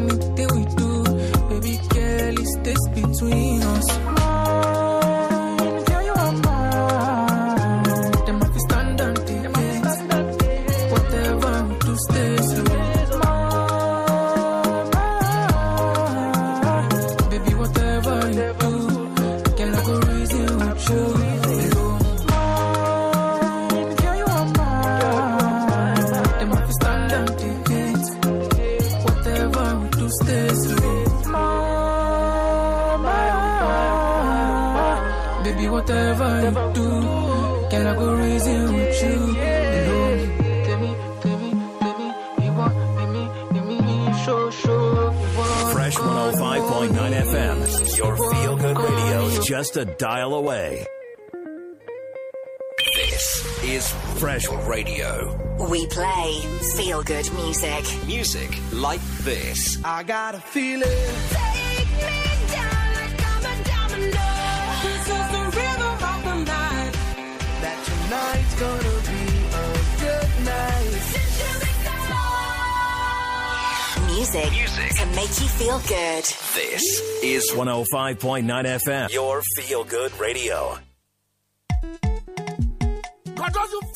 anything. just a dial away. This is Fresh Radio. We play feel good music. Music like this. I got a feeling. music, music to make you feel good. This is 105.9 FM, your feel good radio.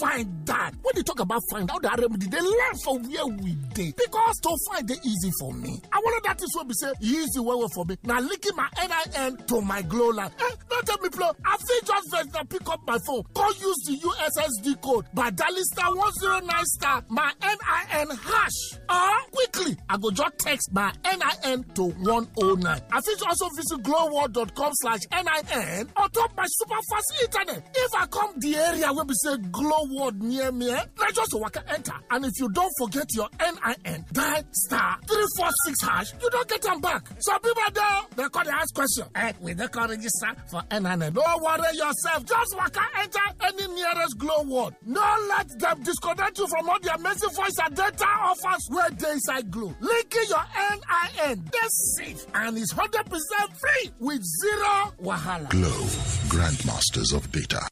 find that. When they talk about find out the remedy, they learn from where we did. Because to find it easy for me. I wonder that is what we say easy well, well for me. Now linking my NIN to my glow line. Eh, don't tell me, play. I feel just vex pick up my phone. Go use the USSD code by dialing star 109 star my NIN hash. Or quickly, I go just text my NIN to 109. I feel also visit glowworld.com slash NIN on top my super fast internet. If I come the area where we say glow word near me, Now eh? just just waka enter. And if you don't forget your NIN, die star 346 hash, you don't get them back. So people there, they call the ask question. And with the call register for NIN, don't worry yourself. Just waka enter any nearest glow word. No let them disconnect you from all the amazing voice and data offers where they inside glow. Linking your NIN, that's safe and it's 100% free with zero wahala. Glow, grandmasters of data.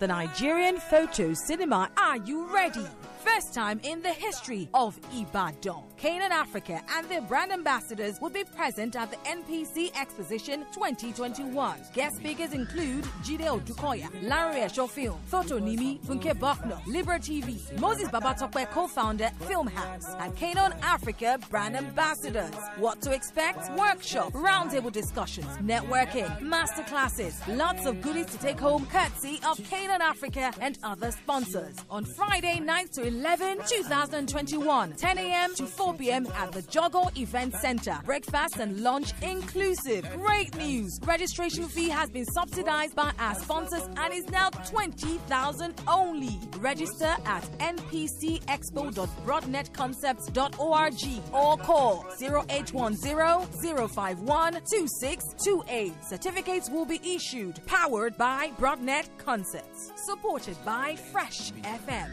The Nigerian Photo Cinema, are you ready? first time in the history of Ibadan. Canaan Africa and their brand ambassadors will be present at the NPC Exposition 2021. Guest speakers include Jide Odukoya, Larry Eshofilm, Thoto Nimi, Funke Bokno, Libra TV, Moses Babatokwe co-founder, Film House, and Canaan Africa brand ambassadors. What to expect? Workshop, roundtable discussions, networking, masterclasses, lots of goodies to take home courtesy of Canaan Africa and other sponsors. On Friday, 9th to 11, 2021, 10 a.m. to 4 p.m. at the Joggle Event Center. Breakfast and lunch inclusive. Great news! Registration fee has been subsidized by our sponsors and is now 20,000 only. Register at npcexpo.broadnetconcepts.org or call 0810-051-2628. Certificates will be issued. Powered by Broadnet Concepts. Supported by Fresh FM.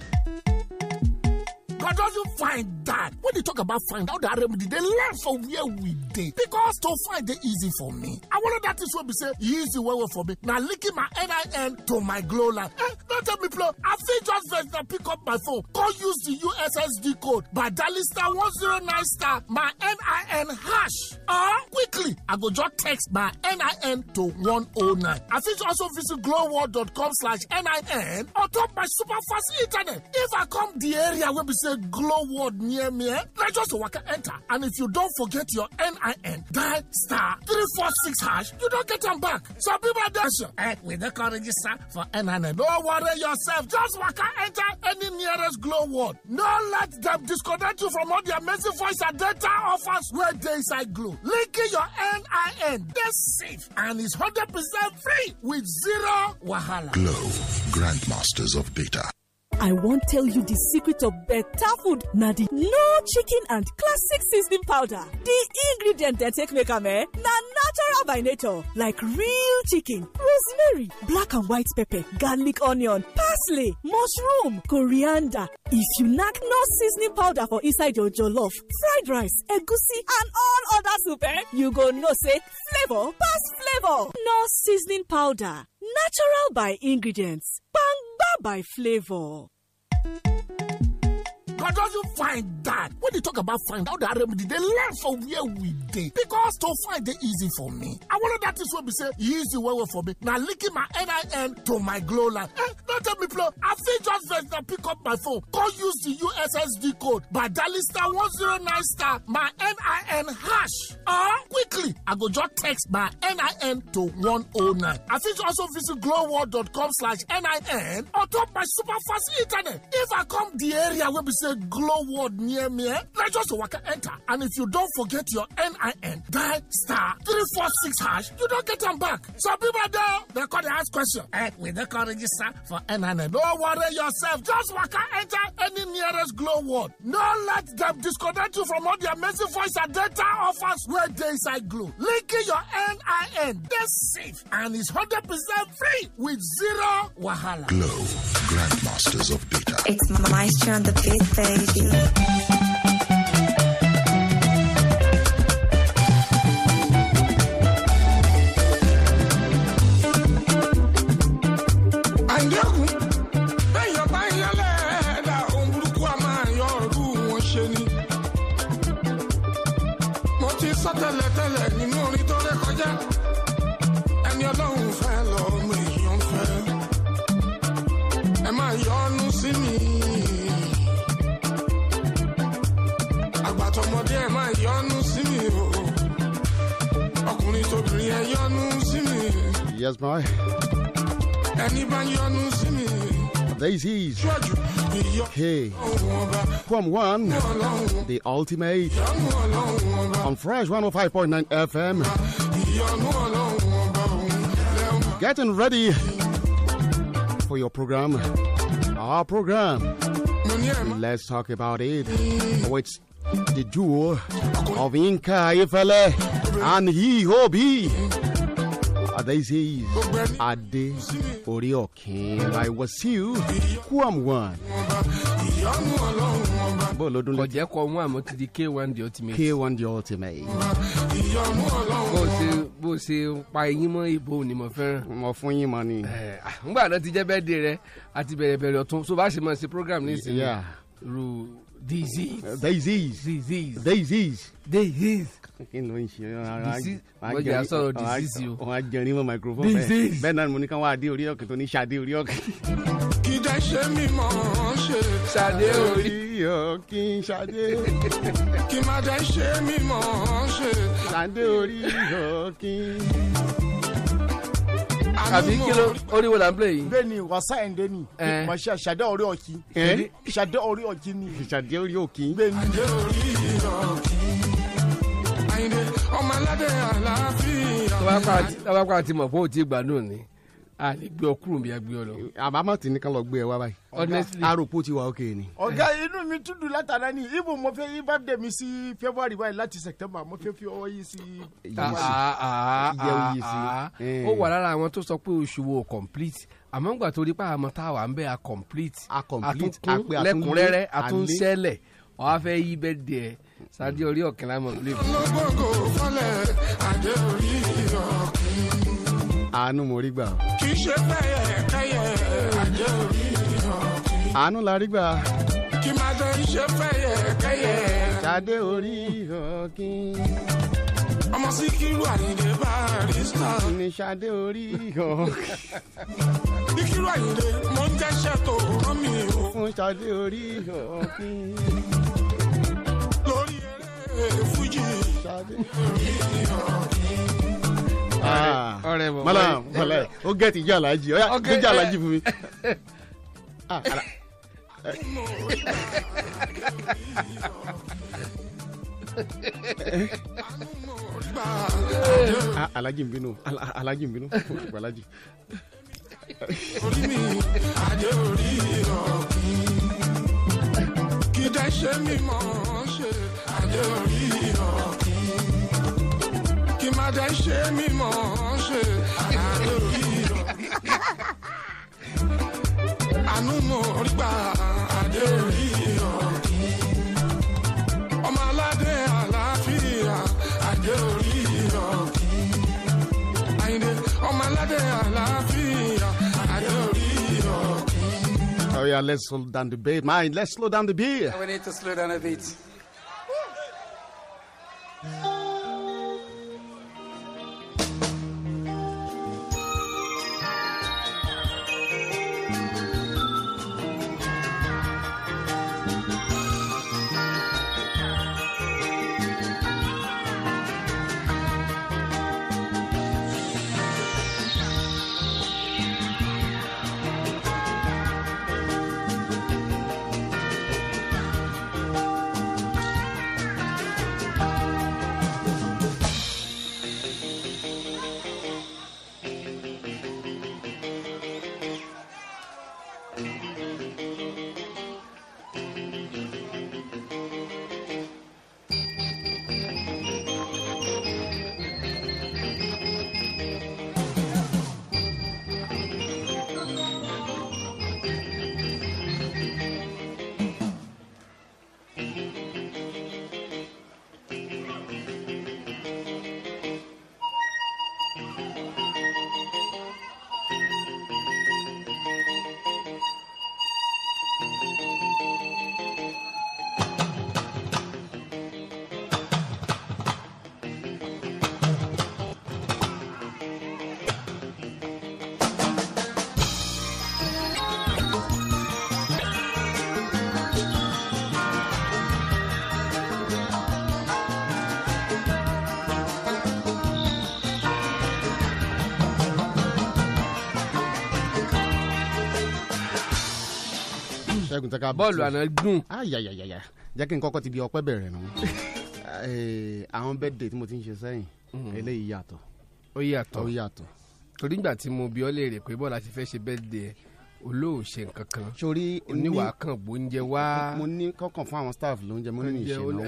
God, don't you find that when you talk about find out that remedy, the length of where we did. Because to find it easy for me. I wonder that is what we say easy way for me. Now linking my NIN to my glow line. Eh, tell me play. I fit just vex pick up my phone. Go use the USSD code by dialing star one zero nine star my NIN hash. Or quickly, I go just text my NIN to one o oh nine. I fit also visit glowworld.com slash NIN on top my super fast internet. If I come the area where we say glow near me, eh? na just waka enter. And if you don't forget your NIN, dial star three four six hash, you don't get them back. So be dash you. Eh, we don't register for NIN. Don't worry. yourself. Just walk and enter any nearest glow world. No let them disconnect you from all the amazing voice and data offers where they inside glow. Linking your NIN. That's safe and is 100% free with zero wahala. Glow, grandmasters of data. I won't tell you the secret of better food na the low chicken and classic seasoning powder. The ingredient they take make am eh, na natural by nature like real chicken, rosemary, black and white pepper, garlic onion, parsley, mushroom, coriander. If you knack no seasoning powder for inside your jollof, fried rice, egusi and all other soup eh, you go no say flavor, pass flavor. No seasoning powder natural by ingredients, pangba by flavor. Because you find that. When you talk about find out the remedy, they learn from where we did. Because to find it easy for me. I wonder that is what we say, easy way well, for me. Now linking my NIN to my glow line. Eh, don't tell me, play. I think just first pick up my phone. Go use the USSD code by dialing star 109 star my NIN hash. Or ah, quickly, I go just text my NIN to 109. I think also visit glowworld.com slash NIN on top my super fast internet. If I come the area where we say a glow word near me, eh? Let's just walk and enter. And if you don't forget your NIN, die star 346 hash, you don't get them back. So people there, they call the ask question. Eh, we don't call register for NIN. Don't worry yourself. Just walk and enter any nearest glow word. No let them disconnect you from all the amazing voice and data offers where they inside glow. Linking your NIN. That's safe and it's 100% free with zero wahala. Glow, Grandmasters of Digital. It's Maestro on the beat, baby. Desmo. This is Hey from One, the ultimate on Fresh 105.9 FM. Getting ready for your program, our program. Let's talk about it. Oh, it's the duo of Inka Ifele and He Hobie. as they say, Ade Oriokin. I was you, Kwam one. kò jẹ́ kọ́ wọn àmọ́ ti di k one the ultimate. k one the ultimate. bó ṣe bó ṣe pa eyín mọ́ ìbò ni mo fẹ́ràn. mo fún yín mọ ni. ngbà náà ti jẹ́ bẹ́ẹ̀ de rẹ àti bẹ̀rẹ̀ bẹ̀rẹ̀ ọ̀tún so bá ṣe máa ṣe program nísìnyí. irú disease. Uh, disease. disease. disease. disease. kí ló ń ṣe wọ́n sọ̀rọ̀ disease o. wọ́n á jẹun ní microphone bẹ́ẹ̀ bẹ́ẹ̀ náà mo ní ká wá adé orí ọ̀kẹ́ tó ní ṣadé orí ọ̀kẹ́. kí dẹ́ ṣe mí mọ̀ ọ́n ṣe ṣadé orí ọ̀kí ṣadé. kí má dẹ́ ṣe mí mọ̀ ọ́n ṣe ṣadé orí ọ̀kí àbí kí ló orí wo là ń play yìí. bẹ́ẹ̀ ni wàsá ẹ̀ǹdẹ́ ni màṣẹ ṣàdé orí ọ̀kí ṣàdé orí ọ̀kí ni. ṣàdé orí ọ̀kí. bẹ́ẹ̀ ni. ṣàdé orí ọ̀kí ọmọ aládé àlàáfíà. tọ́wọ́ pa àti mọ̀ fún òtí ìgbà náà ni a lè gbé ọ kúrò bí a gbé ọ lọ. àbámọ̀ tí nìkan lọ gbé ẹ wá báyìí. honestly arọpò ti wà òkè ni. ọ̀gá inú mi tún dùn látara ni ibo mo fẹ́ yí birthday mi sí february báyìí láti september mo fẹ́ fi ọwọ́ yìí sí. yíyí sí ó wà lára àwọn tó sọ pé oṣù wo complete àmọ́ ngbà tó rí pa àmọ́ tá a wà ń bẹ́ a complete a complete àpè àtúndé lẹ́kùnrẹ́rẹ́ àtúnṣẹ́lẹ̀ ọ̀ á fẹ́ yí birthday ẹ̀ sáájú orí ọ̀kẹ́lá mọ̀ lé. ológbòkò fọlẹ̀ àdé orí àánú mo rí gbà. kì í ṣe pẹ́yẹ kẹ́yẹ àjẹ́ orí ìran. àánú la rí gbà. kí máa jẹ iṣẹ́ pẹ́yẹ kẹ́yẹ. ṣàdé orí ọ̀kìn. ọmọ síkírù àyìndé bá rìsítà. ní ṣàdé orí ọ̀kìn. síkírù àyìndé mo ń jẹ́ṣẹ́ tó rán mi o. fún ṣàdé orí ọ̀kìn. lórí eré fújì. ṣàdé orí ọ̀kìn. Ah. ọ̀rẹ́ bọ̀ malam malam o gẹ̀ẹ́tì ìjà alájì ọ̀yà ìjà alájì fún mi. Ah, ah, alájì ń bínú alájì ń bínú alájì. orí mi àjẹ orí kí dẹ́ ṣe mímọ́ ṣe àjẹ orí ọ̀kìn. Oh yeah, let's slow down the beat, man. Let's slow down the beat. We need to slow down the beat. jẹ́ ká bọ́ bọ́ọ̀lù àná gùn. ayayayaya jẹ́ kí n kọ́kọ́ ti bi ọpẹ́ bẹ̀rẹ̀ nù. Eh, àwọn birthday tí mo ti ń ṣe sẹ́yìn mm-hmm. eléyìí yàtọ̀. ó yàtọ̀ ó yàtọ̀. torí ìgbà tí mo bi ọ́ léèrè pé bọ́ọ̀lù àti fẹ́ ṣe birthday ẹ̀ olóòṣe nǹkan kan sórí oníwà kan gbóúnjẹ wá. mo ní kọ́kàn fún àwọn staff lóúnjẹ mo ní ní ìṣèlú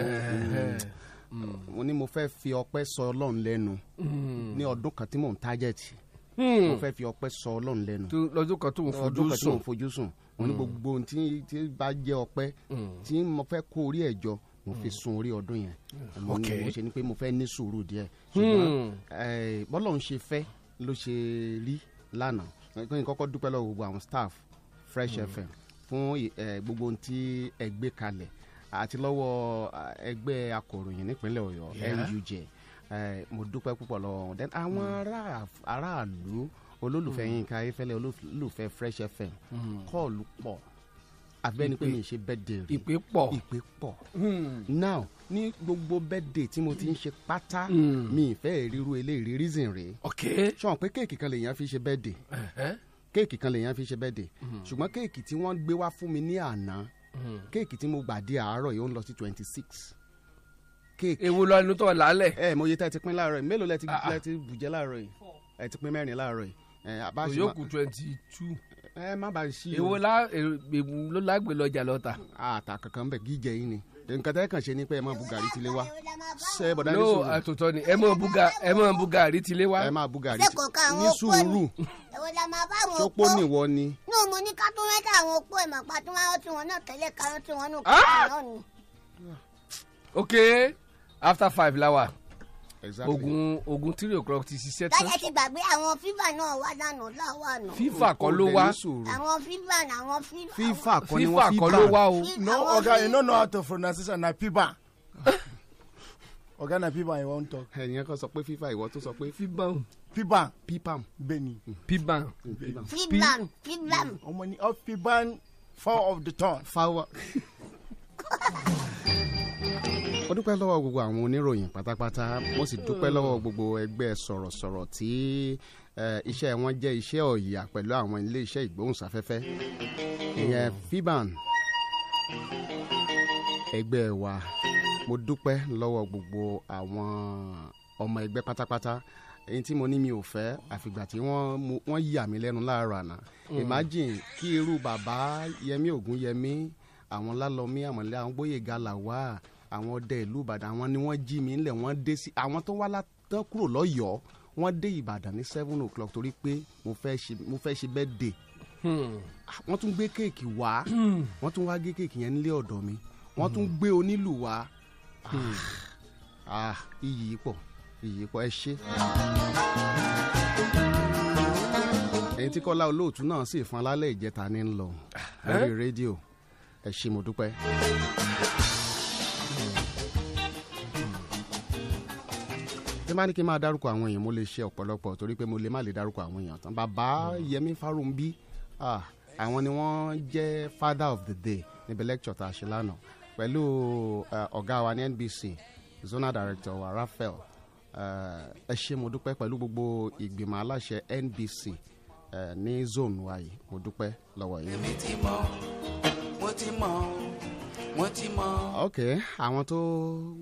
mm. mo ní mo fẹ́ fi ọpẹ́ sọ ọlọ́run lẹ́nu mm. ní ọdún kan tí mò ń tájẹ̀tì hmm. mo fẹ́ fi ọpẹ́ sọ ọlọ́run lẹ́nu lọ́dún kan tó ń fojú sùn mo ní mm. gbogbo ohun tí bá jẹ́ ọpẹ́ mm. tí mo fẹ́ kó orí ẹ̀ jọ mo fi mm. sun orí ọdún yẹn mo ní mo ṣe ni pé mo fẹ́ ní sùúrù díẹ̀ ṣùgbọ́n eh, bọ́lá òun ṣe fẹ́ ló ṣe rí lánàá kí n kọ́kọ́ dúpẹ́ lọ́wọ́ gbogbo àwọn staff Fresh mm. FM fún eh, gbogbo ohun tí ẹ gbé kalẹ̀ àti lọ́wọ́ eh, ẹgbẹ́ akọ̀ròyìn nípínlẹ̀ Ọ̀yọ́ NUJ mo dúpẹ́ púpọ̀ lọ́wọ́ wọn then àwọn aráàlú. Mm olólùfẹ́ hmm. Yínká Ayéfẹ́lẹ́ olólùfẹ́ Fresh FM hmm. kọ́ọ̀lù pọ̀ abẹ́ni pé mi ṣe birthday rí ìpè pọ̀ ìpè pọ̀ hmm. now ní gbogbo birthday tí mo ti ń ṣe pátá mi ìfẹ́ ríru eléyìí reason rèé ṣọ̀n pé kéèkì kan lèèyàn fi ṣe birthday kéèkì kan lèèyàn fi ṣe birthday ṣùgbọ́n kéèkì tí wọ́n gbé wá fún mi ní àná kéèkì tí mo gbà àárọ̀ yìí ó ń lọ sí twenty six kéèkì. èwo lọ inú tó wà lálẹ́. ẹ mo yẹ tá ẹ ti pín láàárọ̀ yìí mélòó lẹ ti ah, ah. bùjẹ láàárọ̀ yìí ẹ ti pín mẹ́rin láàárọ̀ yìí òyòkù twenty two ẹ má bàa sí o. èwo la èwo ló lágbè lọjà lọta. ata kankan bẹ gíjẹ yìí ni nǹkan tẹ́ kàn ṣe ni pé ẹ máa bu gàrí tilé wa. ṣé bọ̀dá ní sùúrù. lóò àtòtọ́ ni ẹ máa bu gàrí tilé wa. ẹ máa bu gàrí ní sùúrù. èwo la máa bá àwọn opó. sọpọ́ nìwọ ni. ní òun mo ní ká tún rẹ́ta àwọn opó ẹ̀ màpá tí wọ́n ti wọn náà tẹ́lẹ̀ karọ́ tí wọ́n nù kọ́ náà ah! ni. ok after five la wa ogun ogun three o'clock ti ṣiṣẹ́ tán. tọ́jà ti gbàgbé àwọn fífà náà wá dànù láwà nù. FIFA. kọ́ ló wá. àwọn fífà ni àwọn fífà. fífà kọ́ ni wọ́n fífà. fífà kọ́ ló wá o. no oga you no know how to pronunciation na fífà. oga na fífà you wan talk. ẹ̀yin kan sọ pé fífà ìwọ tó sọ pé fífà. fífà. fífà. bẹ́ẹ̀ni. fífà. fífà. fífà. ọmọ ni ọ fífà four of the turn. four mo dúpẹ́ lọ́wọ́ gbogbo àwọn oníròyìn pátápátá mo sì dúpẹ́ lọ́wọ́ gbogbo ẹgbẹ́ sọ̀rọ̀sọ̀rọ̀ tí iṣẹ́ wọn jẹ́ iṣẹ́ ọ̀yà pẹ̀lú àwọn iléeṣẹ́ ìgbóhùnsáfẹ́fẹ́ ìyẹn fiban ẹgbẹ́ wa mo dúpẹ́ lọ́wọ́ gbogbo àwọn ọmọ ẹgbẹ́ pátápátá èyí tí mo ní mi ò fẹ́ àfìgbà tí wọ́n yà mí lẹ́nu láàárọ̀ àná hmm. imagine kí irú bàbá Yẹmí Ògúnyẹmí àwọn lálọ́mí àmọ́lé àwọn Gbóyèga Lawal àwọn ọdẹ ìlú ìbàdàn àwọn ni wọ́n jí mi ńlẹ̀ wọ́n dé sí àwọn tó wá látán kúrò lọ́yọ̀ọ́ wọ́n dé ìbàdàn ní seven o'clock torí pé mo fẹ́ ṣe mo fẹ́ ṣe hmm. ah, tún gbé kéèkì wá hmm. wọ́n tún wá gé kéèkì yẹn nílé ọ̀dọ̀ mi wọ́n tún hmm. gbé onílù wá ah, ah, iyì pọ̀ iyì pọ̀ ẹ ṣe ẹ̀yin tí kọ́lá olóòtú náà sì fún alálẹ̀ ìjẹta ní ń lọ lórí rédíò ẹ ṣé mo dúpẹ́. tí máa ní kí n máa dárúkọ àwọn èèyàn mo lè ṣe ọ̀pọ̀lọpọ̀ torí pé mo lè má lè dárúkọ àwọn èèyàn tán bàbá mm-hmm. Yẹmí Fárúnbí àwọn ni wọ́n jẹ́ father of the day níbi lecture tá a ṣe lánàá pẹ̀lú ọ̀gá wa ní NBC zonal director wa Raphael ẹ ṣé mo dúpẹ́ pẹ̀lú gbogbo ìgbìmọ̀ aláṣẹ NBC ní zone wa yìí mo dúpẹ́ lọ́wọ́ yìí. èmi ti mọ̀ mo ti mọ̀ wọ́n ti mọ. ok àwọn tó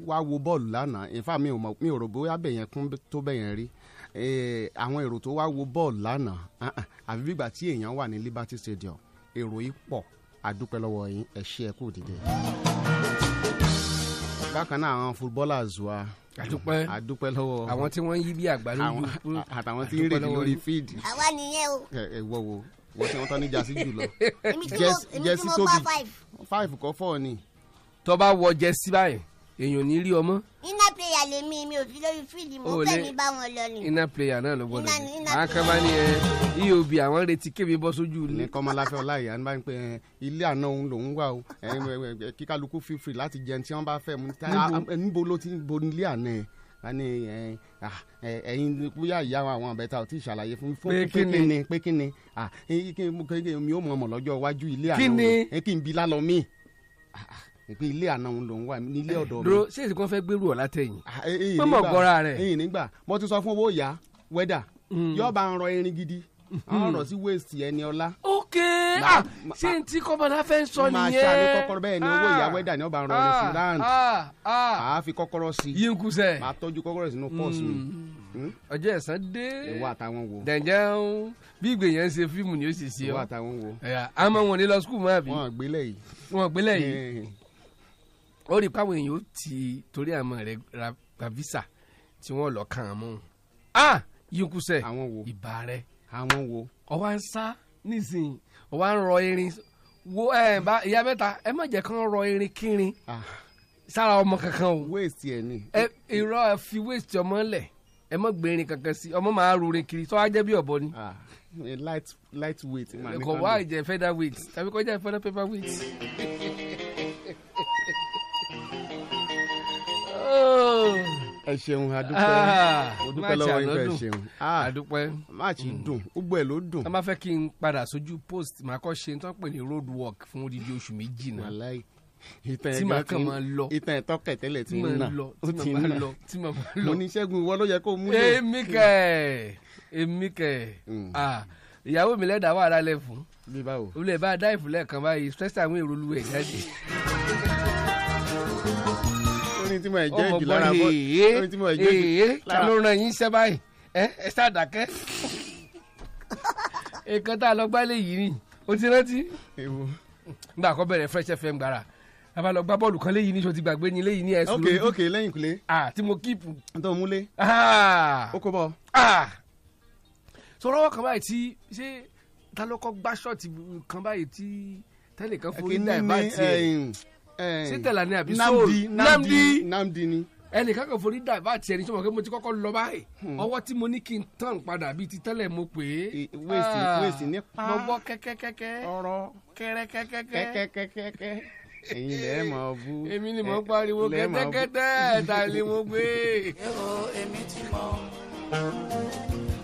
wá wo bọ́ọ̀lù lánàá ìfà mi ò mọ̀ mi ò rò bóyá bẹ̀yẹn kún tó bẹ̀yẹn rí e, àwọn èrò tó wá wo bọ́ọ̀lù lánàá àbí bígbà tí èèyàn wà ní Liberty Stadium èrò yìí pọ̀ àdúpẹ́ lọ́wọ́ yín ẹ ṣé ẹ kú dìde. bákan náà àwọn footballers wa àdúpẹ́ àdúpẹ́ lọ́wọ́ àwọn tí wọ́n yí bí àgbà lójú àtàwọn tí ń rèdí lórí fíìdì. àwa nìyẹn o. ẹ wọ wo wọ́n ti wọ́n tán ní jásí jùlọ. jẹ́sí tóbi five kọ́ fọ́ ni. tó bá wọ jẹ́sí báyìí èèyàn ní rí ọmọ. iná player lè mi mi ò fi lórí fíìlì mo fẹ́ mi bá wọn lọ ni. iná player náà ló gbọdọ̀ ní. àwọn kan bá ní ẹ eh, eob àwọn retí kébé bọ́ sójú ilé. ní kọ́mọláfẹ́ ọláyà ni bá ń pè ẹ eh, ilé àná òun lòún wà o eh, kíkálukú fífi láti jẹun tí wọ́n bá fẹ́ mu ah, ah, níbo ló ti ń bo ilé àná ẹ wọn ní ẹ̀yin bóyá ìyá àwọn àbẹ̀tà ò tí ì ṣàlàyé fún mi pé kí ni pé kí ni mi ò mọ̀ ọmọ lọ́jọ́ iwájú ilé àná òun kí n bi lálọ́ mi pé ilé àná òun lòún wà ní ilé ọ̀dọ̀ mi. dúró ṣé èsì kan fẹ́ gbèrú ọ̀ látẹ̀yìn pé mọ̀ rẹ̀. ẹ̀yin nígbà mo ti sọ fún owó ìyá wẹ́dà hmm. yóò bá ń rọ irin gidi Hmm. àwọn ọ̀rọ̀ sí waste yẹn ni ọlá. ok ah, ṣé n ti kọ́mọdé fẹ́ sọ nìyẹn. máa ṣàní kọ́kọ́rọ́ bẹ́ẹ̀ ni owó ìyàwó ẹ̀dá ah. ni ọba ń rọrin sí rand àá fi kọ́kọ́rọ́ sí i yínkùsẹ̀ máa tọ́jú kọ́kọ́rọ́ sínú pọ́ọ̀sì mi. Hmm. Hmm? ọjọ́ ẹ̀san dé ìwọ àtàwọn wo. dẹ̀jẹ̀un bí ìgbìyànjú ṣe fíìmù ni ó sì ṣe o. ìwọ àtàwọn wo. àmọ́ wọn ní lọ skul mọ́ àbí. wọn gbélé yìí. wọn gbélé yìí. ó rí pàwọn èèyàn ó ti torí àmọ́ rẹ̀ ra visa tí wọ́n lọ kàn án mọ́. ah yínkùsẹ̀ ìbá rẹ̀ àwọn wo ọwọ́ à ń sá nísìnyí ọwọ́ à ń rọ irin wo ẹ bá ìyá mẹ́ta ẹ má jẹ́ kán rọ irin kírin ah. sára ọmọ kankan o. waste ẹ ni. ẹ irọ́ ẹ fi waste ọmọ lẹ̀ ẹ mọ gbẹrin kankan sí ọmọ máa rurin kiri sọ ajẹ bí ọbọ ni. Ah, light light weight. kò wá ìjẹ feather weight tàbí kọjá feather paper weight. oh ẹ ṣeun adúpẹ́ ah, odúpẹ́ lọ́wọ́ yín fẹ́ ṣeun adúpẹ́ ah, máàcì hmm. dùn gbogbo ẹ̀ ló dùn. wọ́n bá fẹ́ kí n padà sójú post màá kọ́ ṣe tó ń pè ní road work fún odidi oṣù méjì náà tí màá kàn máa lọ ìtàn ẹ̀tọ́ kẹ̀tẹ́lẹ̀ tí ń nà ó ti ń nà mo ní ṣẹ́gun ìwọ ló yẹ kó mú lò. èmi kẹ èmi kẹ hmm. ìyàwó mi lẹ́dàá wà lálẹ́ fún. bí báwo. olùlẹ̀ bá dáìfù lẹ́ẹ̀kan báyìí stress àwọn èrò ẹ̀ jáde ní tí mo ẹ̀ jẹ́ jù lára bọ́ ní tí mo ẹ̀ jẹ́ jù lára. ló ran yín sẹ́ báyìí ẹ ẹ ṣàdàkẹ́. nǹkan tá a lọ gbálẹ̀ yìí ni o ti rántí. nígbà àkọ́ bẹ̀rẹ̀ Fresh FM gbàrà a bá lọ gbá bọ́ọ̀lù kan léyìí ní sọ ti gbàgbé ní léyìí ní ẹ̀sùn lójú. ok ok lẹ́yìn kule. ah tí mo kíìpù. n tó múlé. ah o kò bọ. ah sọ̀rọ̀ kan báyìí tí ṣé ta ló kọ́ gbá ṣọ́ọ̀tì kan báyìí tí tẹ́lẹ̀ kan forí dà ẹ̀ bá tiẹ̀ sí ni àbí sóòlù namdi namdi ni ẹnìkan kan forí dà bá tiẹ̀ ní sọ́mọ́ pé mo ti kọ́kọ́ lọ báyìí hmm. ọwọ́ tí mo ní kí n tán padà bíi ti tẹ́lẹ̀ mo pè é. wéèsì ah, wéèsì ní pa mo gbọ́ kẹ́kẹ́kẹ́kẹ́ ọ̀rọ̀ kẹ́rẹ́kẹ́kẹ́kẹ́ kẹ́kẹ́kẹ́kẹ́ ẹ̀yin lẹ́ẹ̀ mọ̀ ọ́ bú èmi ni mo pariwo kẹ́tẹ́kẹ́tẹ́ ẹ̀ta ni mo gbé. ẹ̀rọ èmi ti mọ̀.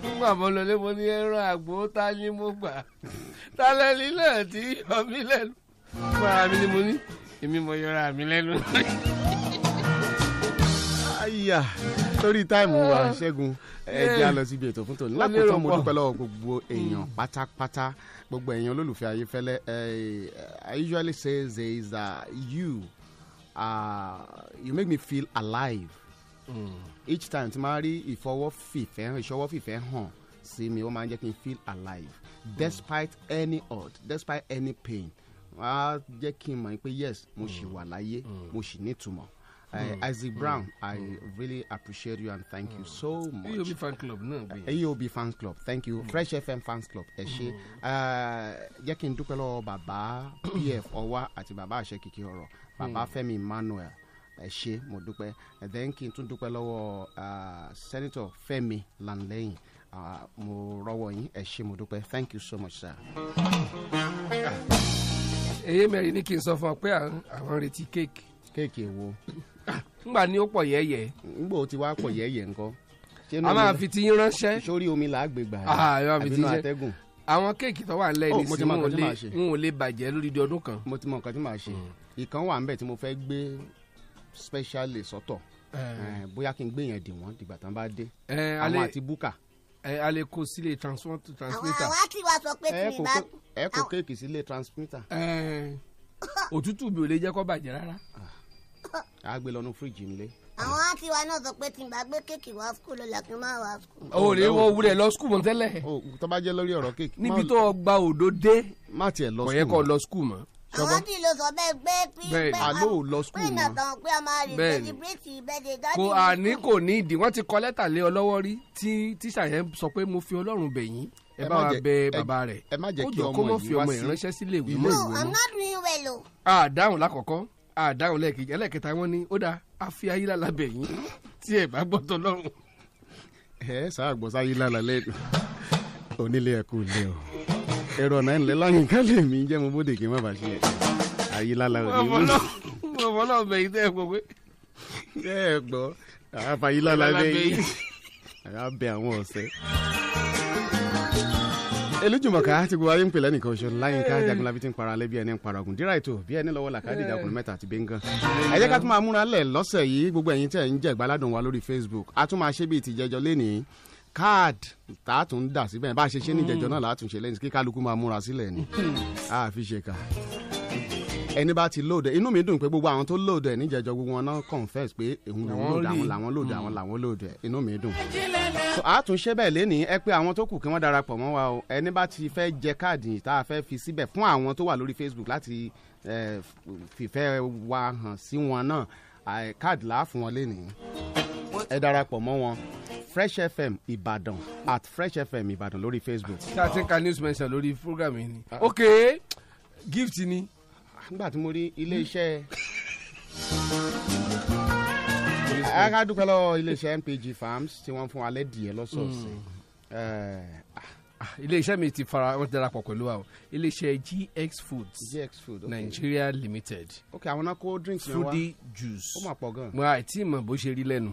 nígbà mo lọ lé mo ní ẹran àgbo ta ni mo gbà tálẹ́lí náà ti yọ mí lẹ́nu. fúnra mi ni mo ní èmi mo yọra mi lẹ́nu. àyà torí táìmù wa ah. ṣẹ́gun ẹ jẹ́ lọ síbi ètò fún tòní lákòótọ́ mo dúpẹ́ lọ́wọ́ gbogbo mm. èèyàn pátápátá gbogbo èèyàn olólùfẹ́ ayéfẹ́lẹ́ I usually say there is uh, you uh, you make me feel alive mm. each time tí máa rí ìfọwọ́fìfẹ́ hàn ìṣọwọ́fìfẹ́ hàn sí mi ó máa ń jẹ́ kí n feel alive mm. despite mm. any odd despite any pain á jẹ́ kí n mọ̀ pé yes mo ṣì wà mm. láyé mm. mo ṣì nítumọ̀. Mm. Eh, Isaac Brown, I really appreciate you and thank you so much. AOB e fan club náà gbé. AOB e fan club thank you Fresh FM fan club ẹ ṣe eh, jẹ́ kí n dúpẹ́ lọ́wọ́ bàbá PF Ọwá àti bàbá àṣẹ kìkì ọ̀rọ̀ bàbá Fẹ́mi Emmanuel ẹ ṣe mo dúpẹ́ then kí n tún dúpẹ́ lọ́wọ́ eh, Senator Fẹ́mi Lanlẹ́yìn ah, mo rọ́wọ́ yín ẹ ṣe mo dúpẹ́ thank you so much sir. Ah èyí mẹ́rin ní kí n sọ fún ọ pé àwọn retí kéèkì. kéèkì wo. ngbà ní ó pọ̀ yẹ́yẹ́. ngbà ó ti wá pọ̀ yẹ́yẹ́ nǹkan. a máa fi ti yín ránṣẹ́. sórí omi là á gbé gbà yẹn àbínú atẹ́gùn. àwọn kéèkì tó wà nílẹ̀ oh, nísìnyí n ò lè bàjẹ́ lórí di ọdún kan. mo ti mọ nǹkan tí màá ṣe mm. ìkan wà ńbẹ̀ tí mo fẹ́ gbé specially sọ́tọ̀ eh. Eh, bóyá kí n gbé yẹn dì wọ́n dìgbà tán bá dé eh, àwọn àti búkà. ẹ alẹ́ kó sílé transport transmitter. àwọn àwa ti wá sọ pé tí mi bá kú ẹ kó kéèkì sílé transmitter. òtútù mi ò lè jẹ́ kó bàjẹ́ rárá. a gbé lọ́nu fíríjì mi lé. àwọn àti wa náà sọ pé tí n bá gbé kéèkì wá skul lọ́la kí n má wá skul. o lè wọ wúlẹ̀ lọ skul mọ́ tẹ́lẹ̀. tó bá jẹ́ lórí ọ̀rọ̀ kéèkì. níbi tó o gba òdo dé. má tiẹ̀ lọ skul mọ́ kò yẹ lọ skul mọ́ àwọn tí ló sọ bẹ́ẹ̀ gbé pé pé àlọ́ ò lọ skul mọ́ bẹ́ẹ̀ni kò àní kò ní ìdí wọ́n ti kọ lẹ́tà lé ọ lọ́wọ́ rí tí tíṣà yẹn sọ pé mo fi ọlọ́run bẹ̀ ẹ bá wa bẹ bàbá rẹ̀ ó jọ kó mọ̀ fi ọmọ ìránṣẹ́ sílé ìwé mọ́ ìwé mọ́. àdáhùn lákọ̀ọ́kọ́ àdáhùn lẹ́ẹ̀kejì ẹlẹ́ẹ̀kẹta wọn ni ó dáa àfi ayé lálàbẹ̀ yín tí ẹ bá gbọ́ tọ́lọ́run. ẹ sáà gbọ́ sáyé lálà lẹ́nu onílé ẹ̀kú ilé o ẹ̀rọ ọ̀nà ìlẹ̀ láyínká lè mí jẹ́ mo bóde kí n má bàa ṣe ayé lálà òní. ọmọ náà bẹ̀yìn tẹ́ ẹ gbọ́ pé. tẹ́ ẹ gbọ́ àfàyè lálà bẹ́yìn àbẹ àwọn ọ̀sẹ̀ elújùmọ̀ká ti gbọ́ ayé ń pèlẹ́ nìkan oṣù láyínká eh. jagunlabi ti ń para alẹ́ bí ẹni ń para ogun díra ètò bí ẹni lọ́wọ́ làkàdé eh. ìdàkùnrin mẹ́ta àti bẹ́ńgàn. ẹ jẹ́ ká tún máa múra lẹ̀ lọ́sẹ̀ yìí gbogbo ẹ̀yin tẹ̀ ń jẹ́ ìgbàládùn wa lórí Facebook a tún máa ṣe bíi tìjẹjọ lénìí káàdì tá a tún dà síbẹ̀ bá a ṣe ṣe níjẹjọ mm. náà látúnṣe lẹ́yìn kí kálukú máa múra sílẹ̀ ni hmm. a fi ṣe kà ẹni bá ti lóòdù inú mi dùn pé gbogbo àwọn tó lóòdù níjẹjọ gbogbo wọn náà confess pé òun lòun lóòdù àwọn làwọn lóòdù àwọn hmm. làwọn lóòdù inú mi dùn. so àtúnṣe bẹ́ẹ̀ lẹ́ni ẹ pé àwọn tó kù kí wọ́n darapọ̀ mọ́ wa o ẹni bá ti fẹ́ jẹ káàdì tá a fẹ́ fi síbẹ̀ fún àwọn tó wà lórí Facebook láti fìfẹ́ wa hàn sí wọn náà káàdì làá fún wọn lẹ́ni ẹ darapọ̀ mọ́ wọn fresh fm ìbàdàn at fresh fm ìbàdàn lórí facebook. ṣé ti ka news mention lórí program yìí ni. Ah. ok gift ni nígbà tí mo rí ilé iṣẹ́ ká ilé iṣẹ́ MPG Farms tí wọ́n fún alẹ́ dìé lọ́sọ̀ọ̀sẹ̀ mm. ah, ilé iṣẹ́ mi ti fara wọn ti darapọ̀ pẹ̀lú wa o ilé iṣẹ́ GX Foods GX Foods okay. Nigeria Limited ok àwọn náà kó drinks yẹn wa fruity juice ó mà pọ̀ gan. mo àìtí mọ̀ bó ṣe rí lẹ́nu.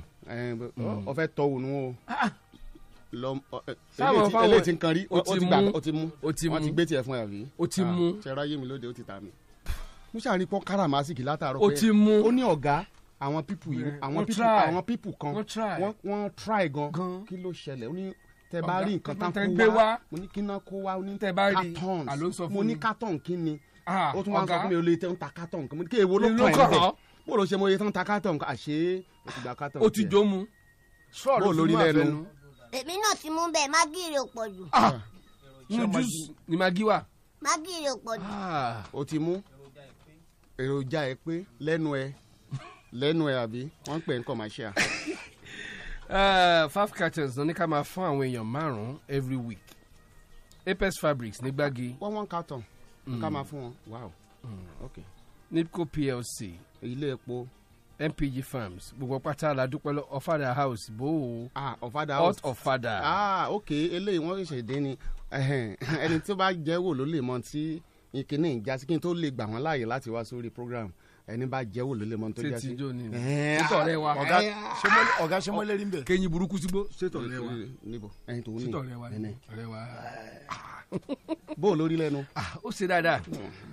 ọfẹ tọwọ nu o ah, ah. lọ eléyìí ti ń kan rí o ti mú o ti mú o ti gbé tiẹ̀ fún ẹ àbí o ti mú tẹ̀ráyé mi lóde o ti tà mí musa rí pọ́n káràmásìkì látàárọ̀ pé ó ti mú ó ní ọ̀gá àwọn pípù yìí eh, àwọn pípù àwọn pípù kan wọ́n try gan kí ló ṣẹlẹ̀ ó ní tẹ bá rí nǹkan tán kó wá mo ní kí náà kó wá ó ní cartons mo ní carton kí ni ah, ó tún wá sọ fún mi olè tẹ ń ta carton kan mo ní kí èwo ló kàn ẹ́ bẹ́ẹ̀ bó ṣe mo yẹ tán ta carton kan àṣé o ti gba carton tiẹ̀ o ti jó mu bó lórí lẹ́nu. èmi náà ti mú bẹ́ẹ̀ mágí rè pọ̀ jù. Ah! Ah. nu jùs ni mágí wà. mágí rè pọ̀ jù. o ti mú èròjà ẹ pé lẹ́nu ẹ lẹ́nu ẹ àbí wọ́n ń pè ń commercial. Eh, five cartons ní ká máa fún àwọn èèyàn márùn-ún every week Apex Fabrics ní gbági. one one carton mm. ká máa fún wọn. wow mm. okay. Nipco PLC. ilé epo. MPG Farms gbogbo pátá la dúpẹ́ lọ ọ̀fadà house bó o. ah ọ̀fadà house hot ọ̀fadà. ah ok eléyìí wọ́n ṣèṣe dín ni ẹni tó bá jẹ́ wò ló lè mọ tí ìkíní ìjásí kí n tó lè gbà wọ́n láàyè láti wá sórí program ẹni bá jẹ́ wò lélẹ̀ mọ́ tó jásí. sétí jóni sítọ̀rẹ́ wa ọ̀gá sẹ́mọ́lẹ́ rí bẹ̀. kẹ́yìn burúkú sígbó sétọ̀rẹ́ wa níbo ẹni tó ní sétọ̀rẹ́ wa ẹni ọ̀rẹ́ wa. bó o lórí lẹ́nu. ó ṣe dáadáa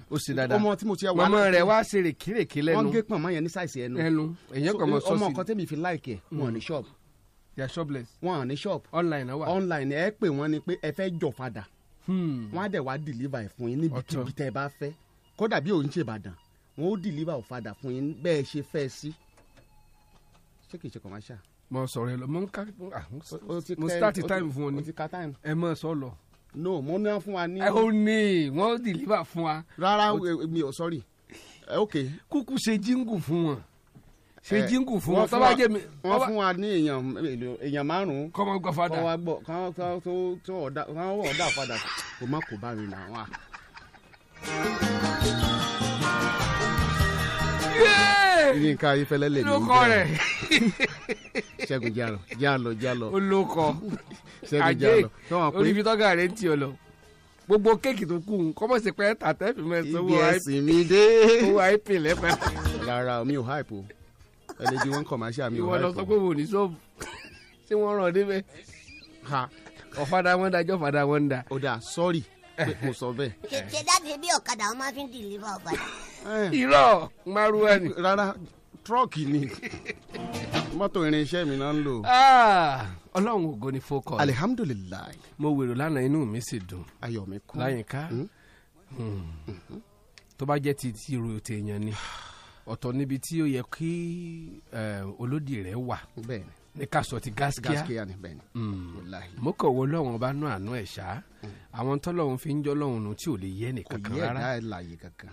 ó ṣe dáadáa ọmọ tí mo ti wá. màmá rẹ wá ṣe rèkérèké lẹ́nu. wọ́n gé pọ̀nmọ́ yẹn ní sáìsì ẹnu. ẹnu èyàn kàn mọ sọ́ọ̀sì. ọmọ kan tẹ́mi fi láìkẹ̀ wọn ní ṣọ́ọ̀bù. Hmm. they are shopless. wọn ní ṣọ́ọ̀bù. online náà wà. online ẹ pè wọ́n ni pé ẹ fẹ́ jọ fada. Hmm. wọ́n á dẹ̀ wá deliver fún yín níbi tíbi tẹ́ ẹ bá fẹ́ kódà bí òun ṣe Ìbàdàn wọ́n ó deliver ọ̀fadà fún yín bẹ́ẹ̀ ṣe fẹ́ sí ṣé kìí ṣe commercial. mo sọ̀rọ̀ ẹ lọ mo ń ká mo ah, start time fún ọ ní ẹ mọ sọ lọ. no mo ná fún wa ní. ẹ ò ní wọ́n deliver fún wa. rárá eh, mi ò sọrí eh, ok. kúkú ṣe jíǹgù fún wọn ṣe eh, jíǹkù fún wọn tọ́ba jẹ́ mi. wọ́n fún wa ní èèyàn èèyàn márùn-ún. kọ́mọ gbọ́ fada. kọ́wá gbọ́ káwọn tó tó ọ̀dà káwọn wọ̀ ọ̀dà fada kò má kó bá mi nà wá. yínká ayífẹ́lẹ́ lè ní bẹ́ẹ̀ ṣẹ́gun jalo jalo jalo. olóko ajé olùfi tọ́gà rẹ̀ ń tì ọ lọ gbogbo kéèkì tó kù kọ́mọ̀sí pé tàtẹ́ fi mẹ́sàn-án owó àìpìn lẹ́pẹ́. rárá mi ò háìpù ẹni tí wọ́n ń kọ̀máṣá mi. ìwọ lọ sọ pé wò ní sọ́ọ̀bù tí wọ́n rán débẹ̀. ọ̀fadà wọn dájọ́ ọ̀fadà wọn dá. ó dà sọ́ọ̀rì eh. pé mo sọ bẹ́ẹ̀. kèké dáàbì bí ọ̀kadà wọn máa fi ń dìlífà ọ̀fadà. Eh. irọ́ márùwá ni. rárá tírọ́ọ̀kì ni mọ́tò irinṣẹ́ mi náà ń lò. Ah, ọlọ́run ògo ni fọkọ. alihamudulilayi. mo wèrò lánàá inú mi sì dùn. ayọ̀ mi kú. láyìnká hmm. hmm. tó bá jẹ́ ti ti ro tèèyàn ni ọ̀tọ̀ níbi tí ó yẹ kí eh, olódì rẹ̀ wà ní ká sọ ti gáskíá hmm. mo kàn wo lọ́wọ́n bá nú àánú ẹ̀ ṣá hmm. àwọn tọ́lọ́hún fi ń jọ́ lọ́hún nu tí ò lè yẹ nìkan kan rárá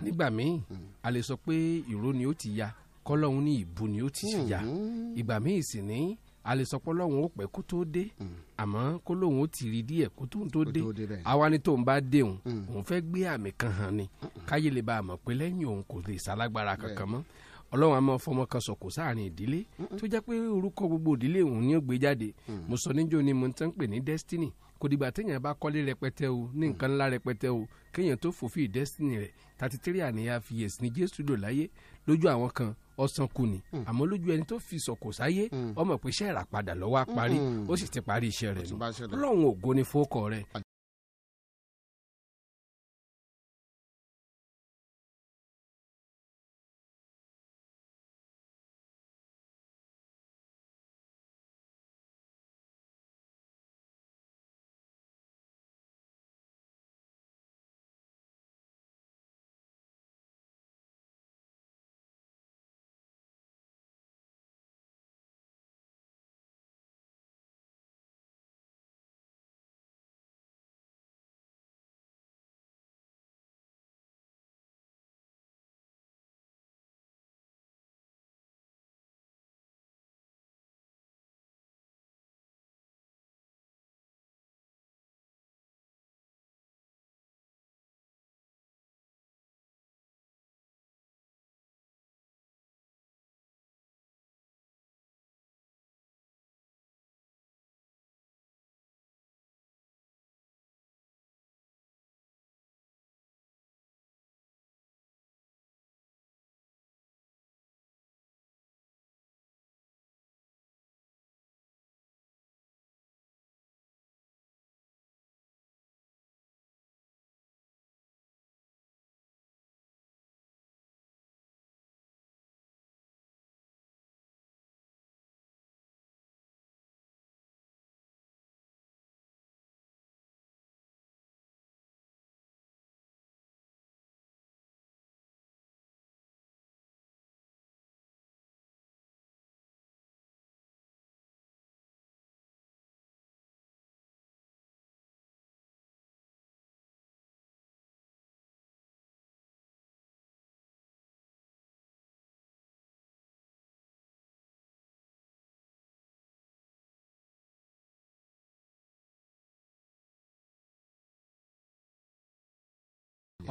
nígbà míì hmm. a lè sọ pé ìró ni ó ti ya kọ́lọ́hún ní ìbu ni ó ti ya ìgbà míì sì ní a lè sọ pé lọ́wọ́n ó pẹ́ kó tó dé hmm. àmọ́ kó lóun ó ti rí díẹ̀ kó tóun tó dé àwa ni tóun bá dé òun hmm. òun fẹ́ gbé àmì kan hàn ni hmm. káyé lè ba àmọ̀ pé lẹ́yìn òun kò lè sálágbára kankan mọ́ ọlọ́run a fọmọ kan sọ̀kò sáàrin ìdílé tó jẹ́ pé orúkọ gbogbo ìdílé òun ni ó gbé jáde mo sọ níjó ni mo ti ń pè ní destiny kò dìgbà téèyàn bá kọ́lé rẹpẹtẹ o ní nǹkan ńlá rẹpẹtẹ o kéèyàn tó fòfin destiny rẹ̀ thirty three àníyá fi yẹ̀ sí ní jésù lò láyé lójú àwọn kan ọsàn kù ni hmm. àmọ́ lójú ẹni tó fi sọ̀kò sáyé ọmọ hmm. pé iṣẹ́ ìràpadà lọ́wọ́ á parí hmm. ó sì ti parí iṣẹ́ rẹ̀ nù ọlọ́run ògo ni fókọ rẹ̀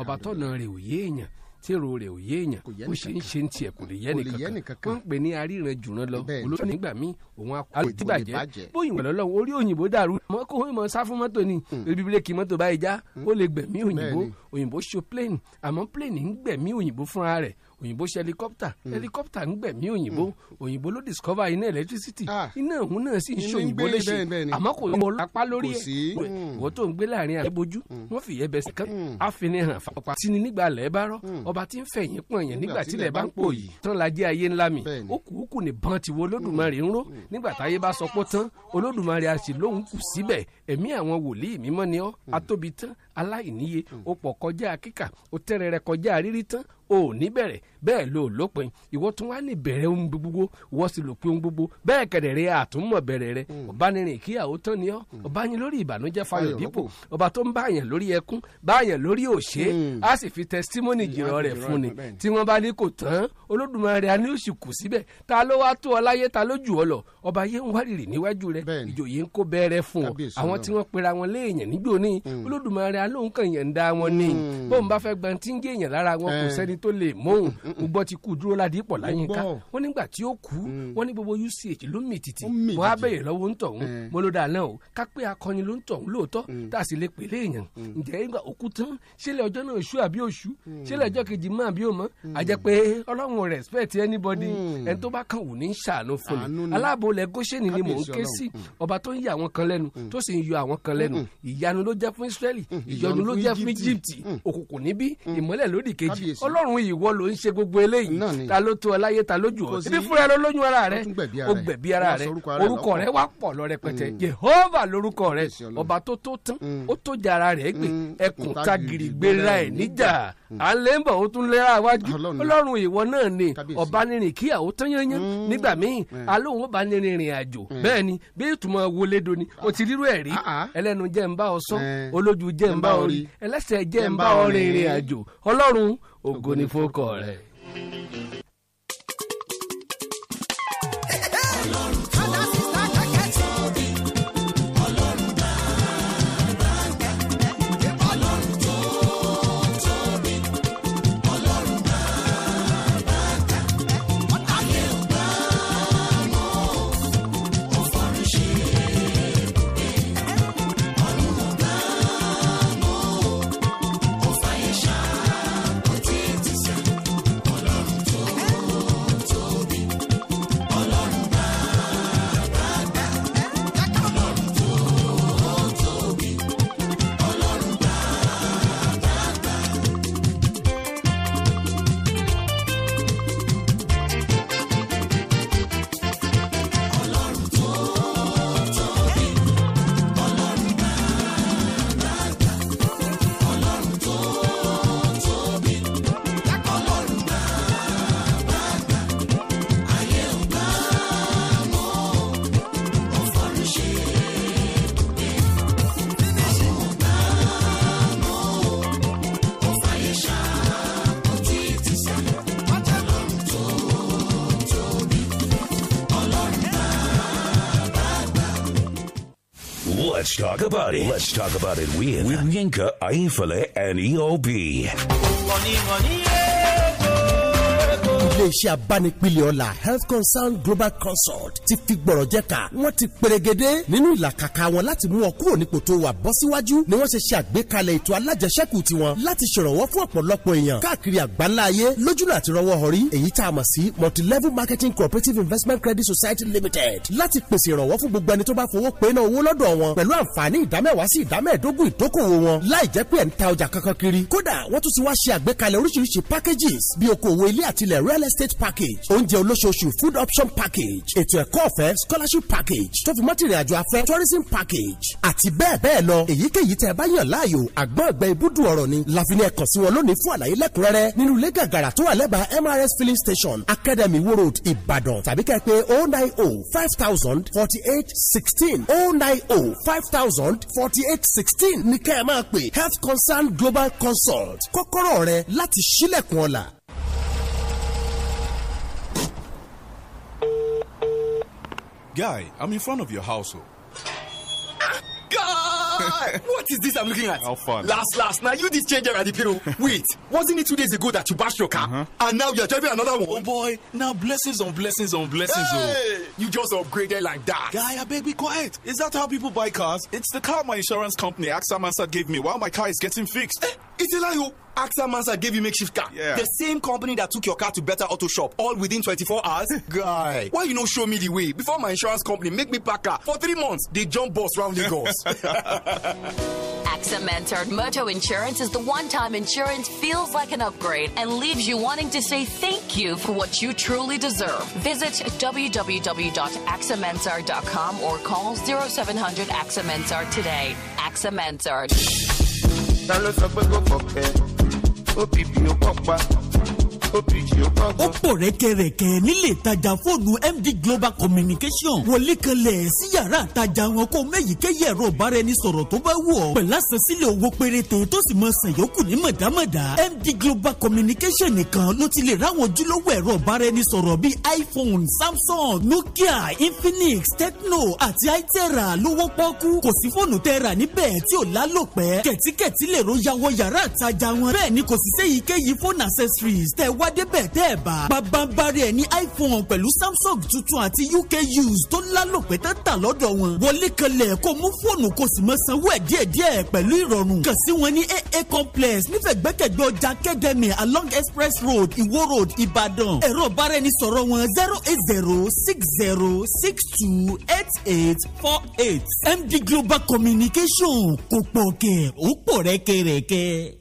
ọba tọ̀nà rẹ̀ ò yé èèyàn tí èrò rẹ̀ ò yé èèyàn ó ṣe ń ṣe ń tiẹ̀ kò lè yẹ nìkankan wọ́n ń pè ní aríran jùlọ lọ olóṣèlú nígbà míì òun àtibàjẹ́ bóyìnbó lọ́lọ́run orí òyìnbó dàrú mọ́kò ó mọ sáfún mọ́tò ni hmm. ebi bíréèkì mọ́tò báyìí já hmm. ó lè gbẹ̀mí òyìnbó òyìnbó ṣe plane àmọ́ plane ń gbẹ̀mí òyìnbó fúnra rẹ̀ òyìnbó ṣe helicopter hmm. helicopter ń gbẹ̀mí òyìnbó hmm. òyìnbó ló discover iná electricity ah. iná òun náà sì ń ṣe òyìnbó léṣe àmọ́ kò wọ́n lápá lórí ẹ̀ hmm. wọ́n tó ń gbé láàrin àbójú wọ́n fi yẹbẹ sí kan àfinihàn fapá tini nígbà lẹ́ bá rọ́ ọba tí ń fẹ̀yìn pọ̀ yẹn nígbà tílẹ̀ bá ń pò yìí tán lajẹ́ ayé ńlá mi ó kù ú kù ní bọ́n ti wo olódùmarè ń ró nígbà táyé bá sọ pé tán olódùmarè àṣìlóhùn kù síbẹ̀ ẹ̀mí àwọn wòlíì mímọ́ ni ọ́ hmm. atóbi tán aláìníye hmm. ó pọ̀ kọjá kíkà ó tẹ́rẹ̀rẹ̀ kọjá rírí tán ò ní bẹ̀rẹ̀ bẹ́ẹ̀ ló lópin ìwọ tún wá ní bẹ̀rẹ̀ ohun gbogbo ìwọ sì lò pé ohun gbogbo bẹ́ẹ̀ kẹ̀dẹ̀ rẹ àtúmọ̀ bẹ̀rẹ̀ rẹ hmm. ọ̀bánirin ìkíyàwó tán ni ọ́ hmm. ọba yín lórí ìbànújẹ́ fayọ̀ dípò ọba tó ń báyàn lórí ẹkún báyàn lórí òṣè á hmm. sì fi tẹsítímọ́nì jìrọ̀ rẹ̀ fún ni tí wọ́n bá ní kò tán olódùmarè ni ó sì kù síbẹ̀ ta ló wá tó ọ láyé ta ló jù ọ lọ ọba yẹn ń wárìrì níwájú rẹ ìjòyè ń kó bẹ́ẹ̀rẹ̀ fún ọ àwọn tí wọ́n pera wọn léèyàn nígbò ní olódùmarè alóhùn kan yẹn ń dá wọn ní bóun bá fẹ́ gbantí ń gé èèyàn lára wọn kò eh. sẹ́ni tó lè mọ́hùn mo mm, mm, mm. gbọ́ ti kú dúró ládìí pọ̀ láyínká wọ́n nígbà tí ó kú wọ́n ní gbogbo uch ló mì tìtì mo á bẹ̀rẹ̀ lọ́wọ́ ń tọ̀hún eh. mo ló dáa náà o ká pé akọni ló ń tọ̀hún lóòótọ́ tá a sì lè pèlè èèyàn ǹjẹ́ ìgbà òkú tán ṣẹlẹ̀ ọjọ́ náà ṣú àbí òṣù ṣẹlẹ̀ ọjọ́ kejì mọ́ àbí òmọ́ àjẹ́ pé ọlọ́run respect anybody ẹni tó bá kàn wù ní ṣàánú fún mi aláàbòlẹ̀ góṣẹ́ni ni mò ń ké sí ọba tó ń yà àwọn kan lẹ́nu tó sì ń yọ àwọn kan lẹ́nu ìyanu ló jẹ́ fún Ísírẹ́lì ìyọnu ló jẹ́ fún Íjíbítì òkùnkùn níbí ìmọ́lẹ̀ lódì kejì ọlọ́run lọ́rùn ìwọ ló ń ṣe gbogbo eléyìí ta ló tó ọ láyé ta lójú ọ ibi fúnra rẹ lóyún ara rẹ ó gbẹ̀bí ara rẹ orúkọ rẹ wá pọ̀ lọ rẹpẹtẹ mm. Jehova lórúkọ rẹ ọba tó tó tán mm. ó tó jara rẹ gbé mm. ẹkùn tagiri gbéra ẹ níjà à ń lé ń bọ̀ ó tún lé àwájú ọlọ́run ìwọ náà ni ọ̀bánirin kíyàwó tán yányán hmm. nígbà míì hmm. alóhùn ọ̀bánirin ìrìn àjò hmm. bẹ́ẹ̀ ni bí ìtumọ̀ wolédo o ti rírú ẹ̀ rí ah, ah. ẹlẹ́nu jẹ́ ń bá ọ sọ olójú talk about it. Let's talk about it with, with Yinka, Aifale, and EOB. Money, money. iléeṣẹ́ abánipilẹ̀ ọ̀la health concern global consult ti fi gbọ̀rọ̀ jẹ́ ka wọ́n ti pèrègede nínú ìlàkàkà wọn láti mú ọ kúrò nípò tó wà bọ́ síwájú ni wọ́n ṣe ṣe àgbékalẹ̀ ètò alájẹsẹ́kù tiwọn láti ṣèrànwọ́ fún ọ̀pọ̀lọpọ̀ èèyàn káàkiri àgbáńlá ayé lójúlọ àti rọwọ́ ọ̀rí èyí tá a mọ̀ sí multilevel marketing cooperative investment credit society limited láti pèsè ìrànwọ́ fún gbogbo ẹni tó bá fowó pe náà owó lọ́dọ̀ wọn pẹ̀lú àǹfààní ìdámẹ́wàá sí ìdámẹ́ẹ̀dógún ìdókòwò wọn láì jẹ́ pé ẹ̀ ń ta ọjà kankan kiri kódà wọ́n tún ti wá ṣe àgbékalẹ̀ oríṣiríṣi packages bí okòwò ilé àtilẹ̀ real estate package oúnjẹ olóṣooṣù food option package ètò ẹ̀kọ́ ọ̀fẹ́ scholarship package tó fi mọ́tìrìn àjò afẹ́ tourism package àti bẹ́ẹ̀ bẹ́ẹ̀ lọ èyíkéyìí tẹ́ ẹ bá yàn láàyò àgbọ̀n ọ̀gbẹ́ ibùdó ọ̀rọ̀ ni láfiní ẹ̀kọ́ sí wọn lónìí fún àlàyé lẹ́kùnrẹ́rẹ́ nínú ilé gàgàrà tó wà lẹ́bàá MRS filling station Academy Wo Road Ìbàdàn tàbí kẹ́ pé oh nine oh five thousand forty eight sixteen oh nine oh five thousand forty eight sixteen ní kẹ́ ẹ máa pè Health Concern Global Consult kọ́kọ́rọ́ rẹ láti ṣílẹ̀kùn ọ̀la. Guy, I'm in front of your household. Oh. God! what is this I'm looking at? How fun. Last, last. Now you did change your radipiro. Wait, wasn't it two days ago that you bashed your car? Uh -huh. And now you're driving another one? Oh boy, now blessings on blessings on blessings. Oh. Hey! Oh. You just upgraded like that. Guy, I beg be quiet. Is that how people buy cars? It's the car my insurance company, AXA Mansard, gave me while my car is getting fixed. Eh, It's a lie, oh. AXA Mansa gave you makeshift car. Yeah. The same company that took your car to Better Auto Shop all within 24 hours. Guy. Why you no show me the way? Before my insurance company make me pack car for three months, they jump boss round goals. AXA mentored Moto Insurance is the one time insurance feels like an upgrade and leaves you wanting to say thank you for what you truly deserve. Visit www.axamentor.com or call 0700 AXA Mentor today. AXA Mentor. ta ló sọ pé kò fọ̀kẹ́ ó bìbì ó pọ̀ pa ó pò rẹ́kẹrẹ́kẹ nílé ìtajà fóònù MD Global Communication wọlé kanlẹ̀ sí yàrá ìtajà wọn kó mẹ́yìíkéyìí ẹ̀rọ ìbáraẹnisọ̀rọ̀ tó bá wù ọ́ pẹ̀lú àsansílẹ̀ owó péréte tó sì mọ sàn yòókù ní mọ̀dámọ̀dá MD Global Communication nìkan ló ti lè ráwọn ojúlówó ẹ̀rọ ìbáraẹnisọ̀rọ̀ bíi iPhone Samsung Nokia Infinix Tecno àti itera ló wọ́pọ̀ kú kò sí fóònù tẹ́ra níbẹ̀ tí ò lálòpẹ́ kẹ̀tíkẹ̀tí lè ro yàwọ yàrá ìtajà wọn bẹ́ẹ̀ ni kò accessories tẹ́ wá débẹ̀ tẹ́ ẹ̀ bá. babambari ẹ̀ ní iphone pẹ̀lú samsung tuntun àti uk used tó lálòpẹ́ tẹ́ tà lọ́dọ̀ wọn. wọlé kanlẹ̀ kó mú fóònù kó sì mọ sanwó ẹ̀ díẹ̀díẹ̀ pẹ̀lú ìrọ̀rùn. kàn sí wọn ní aa complex nífẹ̀gbẹ́kẹ̀gbẹ́ ọjà academy along express road iwo road ibadan. ẹ̀rọ bára ẹni sọ̀rọ̀ wọn zero eight zero six zero six two eight eight four eight. md global communication kò pọ̀ kẹ̀ ó pọ̀ rẹ́kẹ̀rẹ́kẹ̀.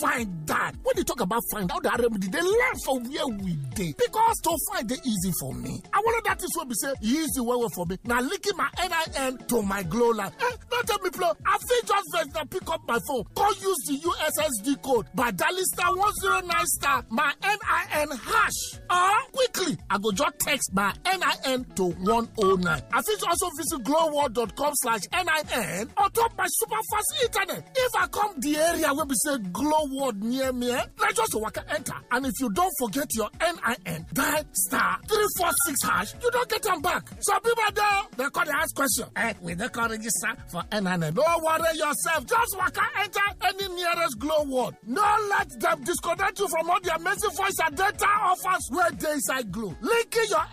find that. When you talk about find out the remedy, they learn from where we did. Because to find it easy for me. I wonder that is what we say easy way well, for me. Now linking my NIN to my glow line. Eh, don't tell me, play. I think just that like, pick up my phone. Go use the USSD code by dialing star 109 star my NIN hash. Or quickly, I go just text my NIN to 109. I think also visit glowworld.com slash NIN on top my super fast internet. If I come the area where we say glow word near me, na eh? just waka enter. And if you don't forget your NIN, die star 346 hash, you don't get them back. So people there, they call the ask question. Hey, eh, we don't call register for NIN. Don't worry yourself. Just waka enter any nearest glow word. No let them disconnect you from all the amazing voice and data offers where they side glow. Linking your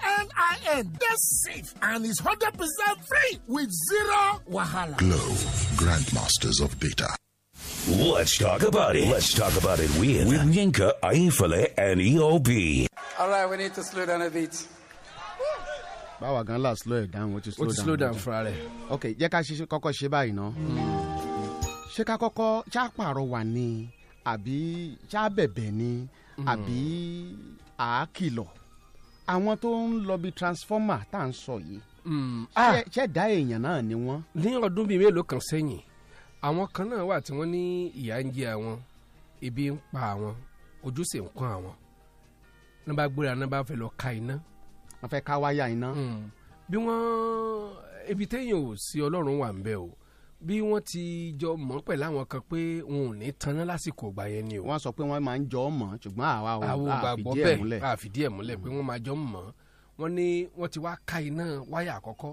NIN. That's safe and it's 100% free with zero wahala. Glow, grandmasters of data. Let's talk about it. Let's talk about it with, with Yinka, Aifale, and EOB. All right, we need to slow down a bit. báwa gan la slow ẹ down o ti slow down o ti slow down fúnra rẹ. ok jẹ́ ká ṣe kọ́kọ́ ṣe báyìí ná. ṣé ká kọ́kọ́ ṣá pàrọwà ni àbí ṣá bẹ̀bẹ̀ ni hmm. àbí àákìlọ̀ àwọn tó ń lọ bí transformer tá à ń sọ yìí hmm. ṣẹ̀dá ah. èèyàn náà ni wọ́n. ní ọdún bíi mélòó kan sẹ́yìn àwọn kan náà wà tí wọ́n ní ìyà ń jẹ àwọn ebi ń pa àwọn ojú sì ń kàn àwọn náà bá gbéra náà bá fẹ́ lọ ka iná. wọ́n fẹ́ ká wáyà iná. Hmm. bí wọ́n ibi téèyàn ò sí ọlọ́run wà ń bẹ̀ o bí wọ́n ti jọ mọ̀ pẹ̀lú àwọn kan pé wọn ò ní tanná lásìkò ìgbà yẹn ni o. wọ́n sọ pé wọ́n máa ń jọ mọ̀ ṣùgbọ́n àwa ò àfìdí ẹ̀ múlẹ̀. àfìdí ẹ̀ múlẹ̀ pé wọ́n máa jọ mọ̀ wọ́n ní wọ́n ti wá ka iná wáyà àkọ́kọ́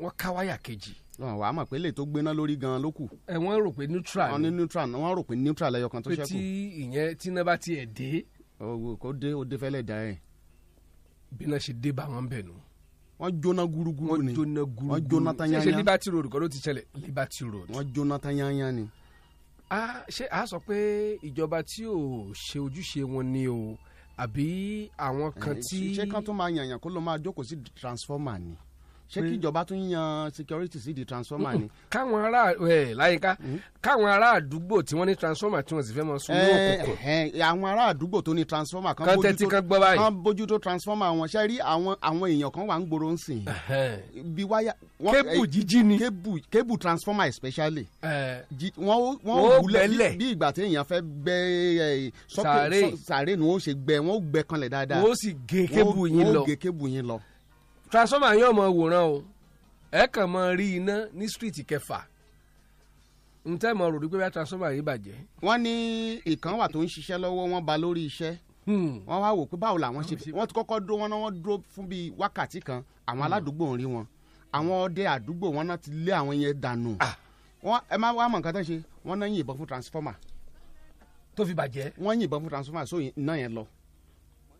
wọ́n ká wáyà kejì wàá mọ̀ pé lè tó gbéná lórí gan-an ló kù. ẹ wọ́n rò pé neutral ni wọ́n ní neutral wọ́n rò pé neutral ẹyọ kan tó ṣẹ́kù. pé tí ìyẹn tí iná bá tiẹ̀ dé. owó kò dé ó dé fẹ́lẹ̀ dá ẹ̀. bí iná ṣe dé bá wọn bẹ̀ nù. wọ́n jóná gúrúgúrú ni wọ́n jóná gúrúgúrú wọ́n jóná tanyanya. ṣe ṣe liberty road kọ́ ló ti ṣẹlẹ̀ liberty road. wọ́n jóná tanyanya ni. a ṣe a sọ pé ìjọba tí ò ṣe ojúṣe wọn ni o àbí àwọn kan tí. ṣé kan tó máa yànyàn kó ló máa jókòó sí transformer ni ṣé kí ìjọba tún yan security sí di transformer ni. káwọn ará ẹ láyìíká mm-hmm. káwọn ará àdúgbò tí wọ́n ní transformer tí wọ́n sì fẹ́ mọ sún ní eh, òkùnkùn. Eh, eh, àwọn ará àdúgbò tó ní transformer kan bójútó kan transformer wọn ṣe rí àwọn èèyàn kan wà ń gbòòrò ń sìn. bí wáyà. kébù jíjí ni kébù transformer especially. wọ́n ó wulẹ̀ bí ìgbà tí èèyàn fẹ́ gbẹ́ sàárè ni wọ́n ṣe gbẹ́ wọ́n gbẹ́ kanlẹ̀ dáadáa. wọ́n sì gé kébù yín lọ. wọ́n ó kébù yín lọ transformer yóò mọ wòran o ẹ kàn mọ rí iná ní street kẹfà n tẹ́ mọ ròdú pé bá transformer yìí bàjẹ́. wọ́n ní ìkan wà tó ń ṣiṣẹ́ lọ́wọ́ wọn ba lórí iṣẹ́ hmm. wọ́n wá wò pé báwo làwọn ṣe wọ́n ti kọ́kọ́ dúró wọn náà wọ́n dúró fún bíi wákàtí kan àwọn hmm. aládùúgbò ń rí wọn àwọn ọdẹ àdúgbò wọn náà ti lé àwọn yẹn dànù ah. wọn ẹ má wá mọ nǹkan tó ń ṣe wọn náà yìnbọn fún transformer. tó fi bàjẹ́. wọ́n yìnbọn fún transformer sóyìn náà yẹn lọ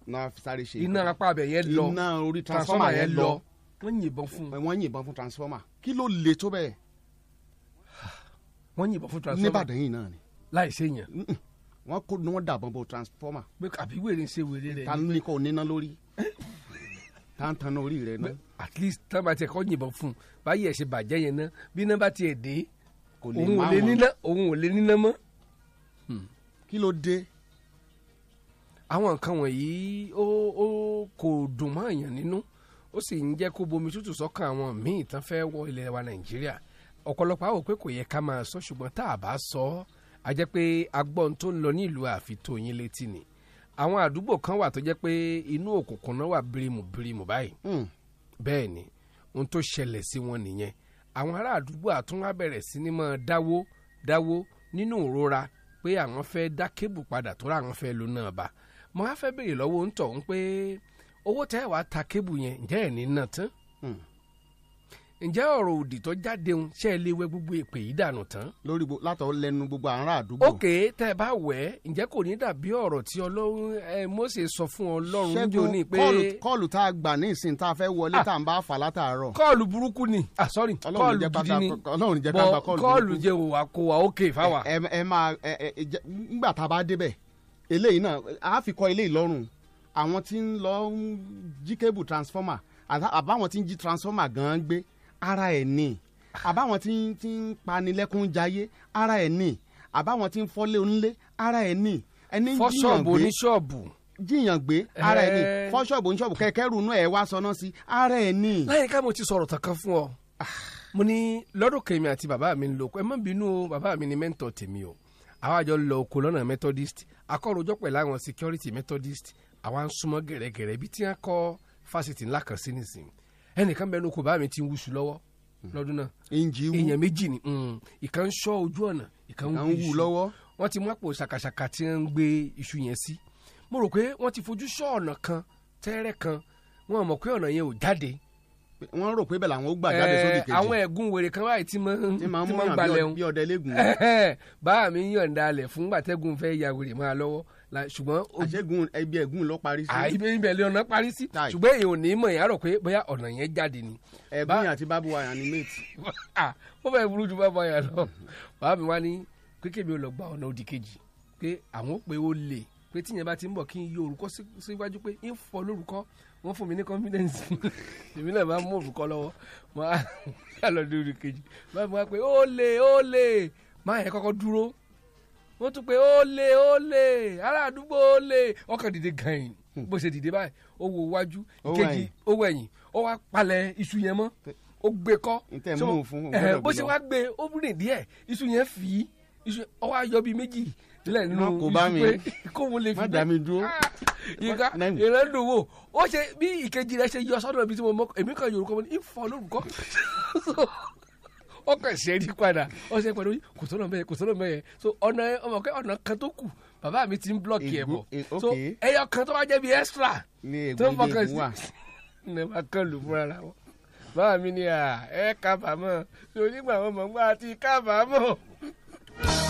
náà sáré ṣe. iná apá abẹ yẹn lọ iná orí transformer yẹn lọ wọ́n yìnbọn fún. wọ́n yìnbọn fún transformer kí ló le tó bẹ́ẹ̀. wọ́n yìnbọn fún transformer nìbàdàn yìí náà ni. láì ṣe yẹn. wọ́n kó ni wọ́n dàbọn bo transformer. pé àbí wèrè ń ṣe wèrè rẹ. ta ni kò níná lórí tantan orí rẹ náà. at least tábà tiẹ̀ kọ́ yìnbọn fún un báyìí ẹ̀ ṣe bàjẹ́ yẹn náà bí iná bá tiẹ̀ dé òun ò lè níná mọ́. Hmm. kí ló dé àwọn nǹkan wọ̀nyí ó ó kò dùn mọ́ èèyàn nínú ó sì ń jẹ́ kó bomi tútù sọ́kàn àwọn míì tán fẹ́ wọ ilẹ̀ wa nàìjíríà ọ̀pọ̀lọpọ̀ àwọn òpè kò yẹ ká máa sọ ṣùgbọ́n tá a bá sọ ọ́ a jẹ́ pé agbọ́n tó ń lọ ní àfitóyin létí ni àwọn àdúgbò kan wà tó jẹ́ pé inú òkùnkùn náà wà birimu birimu báyìí hmm. bẹ́ẹ̀ ni ohun tó ṣẹlẹ̀ sí wọn nìyẹn àwọn ará àdúgbò àtúnwá bẹ̀rẹ̀ sí ni máa dáwó dáwó nínú ìrora pé àwọn fẹ́ dá kébù padà tó ra àwọn fẹ́ lo náà bá mo á fẹ́ béèrè lọ́wọ́ ń tọ̀ owó tẹ́ ta kébù yẹn ǹjẹ́ ẹ̀ ní nà tán ǹjẹ́ ọ̀rọ̀ òdì tó jáde ń ṣe gbogbo èpè yìí dànù tán. lórí bo látọ̀ lẹnu gbogbo àrà àdúgbò. òkè tẹ́ ẹ bá wẹ̀ ǹjẹ́ kò ní dàbí ọ̀rọ̀ tí sọ fún ọlọ́run pé. kọ́ọ̀lù tá a gbà ní wọlé tá a ń bá fà ni ọlọ́run eléyìí náà a fi kọ́ eléyìí lọ́rùn àwọn tí ń lọ jí cable transformer àbáwọn tí ń jí transformer gan-an gbé ara ẹ̀ ni àbáwọn tí ń tí jayé ara ẹ̀ ni àbáwọn tí ń fọ́lé onílé ara ẹ̀ ni ẹni jíyàn gbé fọ́ṣọ́ọ̀bù oníṣọ́ọ̀bù jíyàn gbé ara ẹ̀ ni fọ́ṣọ́ọ̀bù oníṣọ́ọ̀bù kẹ̀kẹ́rù inú ẹ̀ wá sọná sí ara ẹ̀ ni. láyé ká mo ti sọ̀rọ̀ tàn kan fún ọ ah. mo ní lọ́dún kẹmi àti bàbá mi ń lò ẹ má bínú bàbá mi ni mẹ́ńtọ̀ tèmi o àwa jọ lọ oko lọ́nà methodist akọ́rọ̀jọ́ pẹ̀lú security methodist àwa ń súnmọ́ gẹ̀rẹ́gẹ̀rẹ́ bí tí wọ́n kọ́ fásitì ńlá kan sí nìsín ẹnìkan bẹ́ẹ̀ oko bá ti ń wúṣu lọ́wọ́ lọ́dún náà èèyàn méjì ni mm, ìkan ń ṣọ́ ojú ọ̀nà ìkan ń wú lọ́wọ́ wọ́n ti mú àpò ṣàkàṣàkà tí wọ́n ń gbé iṣu yẹn sí mo rò pé wọ́n ti fojú ṣọ́ ọ̀nà kan tẹ́rẹ́ kan wọ́n mọ̀ pé ọ̀nà yẹn ò jáde wọ́n rò pé bẹ́ẹ̀ làwọn ó gbà jáde eh, sódì kejì. àwọn ẹ̀gún wèrè kan wáyé tí máa ń gbalẹ̀ wọn. bí ọdẹ lẹ́gùn. Eh, báà mi yànda alẹ̀ fún gbàtẹ́gùn fẹ́ ya wèrè máa lọ́wọ́ ṣùgbọ́n. àṣẹ́gun ibi ẹ̀gún lọ parí sí. àìbẹ̀ ibẹ̀ lè ọ̀nà parí sí. ṣùgbọ́n èyàn ò ní mọ̀ yàrá rò pé bóyá ọ̀nà yẹn jáde ni. ẹ̀gún àti bábu wa yàn ni méètì. Ah, ó fẹ́ burú ju bábu wa yàn lọ. bàbá mi wá ní kékeré mi ò lọ gba ọ̀nà òdì kejì pé àwọn ò pé ó lè pé tíyẹn bá ti ń bọ̀ kí n yí orúkọ síwájú pé ń fọ lórúkọ wọ́n fún mi ní confidence èmi náà máa ń mú òrùkọ lọ́wọ́ máa lọ lórí kejì máa fún wa pé ó lè ó lè máa yẹ kọ́kọ́ dúró wọ́n tún pé ó lè ó lè ará àdúgbò ó lè ọkàn dìde gan-an hmm. bó ṣe dìde báyìí ó wo iwájú ìkejì ó wo ẹ̀yìn ó wá palẹ̀ iṣu yẹn mọ́ ó gbé e kọ́ bó ṣe wá gbé e, ó rìn díẹ̀ iṣu yẹn fì í iṣu ó wá yọ bíi méjì sílẹ̀ nínú ìṣúpé kóun lè fi bẹ́ẹ̀ ah, ìrẹ́dùn wò ó ṣe bí ìkejì rẹ ṣe yọ sọ́dọ̀ ibi tí mo mọ́ èmi kan yorùkọ mo ní ìfọ̀ lórúkọ ọkọ̀ ẹ̀sẹ̀ rí padà ọ̀sẹ̀ padà kò sọ́nà mẹ́yẹ kò sọ́nà mẹ́yẹ so ọ̀nà ọmọ kẹ́ ọ̀nà kan tó kù bàbá mi ti ń blọọkì ẹ̀ bọ̀ e, so ẹyọ kan tó wá jẹ́ bi extra tó fọkàn sí ní ma kàn lù fúnra la wọn bàbá mi ni ẹ kábàámọ̀ lónígbà wọn kábàámọ̀.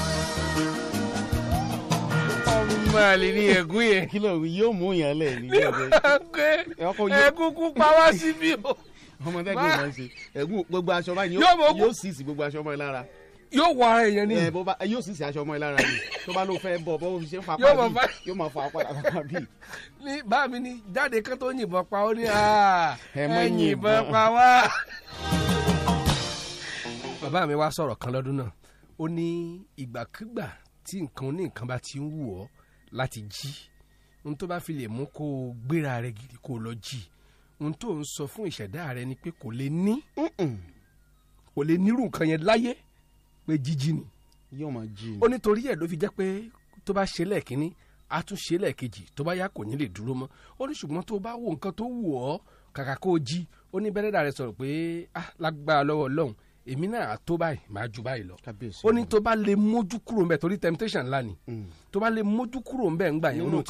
máa lè ní ẹ̀gún yẹn. kí ló yóò mú yàn lẹ̀ ní ẹ̀gún. ẹ̀gún kú pa wá síbí o. ọmọ tẹ́gbẹ́ máa ń ṣe ẹ̀gún gbogbo aṣọ báyìí yóò sì sí gbogbo aṣọ mọ́ ẹ lára yóò wọ ara èèyàn ni. ẹ bó bá yóò sì ṣe aṣọ ọmọ ìlara ni tó bá ló fẹ́ bọ bó ṣe fapá bí yóò máa fa apá bí. ní bá mi ní jáde kan tó yìnbọn pa ó ní ah, ẹ yìnbọn pa wá. bàbá mi wá sọ̀rọ̀ kan lọ́dún náà ó ní ìgbàkúgbà tí nǹkan ní nǹkan bá ti ń wù ọ́ láti jí ohun tó bá fi lè mú kó o gbéra rẹ gidi kó o lọ jí ohun tó ń sọ fún ìṣẹ̀dá rẹ ni pé kò lè ní kò lè nírú nǹkan yẹn láyé pé jíjí ni yóò máa jí ni ó nítorí ẹ̀ ló fi jẹ́ pé tó bá ṣe lẹ́ẹ̀kínní a tún ṣe lẹ́ẹ̀kejì tó bá yá kò ní lè dúró mọ́ ó ní ṣùgbọ́n tó bá wo nǹkan tó wù ọ́ kàkà kó o jí ó ní bẹ́rẹ̀dà rẹ sọ̀rọ̀ pé ah lágbára lọ́wọ́ ọlọ́run èmi náà tó báyìí máa ju báyìí lọ ó ní tó bá lè mójú kúrò mẹ́ torí temptation ńlá ni mm tó bá lè mójú kúrò ńbẹ̀ ńgbà yẹn olóò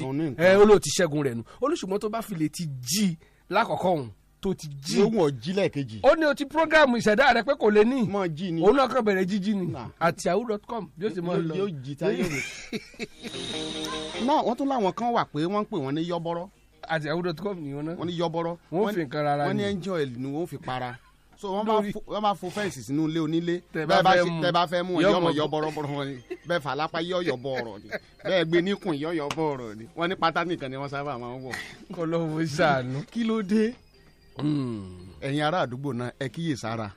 eh, ti ṣẹ́gun rẹ̀ nù olùṣùgbọ́n tó bá fi lè ti jí lákọ̀ọ́kọ́ òun tó ti jí. lóhùn ọjí lẹ́ẹ̀kejì. ó ní o ti programu ìṣẹ̀dá rẹ pé kò lè ní. mọ jí ni. òun náà kàn bẹ̀rẹ̀ jíjí ni. àti yahoo dot com bí ó sì mọ lọ. yóò jí táyé rè. náà wọ́n tún láwọn kan wà pé wọ́n ń pè wọ́n ní yọ́bọ́rọ́. àti yahoo dot com ni wọ́n náà. wọ́n ní yọ́bọ́rọ́ so wọ́n bá fo fẹ́ǹsì sínú ilé onílé bẹ́ẹ̀ bá fẹ́ mú ẹ̀yọ́ mọ̀ yọ bọ̀rọ̀bọ̀rọ̀ wọn ni bẹ́ẹ̀ fàlápá yọ yọ bọ̀rọ̀ ni bẹ́ẹ̀ gbé níkùn yọ yọ bọ̀rọ̀ ni wọ́n ní pátá nìkan ni wọ́n sábà máa ń wọ̀. kọlọ́wọ́ sànú. kí ló dé hmm. ẹ̀yin ará àdúgbò náà ẹ kíyè sára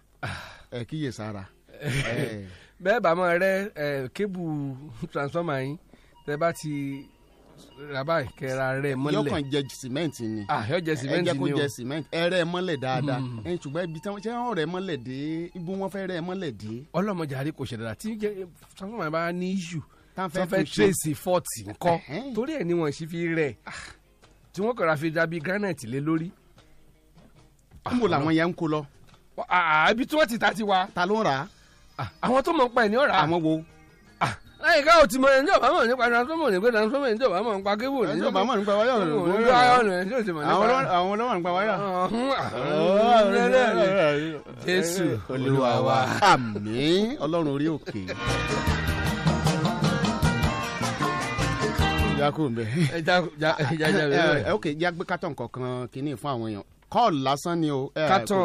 ẹ kíyè sára. bẹ́ẹ̀ bá mọ̀ rẹ́ kébù transformer yín tẹ bá ti rabai kẹra rẹ mọ́lẹ̀ yọkàn jẹ sìmẹ́ǹtì ni ah yọ jẹ sìmẹ́ǹtì ni o ẹ jẹ kó jẹ sìmẹ́ǹtì ẹ rẹ mọ́lẹ̀ dáadáa hmm. ẹ ṣùgbọ́n ibi tí wọ́n ṣe ń rẹ mọ́lẹ̀ dé ibi wọ́n fẹ́ rẹ mọ́lẹ̀ dé. ọlọmọdé kò ṣe dáadáa tí sanfọn bá ní iṣu sanfẹ tracy forty nkọ torí ẹ ni wọn sì fi rẹ tí wọn kọra fi dàbí granite lé lórí. n bò làwọn yẹn ń kó lọ. àbí ah, ah, tí wọ́n ti ta ti wa. ta ló ń rà ah, àwọn tó mọ̀ ń pa ẹ̀ ní ọ̀rà. àwọn wo láyìíká ò ti mọ ẹni tí ò bá mọ̀ nípa transformer nípa transformer ẹni tí ò bá mọ̀ nípa kébù ẹni tí ò bá mọ̀ nípa wáyà ọ̀nà òwúrọ̀ ọ̀nà ẹni tí ò ti mọ̀ nípa àwọn ọlọ́wà nípa wáyà. jésù olúwa wa àmín ọlọ́run orí òkè. jákù mbẹ. ẹ jákù jájà bẹ. ok jágbé kátọ̀ nkankan kìíní fún àwọn èèyàn kọ́ọ̀lù lásán ni o. Eh, kátọ̀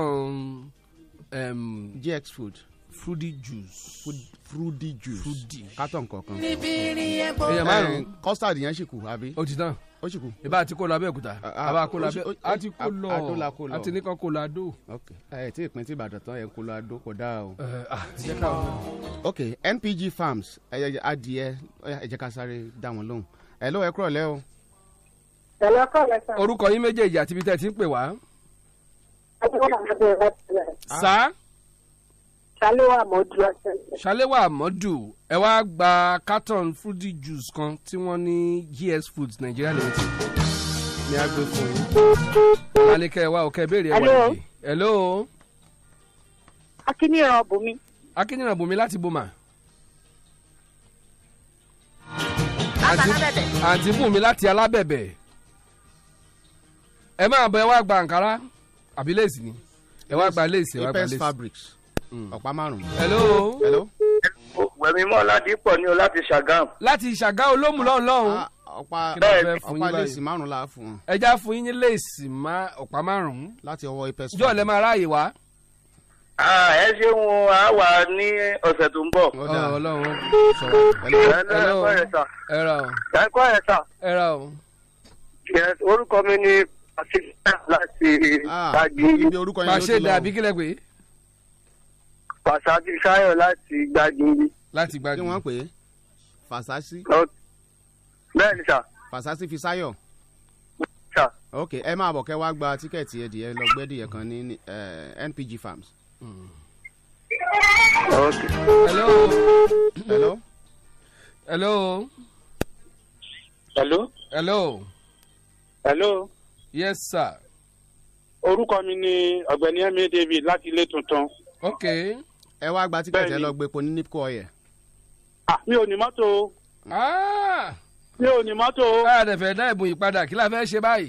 gx food fruity juice. fruity juice. fruity. carton kọ̀ọ̀kan. èèyàn márùn-ún custard yẹn ṣì kù àbí. ó ti tán ó ṣì kù. ìbá àti kó lọ abẹ́òkúta àbá kó lọ abẹ́ àti kó lọ àti nìkan kó lọ adó. ok ẹ tí ìpín tí Ìbàdàn tán yẹn kó lọ adó kò dáa o. ok NPG Farms ẹyẹ adìẹ ẹ jẹ́ ká sáré dá wọn lóhùn ẹ ló ẹ kúrọ̀ lẹ́ o. ẹ lọ kọ́ lẹ́sàn. orúkọ yín méjèèjì àti ibi tẹ́ ẹ ti ń pè wá. sá ṣàléwà àmọ́dù àṣẹṣẹ. ṣàléwà àmọ́dù ẹ wá gba carton fruity juice kan tí wọ́n ní GS Foods Nigeria Limited ní agbe fún yín. lálẹ́kẹ́ wa òkè béèrè ẹ̀ wá yìí. hello. akínìyàn bùnmi. akínìyàn bùnmi láti bùnmà. àǹtí bùnmi láti alábẹ̀bẹ̀. ẹ máa bọ ẹ wá gba àǹkárá àbí léèsì ni ẹ wá gba léèsì ẹ wá gba léèsì. Mm. ọ̀pá márùn-ún. hello. hello. wẹ̀mí mọ́ ládìpọ̀ ni o láti ṣàgám. láti ṣàgám olómù lọ́hùn lọ́hùn. Ah, ọ̀pá ọ̀pá léèsì márùn-ún la fún un. ẹja fún yín ní léèsì má ọ̀pá márùn-ún. láti ọwọ́ ipẹ́sùn. jọ́ọ̀ lẹ́ máa ráàyè wá. ẹ ṣeun a wà ní ọ̀sẹ̀ tó ń bọ̀. ọlọ́run sọ̀rọ̀. ẹ rà o. ẹ kọ́ ẹ̀ sà. ẹ rà o. orúkọ mi ni ah, pàṣẹ láti pàṣẹ dàbí kílẹ̀ pé. Fàṣàtì Ṣáyọ̀ láti Gbájúmbi. láti Gbájúmbi. kí wọ́n pè é Fàṣàtì. bẹ́ẹ̀ ni sà. Fàṣàtì fi Ṣáyọ̀. sà. ok ẹ máa bọ̀ kẹ́ wá gba tíkẹ́ẹ̀tì ẹ̀dìyẹ lọ gbẹ́dìyẹ kan ní NPG Farms. Mm. ok. hello. hello. hello. hello. hello. hello. yes sir. orúkọ mi ni ọ̀gbẹ́ni Emir David láti ilé tuntun. ok. okay ẹ wá gba tíkẹ́ẹ̀tì ẹ lọ gbé epo ní nipco oil. Ah, mi ò ní mọ́tò o. Ah! mi ò ní mọ́tò o. ká lè fẹ́ dá ìbò ìpadà kí la fẹ́ ṣe báyìí.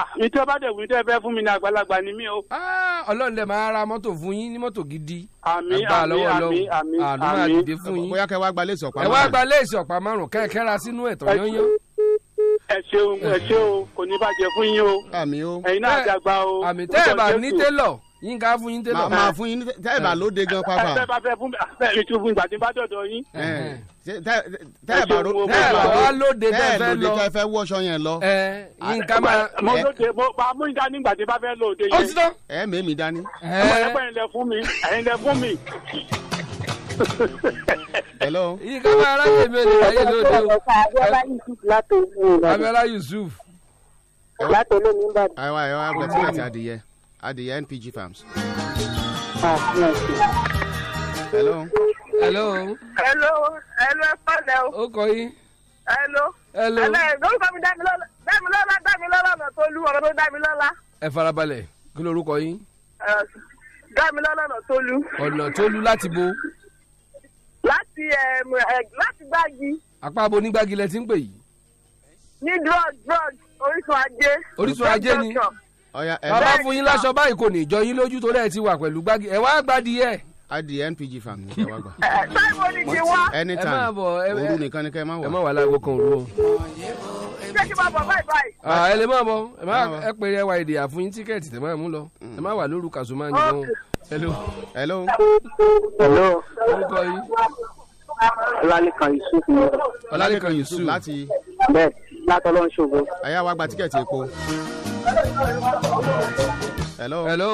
Ah, mi tẹ́ bá dẹ̀ wí tẹ́ fẹ́ fún mi ní àgbàlagbà ni mí o. ọlọ́run lè máa ra mọ́tò fún yín ní mọ́tò gidi. àmì àmì àmì àmì àmì bóyá kẹ́ wá gba léèsì ọ̀pá márùn. ẹ wá gba léèsì ọ̀pá márùn kẹ́kẹ́ra sínú ẹ̀tọ́ yányán ẹ ṣeun ẹ ṣeun kò ní bàjẹ́ fún yín o ẹ̀yin náà dàgbà o. àmì tẹ́ ẹ bá ní télọ̀ yín ká fún yín télọ̀. màá fún yín tẹ́ ẹ bá lóde gan pàápàá. tẹ́ ẹ bá fẹ́ fún bẹ́ẹ̀ ni tún fún ìgbà tí n bá dọ̀dọ̀ yín. tẹ́ ẹ bá lóde tẹ́ ẹ lóde tẹ́ fẹ́ wọ́ṣọ yẹn lọ. yín ká máa. mo lóde mo máa mú ìdání ìgbà tí n bá fẹ́ lóde yẹn. ó ti tán. ẹ mẹ́mi dání. ẹ ẹ̀yin lẹ fún mi ẹ̀yin lẹ fún mi hello. yìí ká máa ráyè mẹ́lẹ̀ ráyè lóde o. abiola yusuf látòlú. abiola yusuf. látòlú ní ìbàdàn. àwa àwa àgbẹ̀ tí wọ́n ti adìyẹ at the NPG farms. Ah, hello. hello. hello hello Hello. Hello. Hello. Hello. Hello. Hello. hello. hello. Hello. Hello. Hello. Hello. Hello. Hello. Hello. Hello. Hello. ọ̀rọ̀ tó Dámilọ́lá. ẹ farabalẹ̀ kí lorúkọ yín. Dámilọ́lá ọ̀nà tó lu. ọ̀nà tó lu láti bo. láti láti gbági. apá abo ní gbági lẹ ti ń pè yìí. ní drug drug orísun ajé. orísun ajé ni. Drug, drug bàbá fún yín láṣọ báyìí kò ní jọ yín lójú tó lẹ́ẹ̀ ti wà pẹ̀lú gbági ẹ̀ wá gbadìyẹ adi npg farm kí ẹ wá gbà. táìwò ni ti wá. anytime òru nìkan ni kẹ́ ẹ má wà. ẹ má wà láago kan òru o. ṣé kí n máa bọ̀ báyìí báyìí. ẹ lè máa bọ̀ ẹ pè é wa èdè àfún tíkẹ́ẹ̀tì tẹ̀ máa mú lọ ẹ má wà lóru kàṣù máa yín lọ. hello. hello. hello. orúkọ yìí. ọlálẹ́kan yusuf ni. ọlálẹ́kan yusuf láti. bẹ́ẹ̀ látọlọ́nṣogbo. ẹ̀yà wa gba hello. hello.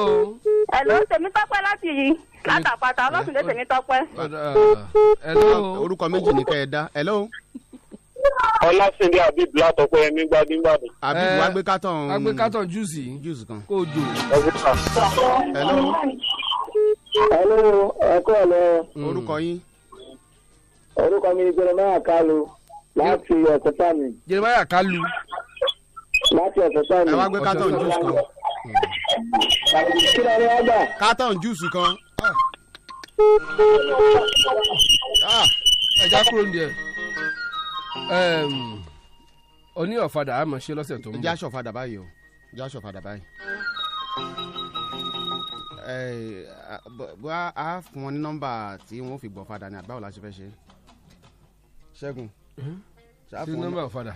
hello tèmi tọ́pẹ́ láti yìí láti àpáta ọlọ́sùn lè tèmi tọ́pẹ́. Uh, hello. orúkọ méjì ní kẹ́ ẹ dá hello. ọlásìndé abib látọpẹ ẹni gbadingbadun. abib wàá eh, gbé kátàn. wàá gbé kátàn júùsì. júùsì kan. kó o jò. hello. hello ẹ kú ọ̀lẹ́. Hmm. orúkọ yín. orúkọ mi ni jeremiah kalu láti ẹ̀kọ́ tàmí. jeremiah kalu láti ọ̀sán sáà ni. ẹ wá gbé carton juice kan. kí ni ọ̀rẹ́ wa gbà. carton juice kan. Ah, ẹja kúrò ní ẹ oní ọ̀fadà àmọ̀ ṣe lọ́sẹ̀ tó ń bọ̀. ìjà sọ̀fadà báyìí o ìjà sọ̀fadà báyìí bóyá a fún wọn ní nọ́mbà tí wọn fi gbọ́ fada ni àbáwò la ṣe fẹ́ ṣe ṣẹ́gun. sí nọ́mbà fada.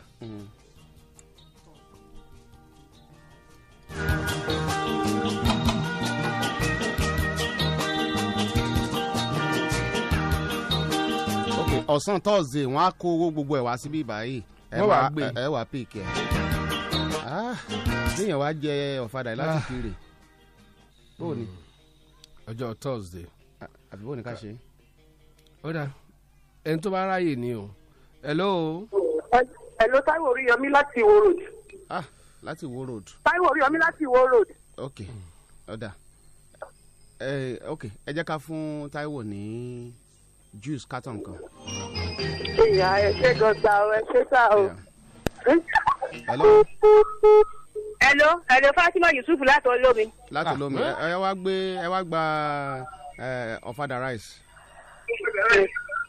ọ̀sán tọ́sídẹ̀ẹ́ wọ́n á kó owó gbogbo ẹ̀ wá síbí báyìí ẹ wà gbé ẹ wà pèkì ẹ léèyàn ah, wá jẹ ọ̀fadà láti ah. kiri bóò ni. Hmm, ọjọ́ thursday. àbí bóò ni ká ṣe. ó dà ẹni tó bá ráàyè ni o. hello. hello Táíwò Oríyọmí láti Ìwó Road láti Ìwó road. Táíwò Oríyọmí láti Ìwó road. ok ọ̀dà ẹ ok ẹ jẹ́ ká fún Táíwò ní juice carton kan. ìyá ẹ ṣe gọgbà ọ ẹ ṣe sá o. hello. hello hello Fatima Yusuf láti olómi. láti ah. olómi ẹ wá gbé ẹ wá gba ọ̀fadà rice.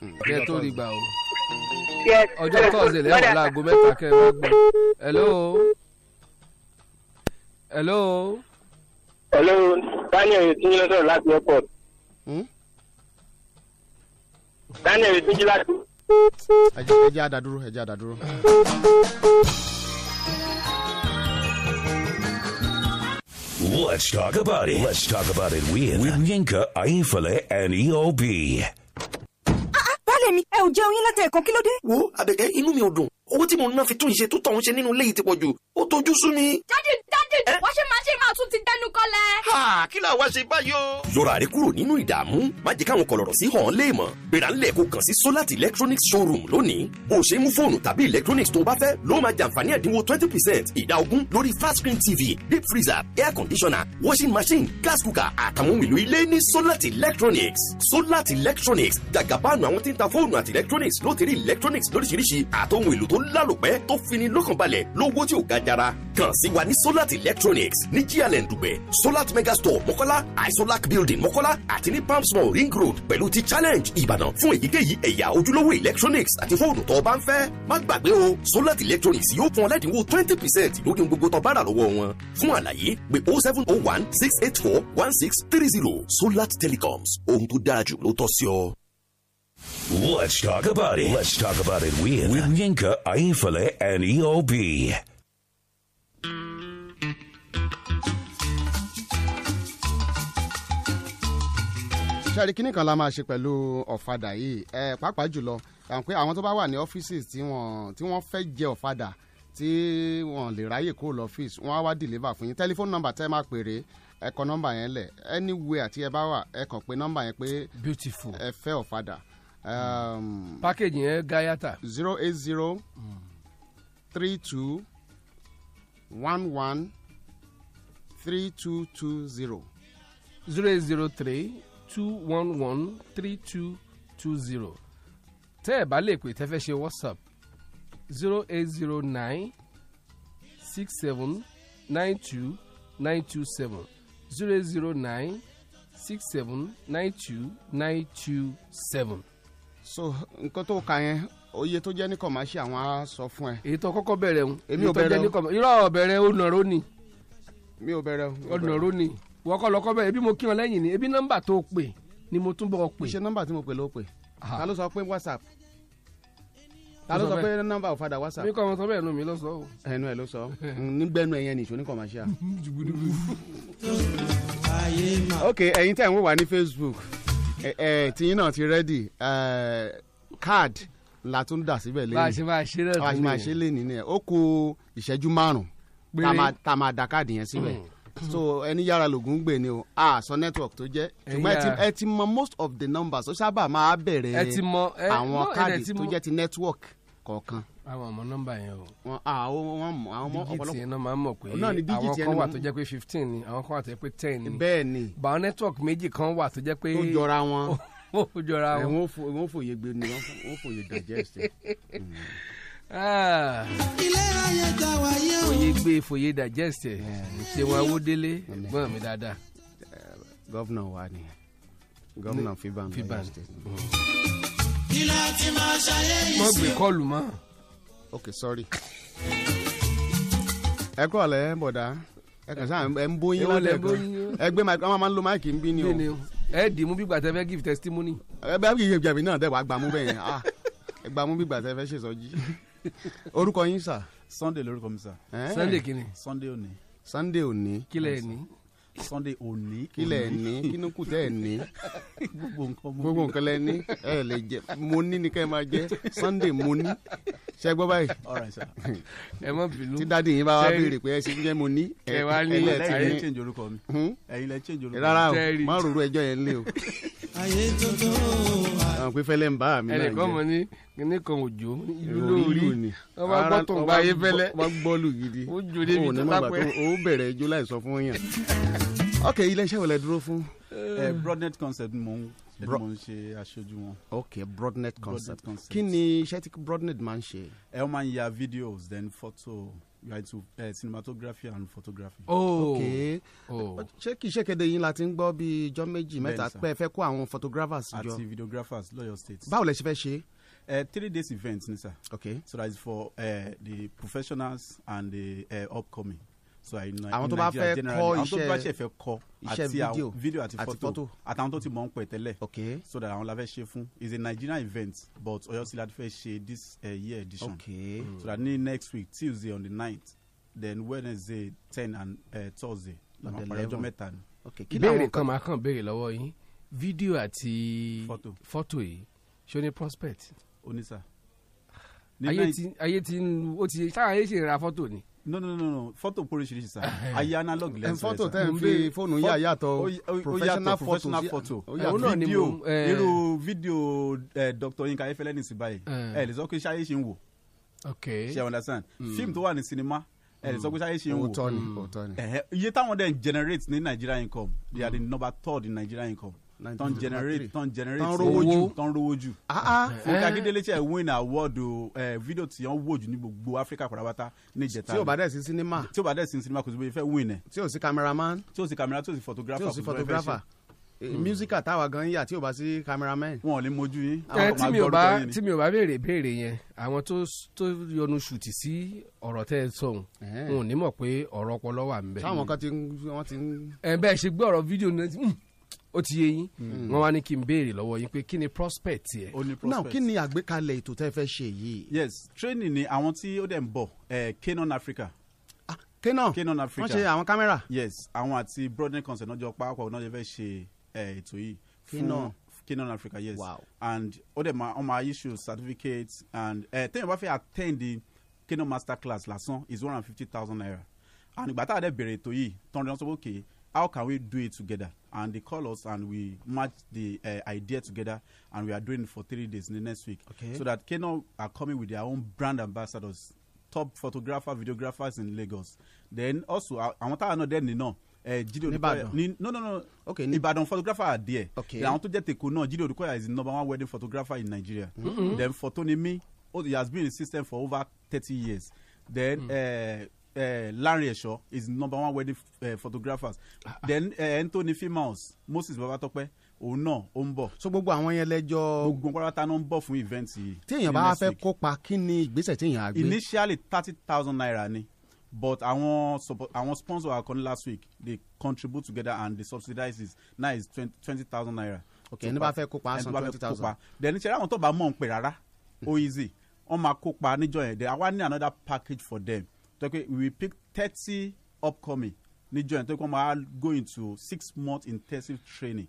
Mm, kí ẹ tó rí gbà o. ọjọ́ tọ́sídẹ̀ẹ́ lẹ́wọ̀n láago mẹ́ta kẹ́ ẹ wá gbọ́. hello. hello? hello. hello daniel etinji ló sọ̀rọ̀ láti airport. daniel etinji láti. ẹ jẹ́ àdàdúró ẹ jẹ́ àdàdúró. Let's talk about it. Let's talk about it with, with Yinka, Aifale, and EOB. Ah, ah, Bálẹ̀ mi, ẹ ò jẹun yín látẹ̀ẹ̀kan kí ló dé? Wo Àbẹ̀kẹ́ inú mi ò dùn owó tí mò ń ná fi tún ìṣe tó tọ̀ ṣe nínú ilé yìí ti pọ̀ jù ó tójú sú ni. jáde jáde wá ṣe máa ṣe máa tún ti dẹnu kọlẹ̀. ha kí la wá ṣe báyìí yọra rẹ kúrò nínú ìdààmú má jẹ káwọn kọlọrọ sí hàn lè mọ gbéra ńlẹ kàn sí solat electronics showroom lónìí o ṣe mú fóònù tàbí electronics tó bá fẹ́ ló máa jàǹfààní ẹ̀dínwó twenty percent ìdá ogún lórí flat screen tv deep freezer air conditioner washing machine gas cooker àtàwọn ohun èlò ilé ní solat electronics solat electronics jàgàbáànù àwọn tí ń ta fóònù àti electronics ló ti rí electronics lóríṣiríṣi àtòhun èlò tó lálòpẹ́ tó fini lọ́kànbalẹ̀ lówó tí ò ga jara kàn sí wa ní solat electronics ní gln dùgbẹ̀ solat megastore mọ́kọ́lá isolac building mọ́kọ́lá àti ní palm ring road pẹ̀lú ti challenge ìbàdàn fún èyíkéyìí ẹ̀yà ojúlówó electronics àti fóònù tó o bá ń fẹ́ má gbàgbé o solat electronics yóò fún ọ lẹ́dínwó twenty percent lórí gbogbo tó bá rà lọ́wọ́ wọn fún àlàyé pé o oh seven o oh one six eight four one six three zero solat telecoms ohun tó dáa jù ló tọ́ sí ọ. Let's talk about it. Let's talk about it with, with Yinka, Aifale, and EOB. ṣẹ́rí kínní kan la máa ṣe pẹ̀lú ọ̀fadà yìí ẹ pàápàá jùlọ pé àwọn tó bá wà ní ọ́fíìsì tí wọ́n tí wọ́n fẹ́ jẹ ọ̀fadà tí wọ́n lè ráyè kó lọ́fíìsì wọ́n á wá dìlíbà fún yín tẹlifóònù nọ́mbà tẹ́ máa pèrè ẹ kọ nọ́mbà yẹn lẹ̀ anywhere tí ẹ bá wà ẹ kàn pé nọ́mbà yẹn pé beautiful ẹ fẹ́ ọ̀fadà Um, package yẹn gayata. zero eight zero three two one one three two two zero. zero eight zero three two one one three two two zero. tẹ́ ẹ̀ bá lè pè tẹ́fẹ́ ṣe whatsapp zero eight zero nine six seven nine two nine two seven zero eight zero nine six seven nine two nine two seven so nǹkan tó kà yẹn oye tó jẹ́ ní kọ̀máṣí àwọn á sọ fún ẹ. èyí tó kọ́kọ́ bẹ̀rẹ̀ ń èmi ò bẹ̀rẹ̀ ń irọ́ bẹ̀rẹ̀ ó ni. mi ò bẹ̀rẹ̀ ó nàró ni wọ́kọ́ lọ́kọ́ bẹ̀rẹ̀ ebi mo kí wọn lẹ́yìn ni ebi nọ́mbà tó pè ni mo tún bọ̀ pè. ṣé nọ́mbà tí mo pè ló pè ta ló sọ pé whatsapp ta ló sọ pé nọ́mbà ò whatsapp. mi kọ́ ọmọ sọ bẹ́ẹ̀ nù mí ló sọ. ẹnu ẹ ló sọ nígbẹ́nu ẹ̀yẹn nìṣó ní kọ̀máṣíà. ok ẹ̀yin tẹ̀ ń wò ní facebook ẹ ẹ tìyín náà ti rẹ́dì card la tún dà síbẹ̀ lẹ́yìn bá a ṣe máa ṣe lẹ́nu bá a ṣe máa ṣe lẹ́nu ni ẹ̀ ó kù ìṣẹ́jú márùn-ún tá a máa da káàdì yẹn síbẹ̀ so ẹni yára lògùn gbè ni o a sọ network tó jẹ́ ṣùgbọ́n ẹ ti mọ most of the numbers ó sábà máa bẹ̀rẹ̀ àwọn káàdì tó jẹ́ ti network kọ̀ọ̀kan àwọn ọmọ nọ́mbà yẹn o. wọn àwọn wọn mọ àwọn ọmọ ọ̀pọ̀lọpọ̀ dígítì yẹn náà máa ń mọ̀ pé àwọn kan wà tó jẹ́ pé fifteen ni àwọn kan wà tó jẹ́ pé ten ni. bẹ́ẹ̀ ni bàá network méjì kan wà tó jẹ́ pé. tó jọra wọn. ó jọra wọn. wọn fòye gbé ni wọn fòye digest. ilé ayé ta wáyé o. fòye gbé fòye digest ẹ̀ ṣé wọn awó délé gbọ́n mi dáadáa. gọ́vnà wa ni gọ́vnà fiban. fiban. Mm. kí ló ti máa ṣayé yìí sí. mọ̀ gbé kọ́ọ̀lù mọ́ ok sorry. ẹ kọ́ lẹ́ bọ̀dá ẹ kàn sáà ẹ ń bóyin lálẹ́ kan ẹ gbé máìkì ọmọ máa ń lo máìkì ń bí ni o. ẹ dì mú bígbà tẹ fẹ́ give testimony. ẹ bá yìí jẹ̀bi náà dẹ̀ wá gbàmú bẹ́ẹ̀ yẹn ah, ẹ gbàmú bígbà tẹ fẹ́ ṣèṣọ́jí. orúkọ yín sà. Sunday lorúkọ mi sà. Sunday kìíní. Sunday òní. Sunday òní. kílẹ̀ ẹ̀ ní. Sunday òní. kí lẹ ní kínú kù tẹ ẹ ní. gbogbo nǹkan mo ní. gbogbo nǹkan lẹ ní ẹ lè jẹ mo ní ni ká máa jẹ Sunday mo ní. ṣe gbọ́ báyìí. alright sir. ẹ má bínú. tí dáàdi yín bá wá béèrè pé ẹ ṣe jẹ́ mo ní. ẹ wá ní ẹ ti ní. ẹyin lẹ change orúkọ mi. Hmm? ẹyin lẹ change orúkọ mi. rárá o má ròrò ẹjọ́ yẹn lé o. ayé tó àwọn pé ń bá mi náà jẹ. ẹnì kíní kan òjò ìlú lórí wọn bá gbọ́ tó ń bá yé gidi ó jò débi tó lápẹ́ ó bẹ̀rẹ̀ ijó láì sọ fún yàn. ok iléeṣẹ́ wo dúró fún. Eh, broadnet concept mo ń mo ń ṣe aṣojú wọn. ok broadnet concept kí ni iṣẹ́ tí broadnet máa ń ṣe. ẹ eh, ó máa ń ya videos then photo you are into eh, cinematography and photography. oh okay oh. ṣé kì í ṣe kéde yín la ti ń gbọ́ bíi ijọ́ méjì mẹ́ta pé ẹ fẹ́ kó àwọn photographers jọ àti videographers lọ́yọ̀ state. báwo lẹ ṣe fẹ́ ṣe é uh, three days event ni okay so that is for uh, the professionals and the uh, upcoming so i know àwọn tó bá fẹ́ kọ́ iṣẹ́ àwọn tó bá ṣe fẹ́ kọ́ àti video àti photo àtàwọn tó ti mọ̀ ń pẹ̀ tẹ́lẹ̀ okay so that àwọn la fẹ́ ṣe fún is a nigerian event but Ọ̀yọ́ State la fẹ́ ṣe this uh, year edition okay mm. so that ní next week tuesday on the ninth then wednesday ten and uh, thursday la máa parí ọjọ́ mẹ́ta ni. okay kí ni àwọn kan máa kàn béèrè lọ́wọ́ yín fídíò àti fọ́tò yìí ṣó ní prospect onísà. ayé ti ayé ti ń o ti sáà ayé ṣe ra fọ́tò ni. no no no no fọ́tò póríṣiríṣi sa ayé analog lẹ́sẹ̀ fọ́tò tẹ́ ń fi fóònù yà yàtọ̀ professional photo fídíò irú fídíò Dr. Yinka Ayéfẹ́lẹ́ ní ìsìnbáyé ẹ lè sọ pé ṣáyé ṣe ń wò ṣe understand fíìmù tó wà ní sinimá ẹ lè sọ pé sáyé ṣe ń wò òótọ́ ni òótọ́ ni iye táwọn dẹ̀ ń generate ní Nigeria income they are the number third in Nigeria income tán generate tán generate tán rowoju, jù tán rówó jù. Ah, ah. Eh, Fúnkẹ́ eh. Akíndélé ṣe win award fídíò video wọ́n wò jù ní gbogbo Africa pàrọ̀bátá ní ìjẹta. Tí o bá dẹ̀ sí sinimá. Tí o bá dẹ̀ sí sinimá kò sí bóyá fẹ́ win ẹ̀. Tí o sí cameraman. Tí o sí camera tí o sí photographer. Tí o sí photographer. Eh, Mísíkà hmm. táwa gan yà tí o bá sí cameraman. Wọn ò lè mojú yín. Tí mi ò bá tí mi ò bá béèrè béèrè yẹn, àwọn tó tó yọnu ṣùtì sí ọ̀rọ̀ tẹ́ ẹ sọ̀hún, wọn ò ní mọ̀ pé ọ̀rọ̀ ọpọlọ wà ń bẹ̀. Táwọn kan ti ń. Ẹ̀ bẹ́ẹ̀ ṣe gbé ọ̀rọ̀ fídíò náà hmm ó ti yé yín wọn hmm. wá ní kí n béèrè lọ́wọ́ yín pé kí ni prospect yẹ. o ní prospect now kí ni àgbékalẹ̀ ètò tẹ́ fẹ́ ṣe yìí. yes training ni àwọn tí ó dẹ̀ ń bọ̀ Canon Africa. Ah, Canon Canon Africa wọ́n ṣe àwọn kámẹ́rà. yes àwọn àti broadening concert. náà jọ pàápàá náà fẹ́ ṣe ètò yìí. Canon Canon Africa yes wow. and ó dẹ̀ máa ọmọ issue certificate and tẹ́yìn bá fẹ́ attend the Canon master class lásán is one hundred and fifty thousand naira and ìgbà tá a dẹ̀ bẹ̀rẹ̀ ètò yìí tọ́ndínlọ́sọ̀wọ́ kéé how can we do it together? And they call us and we match the uh, idea together and we are doing it for three days in the next week. Okay. So that Kano are coming with their own brand ambassadors, top photographer, videographers in Lagos. Then also, àwọn táwọn náà know náà. Eh, Jide Odukoya no no no okay, Ibadan photographer are there okay. àwọn tó jẹ́ tèkó náà Jide Odukoya is the number one wedding photographer in Nigeria mm -hmm. then Fotonimi oh, he has been in the system for over thirty years then mm. uh, uh, Larry Esho is number one wedding uh, photographers ah. then uh, Anthony Fimaus Moses Babatope òun náà ó ń bọ̀. so gbogbo àwọn yẹn lẹ́jọ́. gbogbo pátá ló ń bọ̀ fún event yìí. téèyàn bá fẹ́ kópa kí ni ìgbésẹ̀ téèyàn á gbé. initially thirty thousand naira ni but àwọn àwọn sponsor our company last week they contribute together and they subsidize it now it's twenty thousand naira. ok ẹni bá fẹ́ kópa san twenty thousand. then ṣe àwọn tó bá mọ̀ ń pè rárá ó hmm. easy wọ́n máa kópa níjọ yẹn then àwa ní another package for them tó we pick thirty upcoming níjọ yẹn tó yẹ pé wọ́n máa go into six month intensive training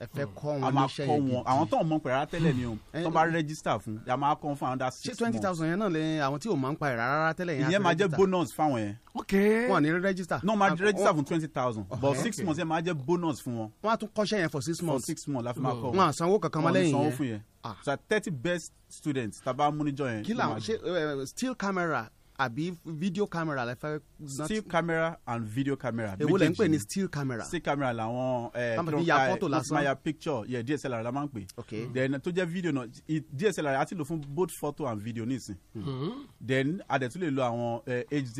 ẹ fẹ́ kọ́ wọn níṣẹ́ yìí gidi àwọn tó ń mọ pẹ̀lú tẹ́lẹ̀ ni o tó bá rẹ́gísítà fún a máa kọ́ fún àwọn dá six months. ṣé twenty thousand yẹn náà lẹ́yìn àwọn tí ò máa ń pa ẹ̀rá rárá yẹn. ìyẹn máa jẹ́ bonus fáwọn yẹn. ok wọn ní register. náà máa register fún twenty thousand but six months yẹn máa jẹ́ bonus fún wọn. wọ́n á tún kọ́ṣẹ́ yẹn for six months. for six months la fi máa kọ́ wọn. wọn àsanwó kankan mọ́ lẹ́yìn yẹn. Ah. so thirty best students tàbá múnijọ yẹn. kí làwọn ṣe eh, still camera àbí video camera la fẹ́. still camera and video camera. èwo lẹ́ ń pè ní still camera. still camera làwọn kí eh, ló ń ya picture Yeah, DSLR la máa ń pè. ok then tó jẹ́ video náà DSLR a ti lò fún both photo and video nísìn. Hmm. then a dẹ̀ tún lè lo àwọn HD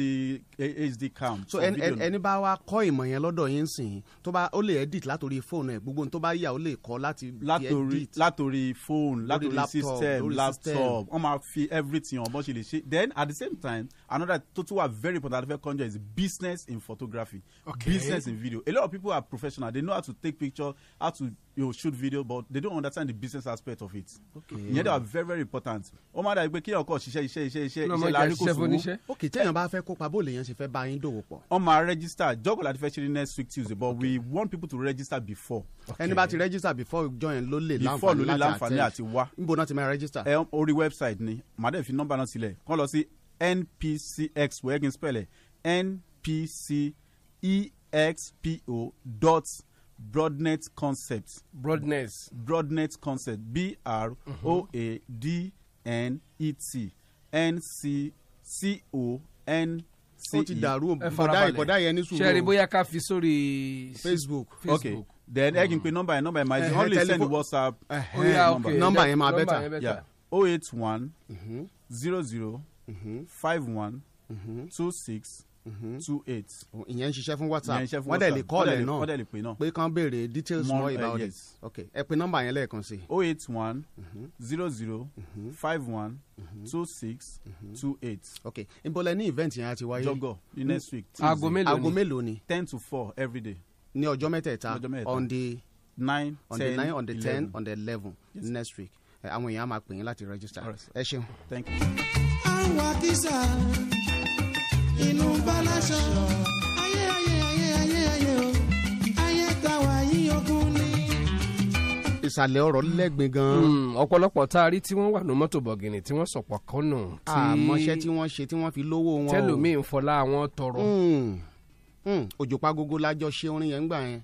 eh, HD eh, cam. so ẹni bá wa kọ́ ìmọ̀ yẹn lọ́dọ̀ yín sìn tó bá ó lè edit látòrí fóònù ẹ̀ gbogbo tó bá yà ó lè kọ́ láti edit. látòrí fóònù látòrí system laptop wọ́n máa fi everything on bó ṣe lè ṣe then at the same time another total very important fẹ́ conjure is business in photography okay. business in video a lot of people are professional they know how to take picture how to you know, shoot video but they don't understand the business aspect of it ìyẹn they are very very important ó máa dà gbé kéèyàn kọ ṣiṣẹ́ iṣẹ́ iṣẹ́ iṣẹ́ iṣẹ́ láàrin kò sówó ok téèyàn bá fẹ́ kópa bó lèèyàn ṣe fẹ́ bá yín dòwò pọ̀. wọ́n máa register jọ́kọ̀ láti fẹ́ ṣe ní next week Tuesday but okay. we want people to register before. ẹni bá ti register before join ló lè láǹfààní láti àtẹ níbo náà ti máa register. ẹ orí website ni màdé fi nọ́mbà náà sílẹ̀ kàn lọ sí npcx wẹ́ẹ́ kí n spẹ̀lẹ̀ npcexpo dot broadnet concept broadnet broadnet concept b r o a d n e t n c c o n c e. ó ti dàrú bọ̀dá ìbọ̀dá yẹn ní sùúrù. sẹ́ẹ̀rì bóyá ká fi sórí facebook. facebook okay then ẹ kì í pe number yẹn number yẹn máa only send whatsapp number yẹn máa bẹ́tà yeah oh eight one mm-hmm. zero zero. Mm-hmm. five one mm-hmm. two six mm-hmm. two eight. ìyẹn ń ṣiṣẹ́ fún whatsapp wọ́n dẹ̀ lè kọ́ọ̀lẹ̀ náà wọ́n dẹ̀ lè pè náà pé kàn béèrè details more about eh, it ok ẹ pe nọ́mbà yẹn lẹ́ẹ̀kan sí. o oh eight one zero zero five one two six two eight. ok ìbọ̀lẹ̀ ní event yẹn a ti wáyé. jọgọ ní next week. aago mélòó ni aago mélòó ni. ten to four every day. ní ọjọ́ mẹ́tẹ̀ẹ̀ta on the nine on the nine on the ten on the eleven next week àwọn èèyàn á máa pè yín láti register ẹ ṣeun. thank you wá kísà inú báláṣà ayé ayé ayé ayé ayé o ayé táwa yín ogún ni. ìsàlẹ̀ ọ̀rọ̀ lẹ́gbin gan-an. Hmm, ọ̀pọ̀lọpọ̀ tá a rí tí wọ́n wà ní mọ́tò bọ̀gìnì tí wọ́n sọ̀pọ̀ kọ́nà. àmọ́ṣẹ́ tí wọ́n ṣe tí wọ́n fi lówó wọn o. tẹ́lòmíì ń fọlá wọn tọrọ. Hmm, hmm, òjò pagogo lájọ ṣe orin yẹn gbà yẹn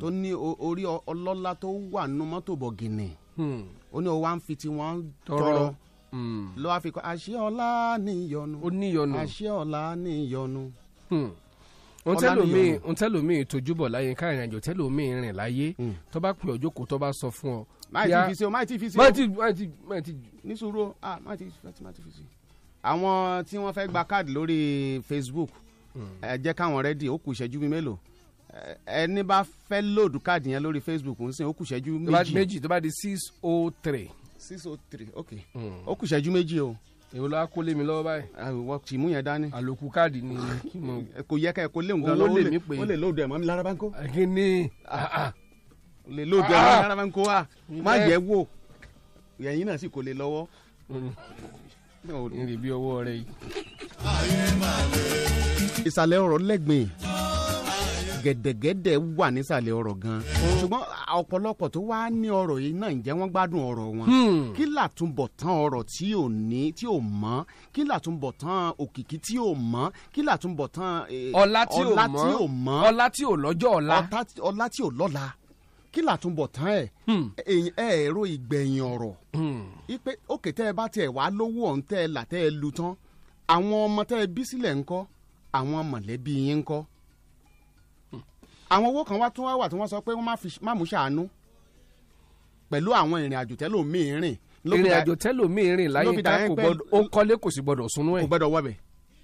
tó ní orí ọlọ́lá tó wà ní mọ́tò bọ̀gìnì ó ní o wá ń fi tiwọn tọrọ. Hmm. ló wá fi kọ́ àṣẹ ọlá ní ìyọnu ó ní àṣẹ ọlá ní hmm. ìyọnu. ohun tẹ́lòmíì ohun tẹ́lòmíì láyé ká ìrìnàjò tẹ́lòmíì rìn láyé hmm. tó bá pè ọjọ́ kó tó bá sọ fún ọ. máa ti fi se o máa ti fi se o máa ti máa ti máa ti. ní sùúrù ah máa ti máa ti fi se. àwọn tí wọ́n fẹ́ gba káàdì lórí Facebook ẹ jẹ́ káwọn rẹ́dì ó kù ìṣẹ́jú bíi mélòó ẹni bá fẹ́ lòdù káàdì yẹn lórí Facebook ń sìn ó kù ìṣẹ́jú méjì. tó bá di six oh three six oh three ok hmm. ó kù ìṣẹ́jú méjì o. èwo la kó lé mi lọ́wọ́ báyìí. àwọn tì mú yẹn dání. àlòkù káàdì ni kí mo. kò yẹ ká ẹ kó léwu gan lọ ó lè lóòdù ẹ mọ mi lára bá ń kó. gíní ah, ah. lè lóòdù ẹ mọ mi lára bá ń kó wa ah, má yẹ wò yẹyin náà sì kò lè lọ́wọ́. n ọwọ́ rẹ yìí. ìsàlẹ̀ ọ̀rọ̀ lẹ́gbẹ̀ẹ́ gẹ̀dẹ̀gẹ̀dẹ̀ wà nísàlẹ̀ ọ̀rọ̀ gan ṣùgbọ́n ọ̀pọ̀lọpọ̀ tó wá ní ọ̀rọ̀ yìí náà ǹjẹ́ wọ́n gbádùn ọ̀rọ̀ wọn hmm. kí làtúbọ̀ tán ọ̀rọ̀ tí ò ní tí ò mọ́ kí làtúbọ̀ tán òkìkí tí ò mọ́ kí làtúbọ̀ tán e, ọlá tí ò mọ́ ọlá tí ò lọ́jọ́ ọ̀la ọlá tí ò lọ́la kí làtúbọ̀ tán ẹ̀ hmm. e, ẹ̀ẹ́rọ ìgbẹ̀yìn ọ̀rọ̀ hmm. ipe òkè tẹ́ ẹ bá tiẹ̀ wá lówó ọ̀hún tẹ́ ẹ là tẹ́ ẹ lu tán àwọn ọmọ tẹ́ ẹ bí sílẹ̀ ńkọ́ àwọn mọ̀lẹ́bí yín ńkọ́ àwọn owó kan wá tún wá wà tí wọ́n sọ pé wọ́n má mú ṣàánú pẹ̀lú àwọn ìrìn àjò tẹ́lòmíì rìn. ìrìn àjò tẹ́lòmíì rìn láyé ká kò gbọ́dọ̀ ó kọ́lé kò sì gbọ́dọ̀ sunú ẹ̀. kò gbọ́dọ̀ wọbẹ̀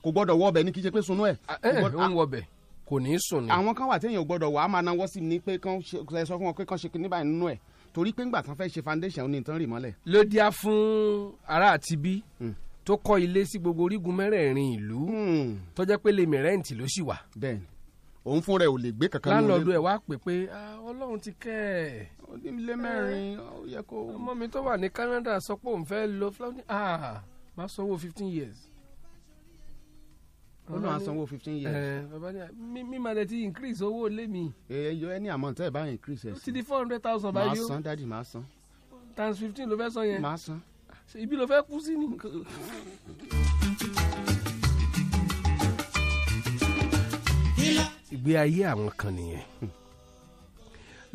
kò gbọ́dọ̀ wọbẹ̀ ní kí ṣe pé sunú ẹ̀. ẹ ah, ẹ eh, ń ah, wọbẹ̀ kò ní í sùn ni. àwọn kan wà téèyàn gbọ́dọ̀ wà á máa náwó sí ni pé kán sọ fún wọn pé kán ṣe kí ní báyìí nínú ẹ̀ torí pé ńgbà kan fẹ́ ṣe foundation ní ìtàn rì mọ́lẹ̀. Hmm. Hmm. ló òun fún rẹ ò lè gbé kankan. lálọ́ọ̀dù ẹ̀ wá pè pé ah, ọlọ́run ti kẹ́ ẹ̀. ó ní mẹ́rin ó yẹ kó. ọmọ mi tó wà ní Canada sọ pé òun fẹ́ lo Ah, máa sanwó fifteen years. ó náà sanwó fifteen years. Eh, bàbá ní mi máa dẹ̀ ti increase owó lé mi. Eh, ẹyọ ẹni àmọ́ amount. ẹ bá increase ẹ̀ sí. ó ti di four hundred thousand báyìí o. máa san dádì máa san. times fifteen ló fẹ́ san yẹn. máa san. ibi ló fẹ́ kú sí ni. ìgbé ayé àwọn kan nìyẹn hmm.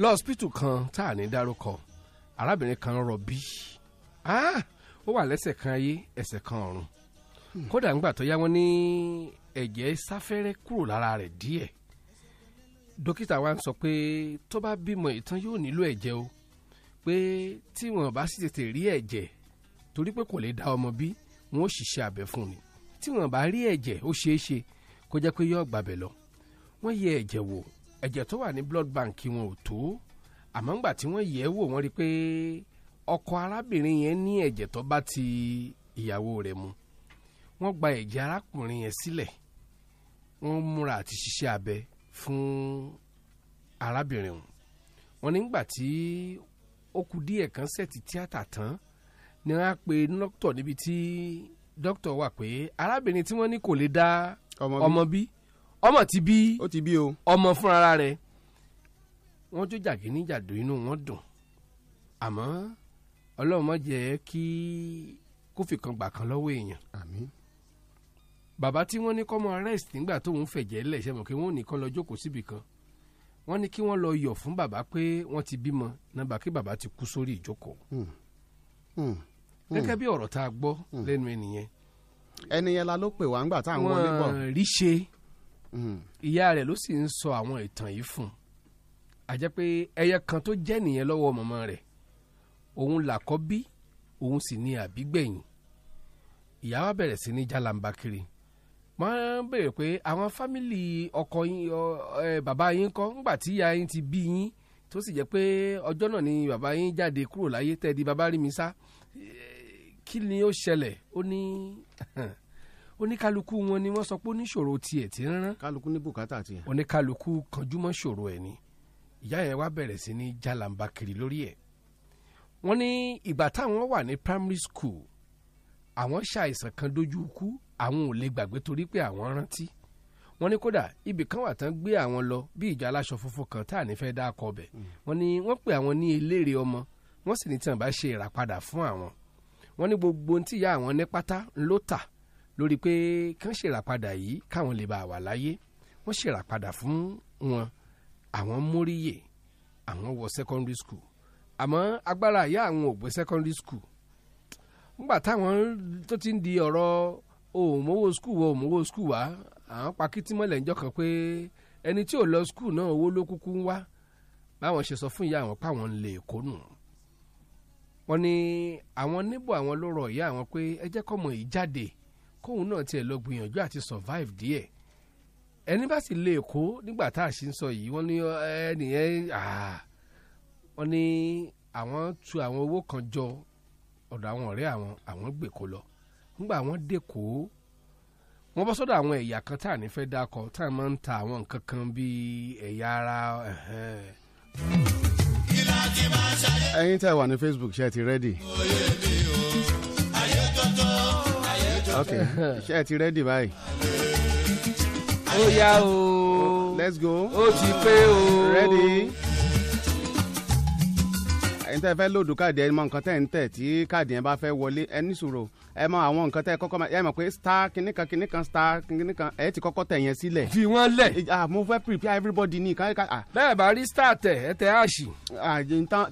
lọ́ọ̀sìpìtù kan tá à ní dárúkọ arábìnrin kan rọbí ah, ó wà lẹ́sẹ̀ kan ayé ẹsẹ̀ kan ọ̀run hmm. kódà ńgbà tó yá wọn ní ẹ̀jẹ̀ sáfẹ́rẹ́ kúrò lára rẹ̀ díẹ̀ dókítà wa ń sọ pé tó bá bímọ ìtàn yóò nílò ẹ̀jẹ̀ o pé tí wọn bá sì tètè rí ẹ̀jẹ̀ torí pé kò lè dá ọmọ bí wọn ó ṣiṣẹ́ abẹ fún ni tí wọn bá rí ẹ̀jẹ̀ ó ṣeé kó jẹ́ pé yóò gbàbẹ̀ lọ wọ́n yẹ ẹ̀jẹ̀ wò ẹ̀jẹ̀ tó wà ní blood bank wọn ò tó àmọ́ ńgbà tí wọ́n yẹ̀ wò wọ́n rí i pé ọkọ arábìnrin yẹn ní ẹ̀jẹ̀ tó bá ti ìyàwó rẹ̀ mu wọ́n gba ẹ̀jẹ̀ arákùnrin yẹn sílẹ̀ wọ́n múra àti ṣiṣẹ́ abẹ fún arábìnrin wọn wọ́n nígbà tí ó kù díẹ̀ kan sẹ́ẹ̀tì tíátà tán ni wọ́n á pe dókítà níbi tí dókítà wà pé arábìnrin tí wọ́n ní kò lè dá ọmọ bí ọmọ ti bí ó o ọmọ fúnra rẹ̀ wọ́n jó jàgé níjàdó inú wọn dùn àmọ́ Ọlọ́run má jẹ́ kí kó fi kan gbà kan lọ́wọ́ èèyàn. àmín. bàbá tí wọ́n ní kọ́mọ arrest nígbà tóun fẹ̀jẹ̀ lẹ́sẹ̀ mọ̀ pé wọ́n ò ní kọ́ lọ jókòó síbì kan wọ́n ní kí wọ́n lọ yọ̀ fún bàbá pé wọ́n ti bímọ nàbà kí bàbá ti kú sórí ìjókòó. Hmm. Hmm. Hmm. gẹ́gẹ́ bí ọ̀rọ̀ tá a gbọ́ lẹ́nu ẹnìyẹn. ẹnìyẹn la ló pè wá ńgbà tá à ń wọlé bọ̀. wọ́n rí ṣe ìyá rẹ̀ ló sì ń sọ àwọn ìtàn yìí fún un àjẹ́ pé ẹyẹ kan tó jẹ́ nìyẹn lọ́wọ́ màmá rẹ̀ òun làkọ́bí òun sì ni àbígbẹ̀yìn ìyá wa bẹ̀rẹ̀ sí ní jálàmbá kiri wọ́n béèrè pé àwọn fámìlì ọkọ yín bàbá yín kọ́ ńgbà tí ìyá yín ti bí yín tó sì jẹ́ pé ọjọ́ náà ni bàbá yín jáde kúrò láyé tẹ́ẹ̀dí bàbá rí kí ni ó ṣẹlẹ̀ ó ní oníkálukú wọn ni wọ́n sọ pé oníṣòro tiẹ̀ ti ń rán. kálukú ní bùkátà tiẹ̀. oníkálukú kanjúmọ́ ṣòro ẹ̀ ni ìyá yẹn wá bẹ̀rẹ̀ sí ní jálàmbá kiri lórí ẹ̀. wọ́n ní ìgbà táwọn wà ní primary school àwọn ṣàìsàn kan dojú ikú àwọn ò lè gbàgbé torí pé àwọn rántí. wọ́n ní kódà ibì kan wà tán gbé àwọn lọ bí ìjọ aláṣọ funfun kan tá à ní fẹ́ dá akọ bẹ̀. Hmm. wọ́n ní wọ́n pè àwọn ní eléèrè ọmọ wọ́n sì ní tí wọ́n bá ṣe ìràpadà fún àwọn. wọ́n ní gbogbo ohun tí ìyá àwọn ní pátá ló tà lórí pé kán ṣèràpadà yìí káwọn lè bá wà láyé wọ́n ṣèràpadà fún wọn àwọn móríyè àwọn wọ secondary school àmọ́ agbára ìyá àwọn ò gbé secondary school nígbà táwọn tó ti ń di ọ̀rọ̀ òmòwò school wọ òmòwò school wá àwọn pakitímọ̀lẹ̀ ń jọkàn pé ẹni tí ò lọ school náà owó ló kúkú ń wá báwọn ṣe sọ fún ìyá àwọn páwọn ń lè kó nù wọ́n ní àwọn níbò àwọn ló rọ ìyá àwọn pé ẹ jẹ́ kọ́mọ yìí jáde kóun náà tiẹ̀ lọ gbìyànjú àti survive díẹ̀ ẹni bá sì lè kó nígbà tá a ṣe ń sọ yìí wọ́n ní ẹnìyẹn wọ́n ní àwọn tu àwọn owó kan jọ ọ̀dọ̀ àwọn ọ̀rẹ́ àwọn àwọn gbè kó lọ nígbà wọ́n dé kó wọ́n bọ́ sọ́dọ̀ àwọn ẹ̀yà kan tá à ní dákọ tá à máa ń ta àwọn nǹkan kan bíi ẹ̀yà ara ẹ̀yin tá a wà ní Facebook ṣe ti rẹ́dì ok ṣé ẹ ti rẹ́dì báyìí. ó yá o. let's go. ó ti pé o. ready. ẹ̀yin tẹ́ fẹ́ lòdù káàdì ẹ̀ mọ nǹkan tẹ́ ń tẹ̀ tí káàdì yẹn bá fẹ́ wọlé ẹ ní sùúrù ẹ mọ àwọn nǹkan tẹ́ kọ́kọ́ ẹ mọ̀ pé star kìnnìkan kìnnìkan star kìnnìkan ẹ ti kọ́kọ́ tẹ̀ yẹn sílẹ̀. fi wọn lẹ̀. mo fẹ́ prepare everybody ní ìkànnì ká. bẹ́ẹ̀ bá rí star tẹ̀ ẹ tẹ àṣì.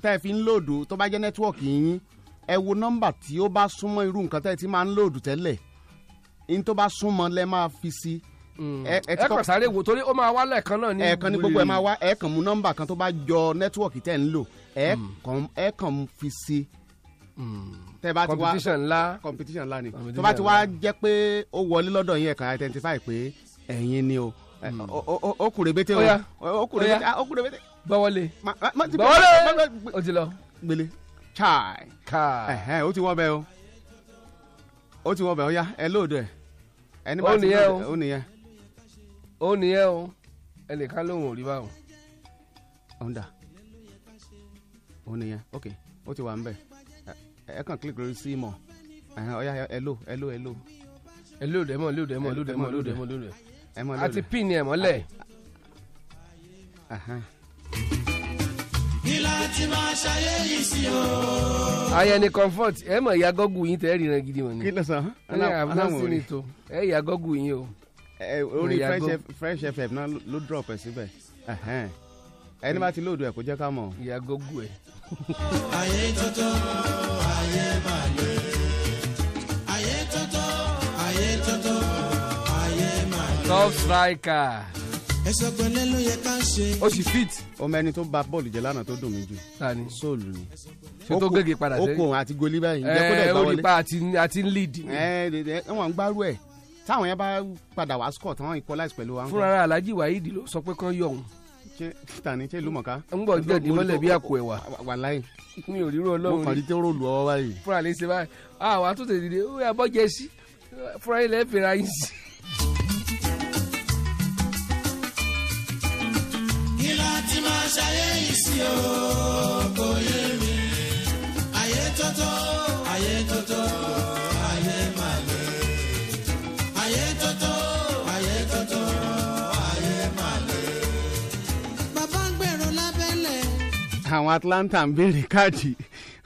tẹ́ fi ń lòdù tó bá jẹ́ nẹ́tíwọ̀kì yín ẹ wo nọ́mbà tí ó bá súnmọ́ irú nǹkan tẹ́ ti máa ń lòdù tẹ́lẹ̀ n tó bá súnmọ́ lẹ máa fi sí. Mm. ẹ kàn sáré wò torí ó máa wá lẹ́ẹ̀kan náà ní. ẹ̀ẹ̀kan ní gbogbo ẹ̀ máa wá ẹ̀ẹ̀kan mú nọ́mbà kan tó bá jọ nẹ́tíwọ̀kì tẹ̀ ń lò ẹ̀ẹ̀kan mm. fi sí. Mm. tẹ bá ti wá competition ńlá competition ńlá ni tó bá ti wá jẹ́ pé ó wọlé lọ́dọ̀ yín ẹ̀kan identify pé ẹ̀yin ni o ó kù rébété o ó kù rébété ó kù rébété. gbọ́wọ́lé gbọ́wọ́lé o ti lọ. gbélé chai. ká ẹ̀hẹ́n ó ti wọ́n bẹ́ẹ̀ o ó ti wọ́n bẹ́ẹ̀ ó yá ẹ lóòdù ẹ̀ ẹni bá ti lóde ó nìyẹn. ó nìyẹn o ẹnìkan lòun ò rí báwọn. ọ̀hún dà ó nìyẹn ok ó ti wà ń bẹ̀ ẹ kàn click lórí sí mọ̀ ọ̀ya hello hello hello. hello dẹ́mọ̀ hello dẹ́mọ̀ hello dẹ́mọ̀ hello dẹ́mọ̀ hello dẹ́mọ̀ àti pin yẹn mọ́lẹ̀ ìlà ayẹni comfort ẹ mọ̀ ìyá gọ́gù yín tẹ́ ẹ ríran gidi wọ̀nyí. kí ló sọ aláwọ̀ orí ẹ ìyá gọ́gù yín o. orí fresh fm náà ló drop ẹ síbẹ̀ ẹni bá ti lóòdù ẹ kó jẹ́ ká mọ̀. ìyá gọ́gù ẹ. ayé tọ́tọ́ ayé máa lè ayé tọ́tọ́ ayé tọ́tọ́ ayé máa lè. top striker ẹsọ pẹ̀lẹ́ ló yẹ ká ṣe. ó sì fit. ọmọ ẹni tó ba bọ́ọ̀lù jẹ lánàá tó dùn mí jù. tani sóòlù ni. ṣé tó gègé padà sẹ́yìn. okun àti goli báyìí. ẹ ẹ onípa àti lead. ẹ ẹ wọn ń gbárù ẹ táwọn yẹn bá padà wá score tán equalize pẹ̀lú wa. fúnra alhaji waheed ló sọ pé kán yọ òun. ṣé tani ṣé ìlú mọ̀ká. ń bọ̀ jẹ́ ìdímọ́lẹ̀ bí àpò ẹ̀wà. wàláì. mi ò ríro ọlọ́run ni. mo kàn rí tẹ́rọ lù ọ báyìí. fúnra lè ṣe báyìí ah, àwọn àtúntò ìdílé ó yà bọ́ jẹ sí fúnra ilẹ̀ fèrè ayé sí. kí láti máa ṣayé yìí sí o kò yé mi. ayé tótó ayé tótó ayé máa lè. ayé tótó ayé tótó ayé máa lè. bàbá ń gbèrò lábẹ́lẹ̀. àwọn Atlanta ń béèrè káàdì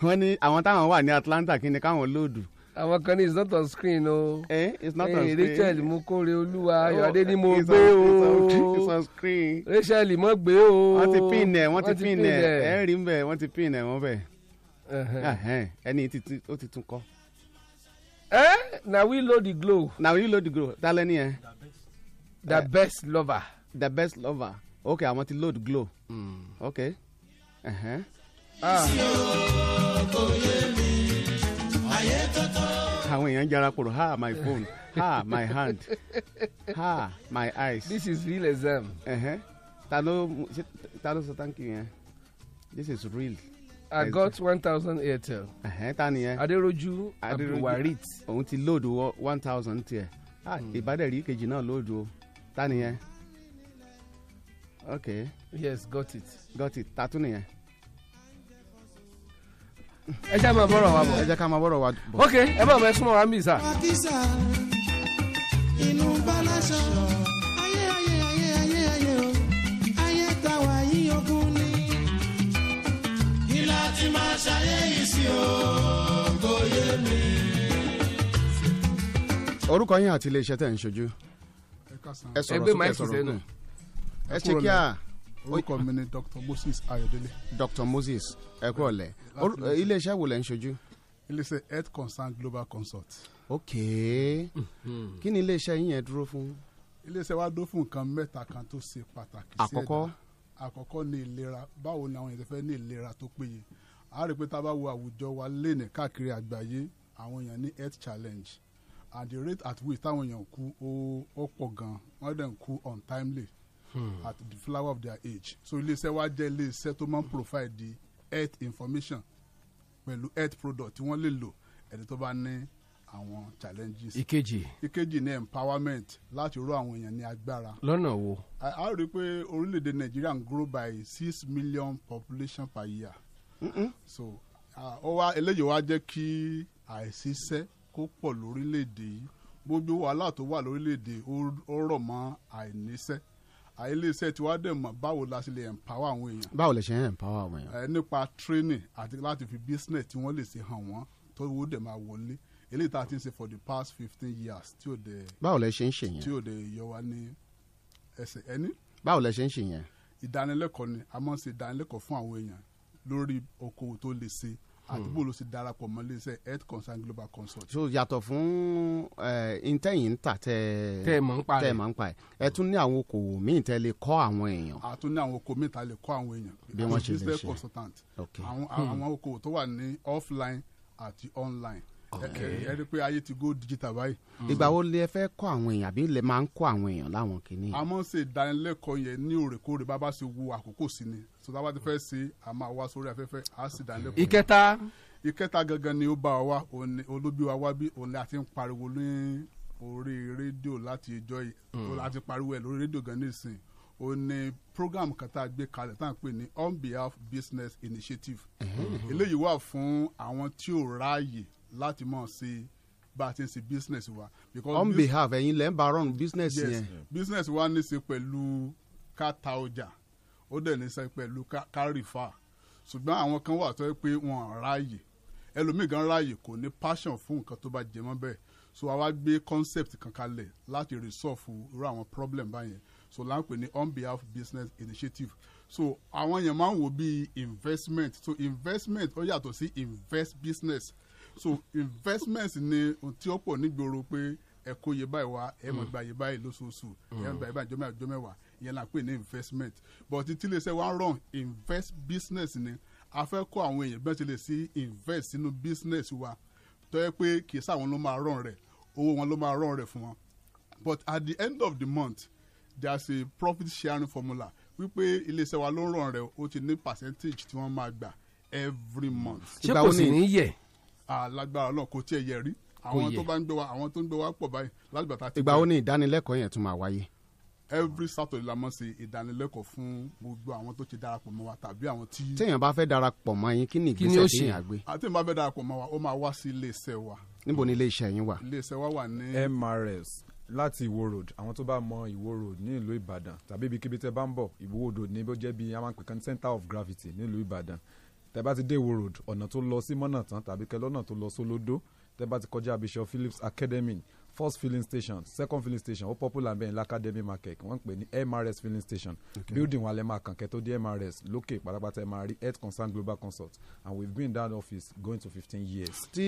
wọ́n ní àwọn táwọn wà ní Atlanta kí ni káwọn lóòdù àwọn kan ní it's not on screen o. Eh, it's not eh, on screen. Rachel Mukore Olúwa oh, Ayọ̀adé ni mo gbé o. it's on screen. Rachel mo gbé o. wọ́n ti pin ẹ̀ wọ́n ti pin ẹ̀ ẹ̀ rí bẹ́ẹ̀ wọ́n ti pin ẹ̀ wọ́n bẹ́ẹ̀. ẹni ó ti tún kọ́. ẹ eh? na we load the glow. na we load the glow ta lẹ́ni yẹn. the eh. best lover. the best lover ok àwọn ti load glow. Mm. ok. Uh -huh. ah ayé tótó. àwọn èèyàn jara kúrò ha my phone ha my hand ha my eyes. this is real exam. ta ló sọ táǹkì yẹn this is real. I got one thousand airtel. ta ni yẹn. Adéròjú Abdulwarit. òun ti lóòdù one thousand tiẹ̀ hmm. ìbádẹ́rì kejì náà lóòdù o ta ni yẹn. Hmm. okay. yes got it. got it tatu nìyẹn ẹ jẹ́ máa bọ́rọ̀ wa bọ̀. ẹ jẹ́ ká máa bọ́rọ̀ wa bọ̀. ok ẹ bá ọmọ ẹ súnmọ́ wa ń bì sá. pàkísà inú balaṣọ ayé ayé ayé ayé ayé o ayé ta wà yín ni. ilá ti máa ṣayé yìí sí o kò yé mi. orúkọ yín àti iléeṣẹ́ tẹ̀ ń ṣojú ẹ sọ̀rọ̀ sókè sọ̀rọ̀ kù ẹ ṣe kí a orúkọ mi ni dr moses ayọ̀délé. dr moses ẹ kú ọ̀lẹ́ iléeṣẹ́ wo lẹ́ ń ṣojú. iléeṣẹ́ health concern global consult. ok mhm. kí ni iléeṣẹ́ yín yẹn dúró fún. iléeṣẹ́ wa dúró fún nǹkan mẹ́ta kan tó ṣe pàtàkì sí ẹ̀dá àkọ́kọ́ àkọ́kọ́ ni ìlera báwo ni àwọn èèyàn fẹ́ ní ìlera tó péye a rí i pé tá a bá wo àwùjọ wa lénìí káàkiri àgbáyé àwọn èèyàn ní health challenge and the rate at which táwọn èèyàn kú ó pọ̀ gan-an wọ́n dẹ̀ ń kú untimely hmm. at the flower of their age so iléeṣẹ́ wa jẹ́ iléeṣẹ́ tó máa ń provide the health information pẹ̀lú health product tí wọ́n lè lò ẹni tó bá ní àwọn challenges. ìkejì. ìkejì ni empowerment láti ró àwọn èèyàn ní agbára. lọ́nà wo. a rí i pé orílẹ̀-èdè nàìjíríà ń grow by six million population per year. Mm -mm. so ó wá eléyìí wá jẹ́ kí àìsíṣẹ́ kó pọ̀ lórílẹ̀-èdè yìí gbogbo wàhálà tó wà lórílẹ̀-èdè ó rọ̀ mọ́ àìníṣẹ́ àìléeṣẹ́ tí wàá dẹ̀ mọ̀ báwo la ṣe lè empower àwọn èèyàn. báwo lè ṣe ń empower àwọn èèyàn. ẹ nípa training àti láti fi business tí wọ́n lè ṣe hàn wọ́n tó owó dẹ̀ máa wọlé eléyìí tá a ti ń ṣe for the past fifteen years tí ò dẹ̀. báwo lè ṣe ń ṣe yẹn. tí ò dẹ̀ yọ wa ní ẹsẹ̀ ẹni. báwo lè ṣe ń ṣe yẹn. ìdánilẹ́kọ̀ọ́ ni a máa ń ṣe ìdánilẹ́kọ̀ọ́ fún àwọn èèyàn lórí okòwò tó lè ṣe àti hmm. bó ló ṣe darapọ̀ mọ́ iléeṣẹ́ health concern global consult. so yàtọ̀ fún eh, ntẹ̀yìn ń tà tẹ tẹ mọ̀ ń pa tẹ mọ̀ ń pa ẹ̀ ẹ tún ní àwọn okòwò míì tẹ lè kọ́ àwọn èèyàn. a tún ní àwọn okòwò míì tẹ lè kọ́ àwọn èèyàn. bí wọ́n ṣe lè ṣe business consultant àwọn hmm. àwọn okòwò tó wà ní offline àti online ẹ rí i pé ayé ti go digital báyìí. Hmm. ìgbà wo lè fẹ́ kọ́ àwọn èèyàn àbí lè máa ń kọ́ àwọn èèyàn láwọn kìíní. a máa ń so tá a bá ti fẹ́ ṣe a máa wá sórí afẹ́fẹ́ a sì dá lẹ́kọ̀ọ́. ìkẹta. ìkẹta gangan ni ó bá wa wá olóbi wa wá bí òun ni a ti ń pariwo ní orí rédíò láti ìjọ yìí hmm. òun la pariwo ẹ̀ lórí rédíò gan nísìnyí ó ní program kata tá a gbé kalẹ̀ tá à ń pè ní on behalf business initiative hmm. eléyìí wà fún àwọn tí ò ráàyè láti mọ̀ sí bá a ti ń ṣe business wa. on behalf ẹ̀yin lẹ́ bá run business yẹn. yes business wa ní í ṣe pẹ̀lú ká ta ọjà ó dẹ̀ ní sẹ́ pẹ̀lú kárìfà ṣùgbọ́n àwọn kan wà tó yẹ pé wọn ráàyè ẹlòmíì gan ráàyè kò ní passion fún nǹkan tó bá jẹ mọ́ bẹ́ẹ̀ so àwa gbé concept kan kalẹ̀ láti resolve irú àwọn problem báyẹn so là ń pè ní on behalf business initiative so àwọn yẹn máa ń wò bí investment so investment ó yàtọ̀ sí invest business so investment ni ohun tí ó pọ̀ nígboro pé ẹ kó iye báyìí wá ẹ mọ̀ mm. gba iye báyìí lóṣooṣù ẹ mọ̀ gba iye báyìí jọ́mẹ́wàá jọ́mẹ́wàá ìyẹn là pè ní investment but títí lè ṣe wá run invest business ni a fẹ́ kọ́ àwọn èèyàn bí wọ́n lè sí invest sínú business wa tó yẹ pé kì í sáwọn ló máa run rẹ̀ owó wọn ló máa run rẹ̀ fún wọn but at the end of the month there's a profit sharing formula wípé iléeṣẹ́ wa ló ń ràn rẹ̀ ó ti ní percentage tí wọ́n máa gbà every month. ṣé kò sì ní yẹ. alágbára náà kò tiẹ̀ yẹ rí àwọn tó bá ń gbé wa àwọn tó ń gbé wa pọ̀ báyìí lágbàtà ti. ìgbà wo ni ìdánilẹ́kọ̀ọ́ yẹn tún máa wáyé every saturday la máa ṣe ìdánilẹ́kọ̀ọ́ fún gbogbo àwọn tó ti darapọ̀ mọ́ wa tàbí àwọn tí. téèyàn bá fẹ́ darapọ̀ mọ́ yín kí ni ìgbésẹ̀ téèyàn gbé. àtẹ̀yìn bá fẹ́ darapọ̀ mọ́ wa ó máa wá sí ilé iṣẹ́ wa. níbo ni ilé iṣẹ́ yín wà. ilé iṣẹ́ wa wà ní. MRS láti ìwó road àwọn tó bá mọ ìwó road ní ìlú ìbàdàn tàbí ibikíbi tẹ bá ń bọ̀ ìwó road ní bó jẹ́ bí amápẹ kan center of gravity ní ìlú ìbàdàn tẹ bá ti dé ìwó road ọ̀nà tó lọ sí mọ́nà tán tàbí kẹlọ́nà tó lọ sólódó tẹ bá ti kọjá abisọ phillips academy first filling station second filling station ó popular bẹ́ẹ̀ ní lakademi market wọ́n ń pè ní mrs filling station okay. building wa lẹ́ máa kàn kẹ́ tó dé mrs lókè pátápátá ẹ̀ máa health concern global consult and we've been in that office going to fifteen years. tí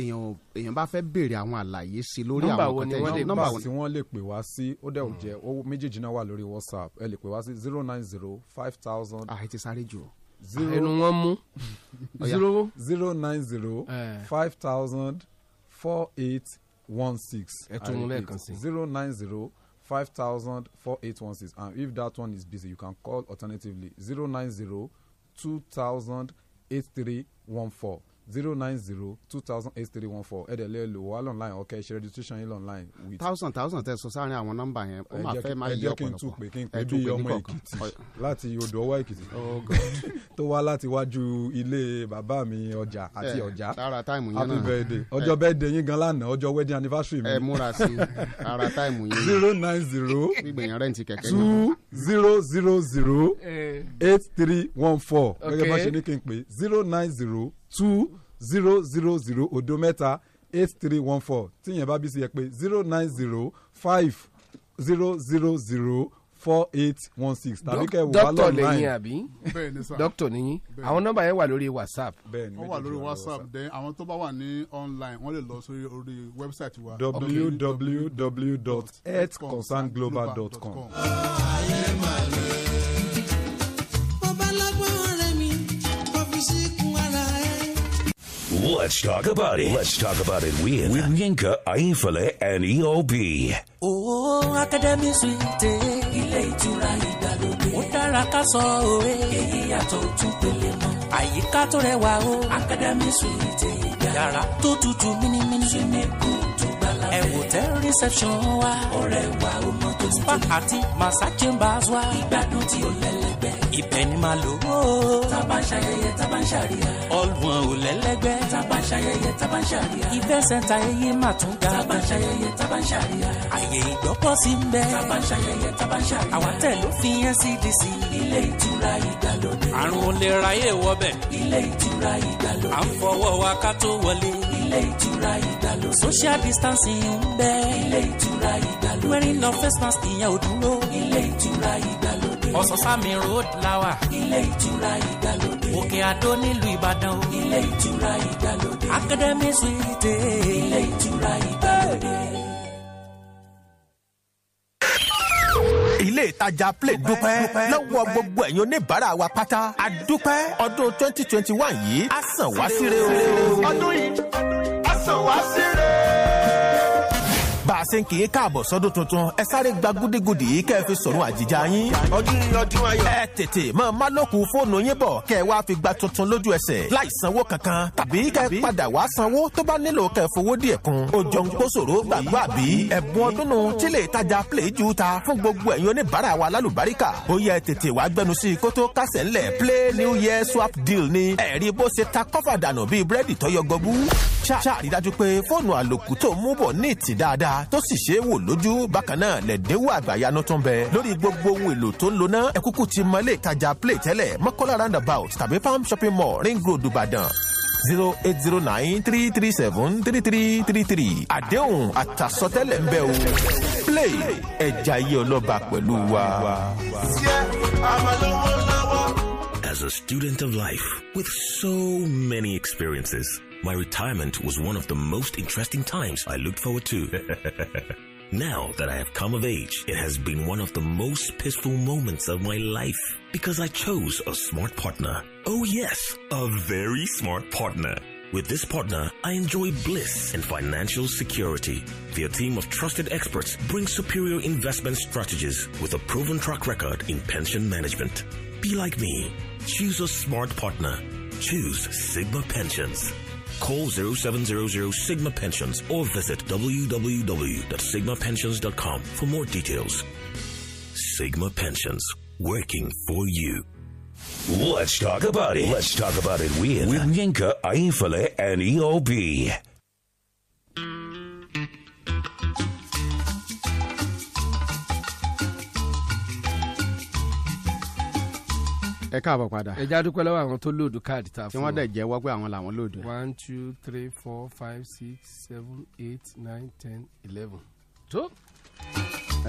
èèyàn èèyàn bá fẹ́ béèrè àwọn àlàyé sí lórí àwọn kẹtẹ nọ́mbà wo ni wọ́n lè pè wá sí ó dẹ̀ hmm. jẹ́ ó méjèèjì náà wà lórí whatsapp ẹ lè pè wá sí zero nine zero five thousand. àì ah, ti sáré jù zero ẹnu wọn mú zero zero nine zero eh. five thousand four eight one six. ẹ tún un lẹ́ẹ̀kan sí. zero nine zero five thousand four eight one six and if that one is busy you can call alternatively zero nine zero two thousand eight three one four zero nine zero two thousand eight three one four ẹ̀dẹ̀lẹ̀ lò wá online ọ̀kẹ́ ṣe registration yín online. with thousand thousand tẹ sọ sáárín àwọn nọ́mbà yẹn ó máa fẹ́ máa yí ọ̀pọ̀lọpọ̀ ẹ jẹ́ kí n tún pé kí n pè bí ọmọ èkìtì láti odò ọwọ́ èkìtì oh, tó wá láti wájú ilé bàbá mi ọjà àti ọjà happy birthday ọjọ́ birthday yín gan lánàá ọjọ́ wedding anniversary mi. ẹ múra sí ara táìmù yín. zero nine zero two zero zero zero eight three one four gẹ́gẹ́ bá ṣe ní kí n pè zero nine zero two zero zero zero odometa eight three one four tíyẹn bá bí sí yẹ pé zero nine zero five zero zero zero four eight one six tàbí kẹ́ wò wá lọ́nà nine. dókítà lẹ́yìn àbí dókítà nìyí àwọn nọ́mbà yẹn wà lórí whatsapp. bẹ́ẹ̀ni wọ́n wà lórí whatsapp then àwọn tó bá wà ní online wọ́n lè lọ sórí orí website wa. www.healthconcernglobalcom. ayé màlẹ́. Let's talk about it. Let's talk about it with, with Yinka, Aifale, and EOB. Oh, Academy Suite. Ilé ìtura ìgbàlódé. Ó dára ká sọ òwe. Èyí yàtọ̀ ojú pele mọ́. Àyíká tó rẹwà o. Academy Suite. Yàrá tó tutù mímímí. Swimming pool hotel reception wa. ọ̀rẹ́ wa ó mọ tó ti tó. spa àti massage chambers wa. ìgbádùn tí ó lẹ́lẹ́gbẹ́. ibẹ̀ ni màá lò ó. tábà ń ṣayẹyẹ tábà ń ṣàríyá. ọlùwọ̀n ò lẹ́lẹ́gbẹ́. tábà ń ṣayẹyẹ tábà ń ṣàríyá. ibẹ̀ sẹ́ńtà ẹyẹ mà tún ga. tábà ń ṣayẹyẹ tábà ń ṣàríyá. àyè ìgbọ́pọ̀ sí ń bẹ. tábà ń ṣayẹyẹ tábà ń ṣàríyá. àwọn tẹ̀ ló fi NCDC. ilé ìtura ìgbàlódé. àrùn olè ra yé wọbẹ̀. ilé ìtura ìgbàlódé. à ń fọwọ́ wa ká tó wọlé ilé ìtura ìdàlú. social distancing ń bẹ. ilé ìtura ìdàlú. wearing no face mask ìyẹn ò dúró. ilé ìtura ìdàlú. Ọ̀sánsámi road lawa. ilé ìtura ìgbàlódé. Òkè Àdó nílùú Ìbàdàn o. ilé ìtura ìgbàlódé. academy suite. ilé ìtura ìgbàlódé. ilé ìtajà play dúpẹ́ lọ́wọ́ gbogbo ẹ̀yin oníbàárà wa pátá a dúpẹ́ ọdún twenty twenty one yìí a sàn wá síre o ọdún yìí a sàn wá síre bá a ṣe ń kì í káàbọ̀ sọ́dún tuntun ẹ sáré gba gúdígúdí kẹ́ ẹ fi sọ̀rọ̀ àjíjà yín. ọdún ní ọdún ayọ̀. ẹ tètè máa má lókun fóònù yín bọ̀ kẹ́ ẹ wá fi gba tuntun lójú ẹsẹ̀ láì sanwó kankan tàbí kẹ́ ẹ padà wá sanwó tó bá nílò kẹ́ ẹ fowó díẹ̀ kún. ó jọ ń kó ṣòro gbàgbọ́ àbí ẹ̀bùn ọdún nu tí lè tajà play ju ta fún gbogbo ẹ̀yin oníbàárà wa lálùbáríkà ó yẹ tètè wá gbẹnu sí i kó tó kásẹ̀ ńlẹ̀ play new year swap deal ni ẹ̀rí bó ṣe ta kọ́fà dànù bíi búrẹ́dì tọ́yọ gọbú. ṣáà rí dájú pé fóònù àlòkù tó mú bọ̀ ní ìtì dáadáa tó sì ṣeé wò lójú bákan náà lẹ́dínwó àgbàyanu tó ń bẹ lórí gbogbo ohun èlò tó ń lona ẹ̀kúkú ti mọ ilé ìtajà play tẹ́lẹ̀ mọ́kànlá roundabout tàbí palm shopping mall ring road ìbàdàn zero eight zero nine three three seven three three three three àdéhùn àtàsọtẹ́lẹ̀ ń bẹ o play ẹja iye ọlọ́ba pẹ̀lú wa. As a student of life with so many experiences. My retirement was one of the most interesting times I looked forward to. Now that I have come of age, it has been one of the most peaceful moments of my life because I chose a smart partner. Oh yes, a very smart partner. With this partner, I enjoy bliss and financial security. Their team of trusted experts brings superior investment strategies with a proven track record in pension management. Be like me. Choose a smart partner. Choose Sigma Pensions. Call 0700 Sigma Pensions or visit www.sigmapensions.com for more details. Sigma Pensions, working for you. Let's talk about it. Let's talk about it with, with Yinka, Aifale, and EOB. ẹ káàbọ̀ padà. ẹ já dúpẹ́ lọ́wọ́ àwọn tó lòdù káàdì ta fún wa. tí wọ́n dẹ̀ jẹ́wọ́ pé àwọn làwọn lòdù. one two three four five six seven eight nine ten eleven. tó.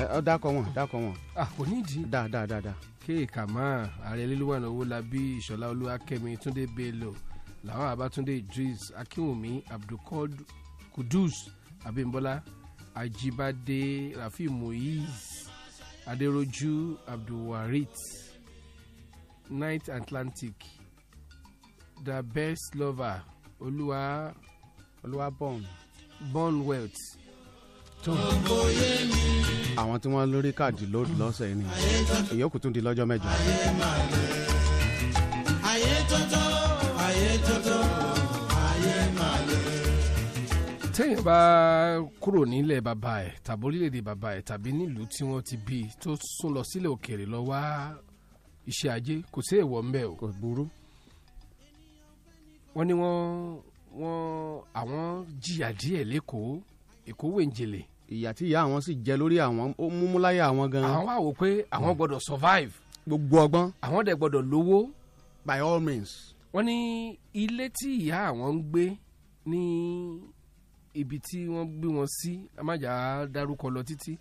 ẹ ọ dákọ wọn dákọ wọn. a kò nídìí. da da da da. kéèkà máa ààrẹ lílùwà náà wó la bí ìṣọ̀lá olúwakẹ́mi túndé bello làwọn àbátúndé idris akínwùmí abdulkudus abimbola ajibade rafi muiz adéròjú abdulwarit night atlantic the best lover olúwa olúwa born born wealth. àwọn tí wọ́n lórí káàdì lóòdù lọ́sẹ̀ yìí ni ìyókù tún di lọ́jọ́ mẹ́jọ. ayé tótó ayé tótó ayé màlẹ́. téèyàn bá kúrò nílẹ̀ bàbá ẹ̀ tàbí orílẹ̀-èdè bàbá ẹ̀ tàbí nílùú tí wọ́n ti bí tó sún lọ sílẹ̀ òkèèrè lọ wá iṣẹ́ ajé kò sí èèwọ̀ ńbẹ o. kò burú. wọ́n ní wọ́n wọ́n àwọn jìyà díẹ̀ lẹ́kọ̀ọ́ èkó wẹ̀ǹjẹ̀lẹ̀. ìyà tí ìyá àwọn sì jẹ lórí àwọn ó múmú láyà àwọn gan. àwọn wá pé àwọn hmm. gbọ́dọ̀ survive. gbogbo ọgbọ́n. àwọn dẹ̀ gbọ́dọ̀ lówó. by all means. wọ́n ní ilé tí ìyá àwọn ń gbé ní ibi tí wọ́n gbé wọn sí amájà dárúkọ lọ títí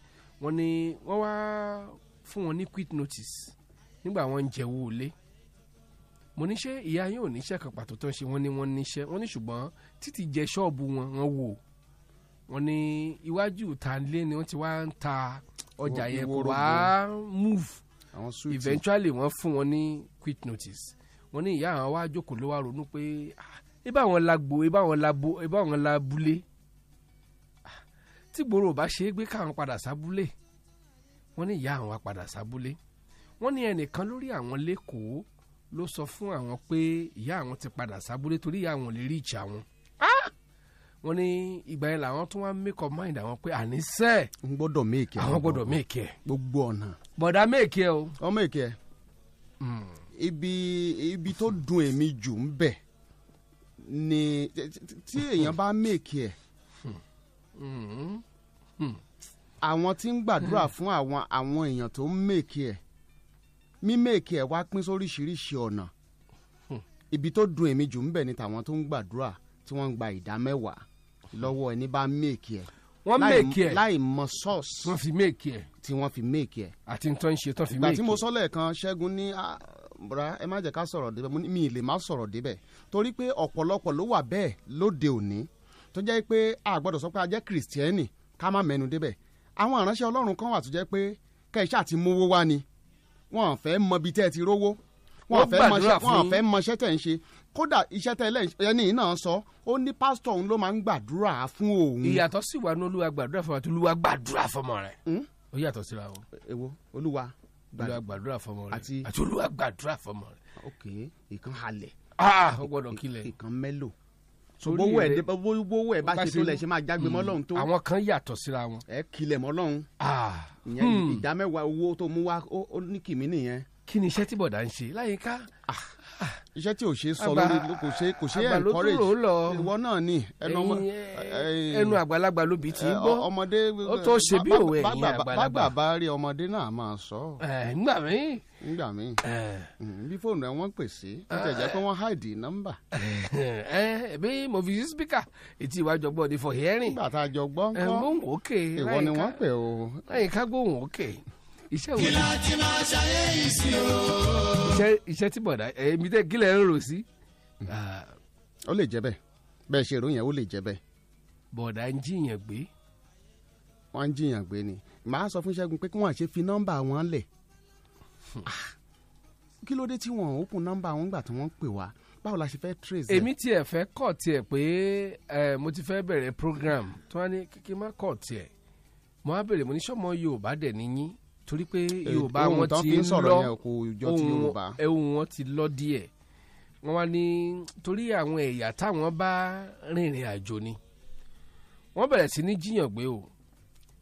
wọ́n ní wọ́n wá fún wọn ní quick notice nígbà wọn ń jẹwọ́ ilé mo ní ṣé ìyá yín ò níṣẹ́ kan pàtó tó ń ṣe wọ́n ní wọ́n níṣẹ́ wọ́n ní ṣùgbọ́n títí jẹ ṣọ́ọ̀bù wọn wọ́n wò wọ́n ní iwájú ìtàlẹ́ ni wọ́n ti wá ń ta ọjà yẹn kò wá move eventually wọ́n fún wọn ní quick notice wọ́n ní ìyá àwọn wá jókòó ló wá ronú pé ibà ah, wọn lagbo ibà wọn labo ibà wọn labúlé ah, tí gbòòrò bá ṣe é gbé káwọn padà sábúlé wọ́n ní ìyá àwọn wá padà sábúlé wọ́n ní ẹnìkan lórí àwọn lẹ́kọ̀ọ́ ló sọ fún àwọn pé ìyá àwọn ti padà sábúlé torí ìyá àwọn lè rí ìjà wọn. wọ́n ní ìgbà yẹn làwọn tún wá make up mind àwọn pé àníṣe. n gbọ́dọ̀ make ẹ àwọn gbọ́dọ̀ make ẹ. gbogbo ọ̀nà. bọ̀dá make ẹ o. ọ make ẹ. Hmm. ibi ibi tó dùn èmi jù ń bẹ̀ ni tí èèyàn bá make ẹ hmm. Hmm. àwọn tí ń gbàdúrà fún àwọn àwọn èèyàn tó ń mèkì ẹ mímèkì ẹ̀ wá pín sóríṣiríṣi ọ̀nà hmm. ibi tó dùn èmi jù ń bẹ̀ ni tàwọn tó ń gbàdúrà tí wọ́n ń gba ìdá mẹ́wàá lọ́wọ́ ẹni bá mèkì ẹ̀ wọ́n mèkì ẹ̀ láì mọ sọ́ọ̀sì wọ́n fi mèkì ẹ̀ tí wọ́n fi mèkì ẹ̀ àti tó ń ṣe tó fi mèkì ẹ̀ ìgbà tí mo sọ lẹ́ẹ̀kan ṣẹ́gun ní ah, bra ẹ má jẹ́ ká sọ̀rọ̀ débẹ̀ mi lè má sọ̀rọ̀ débẹ̀ torí pé ọ̀pọ̀lọpọ̀ ló wà bẹ́ẹ̀ lóde òní tó jẹ́ pé a gbọ́dọ̀ sọ pé a jẹ́ kìrìsìtẹ́nì ká má mẹ́nu débẹ̀ àwọn ìránṣẹ́ ọlọ́run kan wà tó jẹ́ pé kẹ́hìn ṣáà ti mówó wá ni wọn àfẹ́ mọbi tẹ́ ẹ ti rówó wọn àfẹ́ mọṣẹ́ wọn àfẹ́ mọṣẹ́ tẹ̀ ń ṣe kódà iṣẹ́ tẹ́lẹ̀ ẹni náà sọ ó ní pásítọ̀ òun ló máa ń gbàdúrà fún òun. ìyàtọ̀ sì wà ní olúwa gbàdúrà fún wa tí olúwa gbàdúrà fọmọ rẹ. Hmm? ó yàtọ̀ síra wọn. èwo olúwa gbàdúrà fọmọ rẹ àti olúwa gbàdúrà fọmọ rẹ. ok ìkan halẹ̀. ah ó gbọ́dọ̀ kílẹ̀. ìkan mẹ́lò bówó ẹ bówó ẹ bá ṣe tó lẹ ṣe máa jágbe hmm, mọ́ lọ́hún tó. àwọn kan yàtọ̀ síra wọn. ẹ kilẹ̀ mọ́ lọ́hún. Ah, ìyẹn hmm. ìdá mẹ́wàá owó tó mú wá ó ní kìmí nìyẹn. kí ni iṣẹ́ tí bọ̀dá ń ṣe láyìíká ah, iṣẹ́ tí ò ṣe sọ lórí kò ṣe kò ṣe encourage ìwọ náà ni ẹnu ọmọ ẹnu àgbàlagbà lóbi tí ń gbọ́ ọmọdé ó tó ṣe bí òwe ẹ̀yìn àgbàlagbà bàgbà bá rí ọmọdé náà máa sọ. nígbà míì. nígbà míì hmm, bí fóònù ẹ wọ́n pè sí ó tẹ̀ jẹ́ pé wọ́n hide nọ́mbà. ẹ bí mo fi spika etí ìwà jọgbọ́ ni for hearing. nígbà tá a jọ gbọ́ ń kọ́ ìwọ ni wọ́n pè o. ẹ̀yìn ká gbóhùn òkè iṣẹ́ wo ni. kìlá ti máa ṣayé yìí sí o. iṣẹ́ iṣẹ́ tí bọ̀dá èmi tẹ́ gílẹ̀ ń rò sí. Mm-hmm. ó lè jẹ́ bẹ́ẹ̀ bẹ́ẹ̀ ṣe ròyìn ó lè jẹ́ bẹ́ẹ̀. bọ̀dá ń jiyàn gbé. wọ́n ń jiyàn gbé ni màá sọ fún Ṣẹ́gun pé kí wọ́n ṣe fi nọ́mbà wọn lẹ̀. Hmm. Ah, kí ló dé tí wọ́n ò kún nọ́mbà wọn gbà tí wọ́n pè wá báwo la ṣe fẹ́ trace ẹ̀. èmi tiẹ̀ fẹ́ kọ̀ tiẹ̀ pé mo ti fẹ́ bẹ̀rẹ̀ program tí wọ́n á ní kí má kọ̀ tiẹ̀ mo á bèrè mo ní sọ́mọ Yorùbá dẹ̀ níyín torí pé eh, yorùbá wọn ti ń lọ ohun ohun wọn ti lọ díẹ̀ wọn wá ní torí àwọn ẹ̀yà táwọn bá rìnrìn àjò ni wọ́n bẹ̀rẹ̀ sí ní jiyàn gbé o.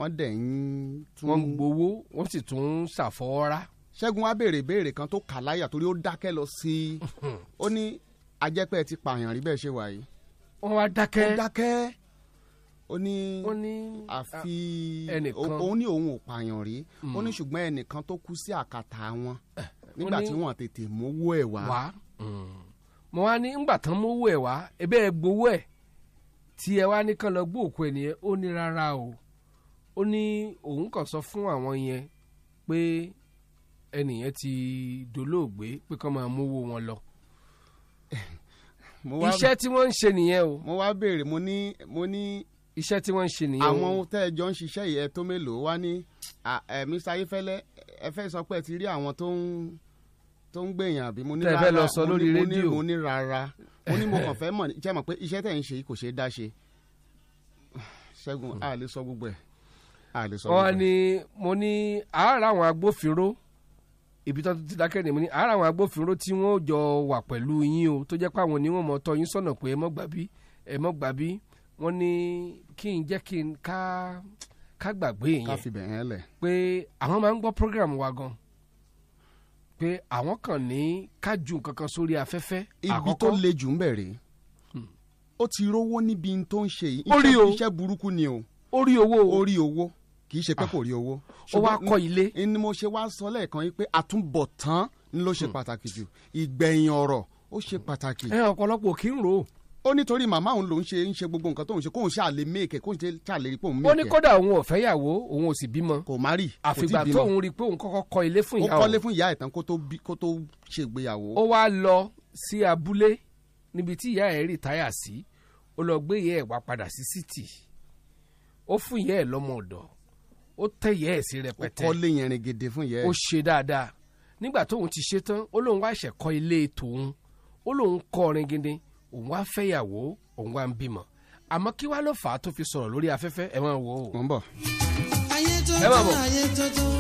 wọ́n dẹ̀ ń tún. wọ́n gbowó wọ́n sì tún ń ṣẹ́gun wá béèrè béèrè kan tó kà láyà torí ó dákẹ́ lọ sí i ó ní ajẹ́pẹ́ ti pààyàn rí bẹ́ẹ̀ ṣe wà yìí. wọ́n wá dákẹ́. wọ́n dákẹ́ ó ní àfi òun ní òun ò pààyàn rí ó ní hmm. ṣùgbọ́n ẹnìkan tó kú sí àkàtà wọn eh, nígbà tí wọ́n tètè mówó ẹ̀ wá. Hmm. mo wá ní ngbà tán mówó ẹ̀ wá ebe ẹ gbowó ẹ̀ tí ẹ wá ní kán lọ gbó òkú ẹ̀ nìyẹn ó ní rárá o ó ní òun kàn sọ fún àwọn yẹn pé ẹnìyẹn ti dolóògbé pé kán máa mówó wọn lọ iṣẹ́ tí wọ́n ń ṣe nìyẹn o. mo wá béèrè mo ní mo ní iṣẹ́ tí wọ́n ń ṣe nìyẹn. àwọn tẹ́ ẹ jọ ń ṣiṣẹ́ yìí ẹ tó mélòó wá ní Mr. Ayéfẹ́lẹ́ ẹ fẹ́ sọ pé ẹ ti rí àwọn tó ń tó ń gbèyàn àbí mo ní rárá tẹ́ fẹ́ lọ sọ lórí rédíò mo ní rárá mo ní mo kàn fẹ́ mọ̀ ṣe mọ̀ pé iṣẹ́ tẹ́ ń ṣe kò ṣeé dá ṣe Ṣẹ́gun hmm. a lè sọ gbogbo ẹ̀ a lè sọ gbogbo ẹ̀. wọ́n mo ní àárọ̀ àwọn agbófinró ibi tó ti dákẹ́ ni mo ní àárọ̀ àwọn agbófinró tí wọ́n jọ wà pẹ̀lú yín o tó jẹ́ pé àwọn ni mọ̀ tọ́ yín sọ̀nà pé ẹ mọ̀ gbàbí ẹ mọ̀ gbàbí wọ́n ní kí n jẹ́ kí n ká ká gbàgbé yẹn ká fi bẹ̀yẹn lẹ̀ pé àwọn máa ń gbọ́ program wa gan pé àwọn kàn ní ká ju nǹkan kan sórí afẹ́fẹ́ àkọ́kọ́ ibi tó le jù ń bẹ̀rẹ̀ hmm. ó ti rówó níbi tó ń ṣe yìí iṣẹ́ burúkú ni o orí owó orí owó kì í ṣe pé kò rí owó. Ah. ó wá kọ́ ilé. ni mo ṣe wá sọ lẹ́ẹ̀kan yìí pé àtúbọ̀tán ló ṣe hmm. pàtàkì jù ìgbẹ̀yìn ọ̀rọ̀ ó ṣe pàtàkì. ẹ ọ̀pọ̀lọpọ̀ kì í rò ó ó nítorí màmá òun lòún ṣe ń ṣe gbogbo nǹkan tóun ṣe kóun ṣáà lè méèkẹ kóun ṣe ṣáà lè e, rí pé òun méèkẹ. E. ó ní kódà òun ò fẹ́ yàwó òun ò sì bímọ. kò má rí kò tí bímọ àfìgbà tóun rí i pé òun kọ́kọ́ kọ́ ilé fún ìyá òun. ó kọ́lé fún ìyá ẹ̀ tán kó tó ṣègbéyàwó. ó wá lọ sí abúlé níbi tí ìyá ẹ̀ rìtáyà sí ó lọ gbé ìyá ẹ̀ wá padà sí sítì ó fún ìyá ẹ̀ lọ́mọ ọ̀dọ̀ ó tẹ ìyá ẹ̀ òun wá fẹ́yàwó òun wá ń bímọ àmọ́ kí wá ló fà á tó fi sọ̀rọ̀ lórí afẹ́fẹ́ ẹ máa wò ó. mo bọ̀. ayé tuntun ayé tuntun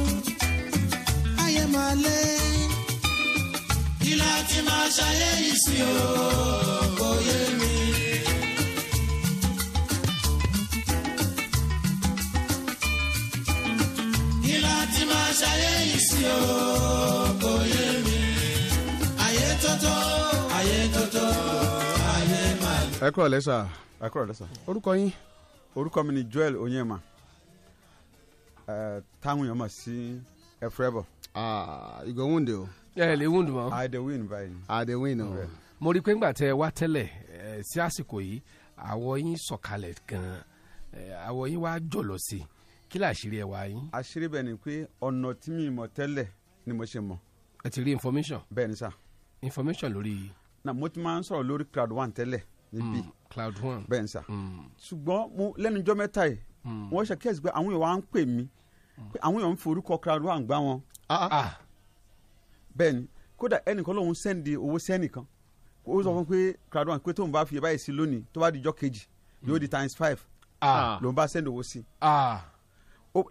ayé máa lé kí la máa ṣayé yìí o kò yé mi. kí la máa ṣayé yìí o kò yé mi ayé tuntun ayé tuntun ẹ kúrò lẹ́sà. ẹ kúrò lẹ́sà. orúkọ yín. orúkọ mi ni Joel Onyema táwọn èèyàn mọ̀ sí ẹ̀fúrẹ́bọ̀. ìgò wúndì o. ẹ lè wúndì mọ́. i dey win báyìí. i ah, dey win o. mo rí i pé ńgbà tẹ wá tẹ́lẹ̀ sí àsìkò yìí àwọ̀ yín sọ̀kalẹ̀ gan-an àwọ̀ yín wá jọ̀lọ̀ sí i kí lè àṣírí ẹ̀ wá yín. àṣírí bẹ́ẹ̀ ni pé ọ̀nà tí mi mọ̀ tẹ́lẹ̀ ni mo ṣe mọ̀. ẹ ti rí information. bẹ́ẹ̀ ni information lórí. na mo ti máa ń sọ̀rọ̀ lórí crowd one tẹ́lẹ̀ níbí mm, cloud one bẹ́ẹ̀ ni sà mm. ṣùgbọ́n mo lẹ́nu jọ́ mẹ́ta yìí mm. wọ́n ṣàkíyèsí pé àwọn èèyàn wa ń pè mí pé àwọn èèyàn ń forúkọ cloud one gbá wọn ah, ah, ah. bẹ́ẹ̀ ni kódà ẹnìkan lòun sẹ́ndì owó sẹ́nìkan ó sọ fún pé cloud one pé tóun bá fi báyìí sí lónìí tó bá di jọ́ kejì yóò di times five lòun bá sẹ́ndì owó sí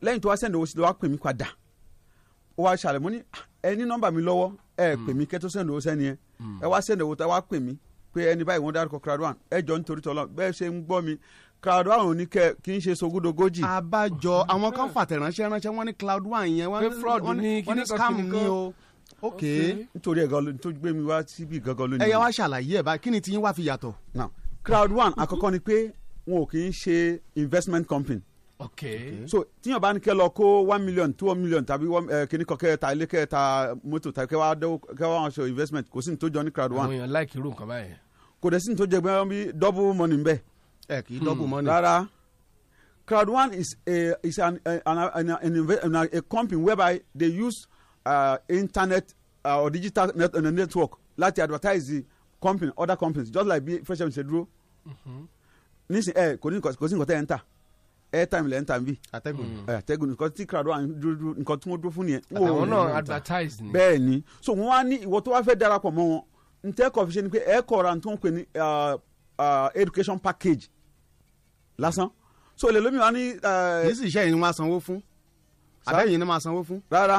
lẹ́yìn tó wá sẹ́ndì owó sí ló wá pè mí padà ó wá ṣàlẹ̀ mo ní ẹ ní nọ́mbà mi lọ́wọ́ ẹ pè mí kẹ́tọ́ sẹ́ndì owó sẹ́ni yẹn ẹ wá sẹ́ndì owó tá wá pè mí pé ẹni báyìí wọ́n dárúkọ crowd one ẹjọ́ nítorí tọ́lọ́ bẹ́ẹ̀ ṣe ń gbọ́ mi cloud one ò ní kẹ kí n ṣe sogodogoji. àbájọ àwọn kan fàtẹ̀ránṣẹ́ ránṣẹ́ wọ́n ní cloud one yẹn wọ́n ní scam ni o. ok nítorí ẹ̀ gan tó gbé mi wá síbi gangan lónìí. ẹyẹ wá ṣàlàyé ẹ bá kí ni tí yín wá fi yàtọ̀. now cloud one àkọ́kọ́ ni pé wọn ò kì í ṣe investment company. ok so tíyàn bá ní kẹ lọ kó one million two million tàbí eh, kíní kan kẹta ilé kẹta mọ́tò tàbí kẹwàá kẹwàá wọn ṣe investment kò sí ní tó jọ ní cloud one. àwọn èèyàn láìkí irú nǹkan báyẹn kò dẹ̀ sí ní tó jẹ́ gbẹ́rẹ́ bí double money ń bẹ. ẹ kì í double money. rárá crowd one is a is an an an, an, an a company whereby they use uh, internet uh, or digital net, uh, network láti advertise the company other companies just like bí fresh air ṣe dúró. Mm-hmm. nísìnyí ẹ kò ní kò sí nǹkan tẹ́ ẹ ń tà airtime lẹ́ ń tà bí. atẹ́gùn ni mm-hmm. atẹ́gùn ni nǹkan tí crowd one dúró dúró nǹkan tí wọ́n dúró fún nìyẹn. àtàwọn náà advertise ni. bẹ́ẹ̀ ni so wọ́n á ní ìwọ tó wá fẹ́ darapọ̀ mọ́ wọn ntẹ́ kọ̀ fi ẹ kọ̀ ra tó ń pè ní education package lásán so lè lómi wa ní. yìí sì iṣẹ́ yìí ni wọ́n á sanwó fún àbẹ́yìn ni wọ́n á sanwó fún. rárá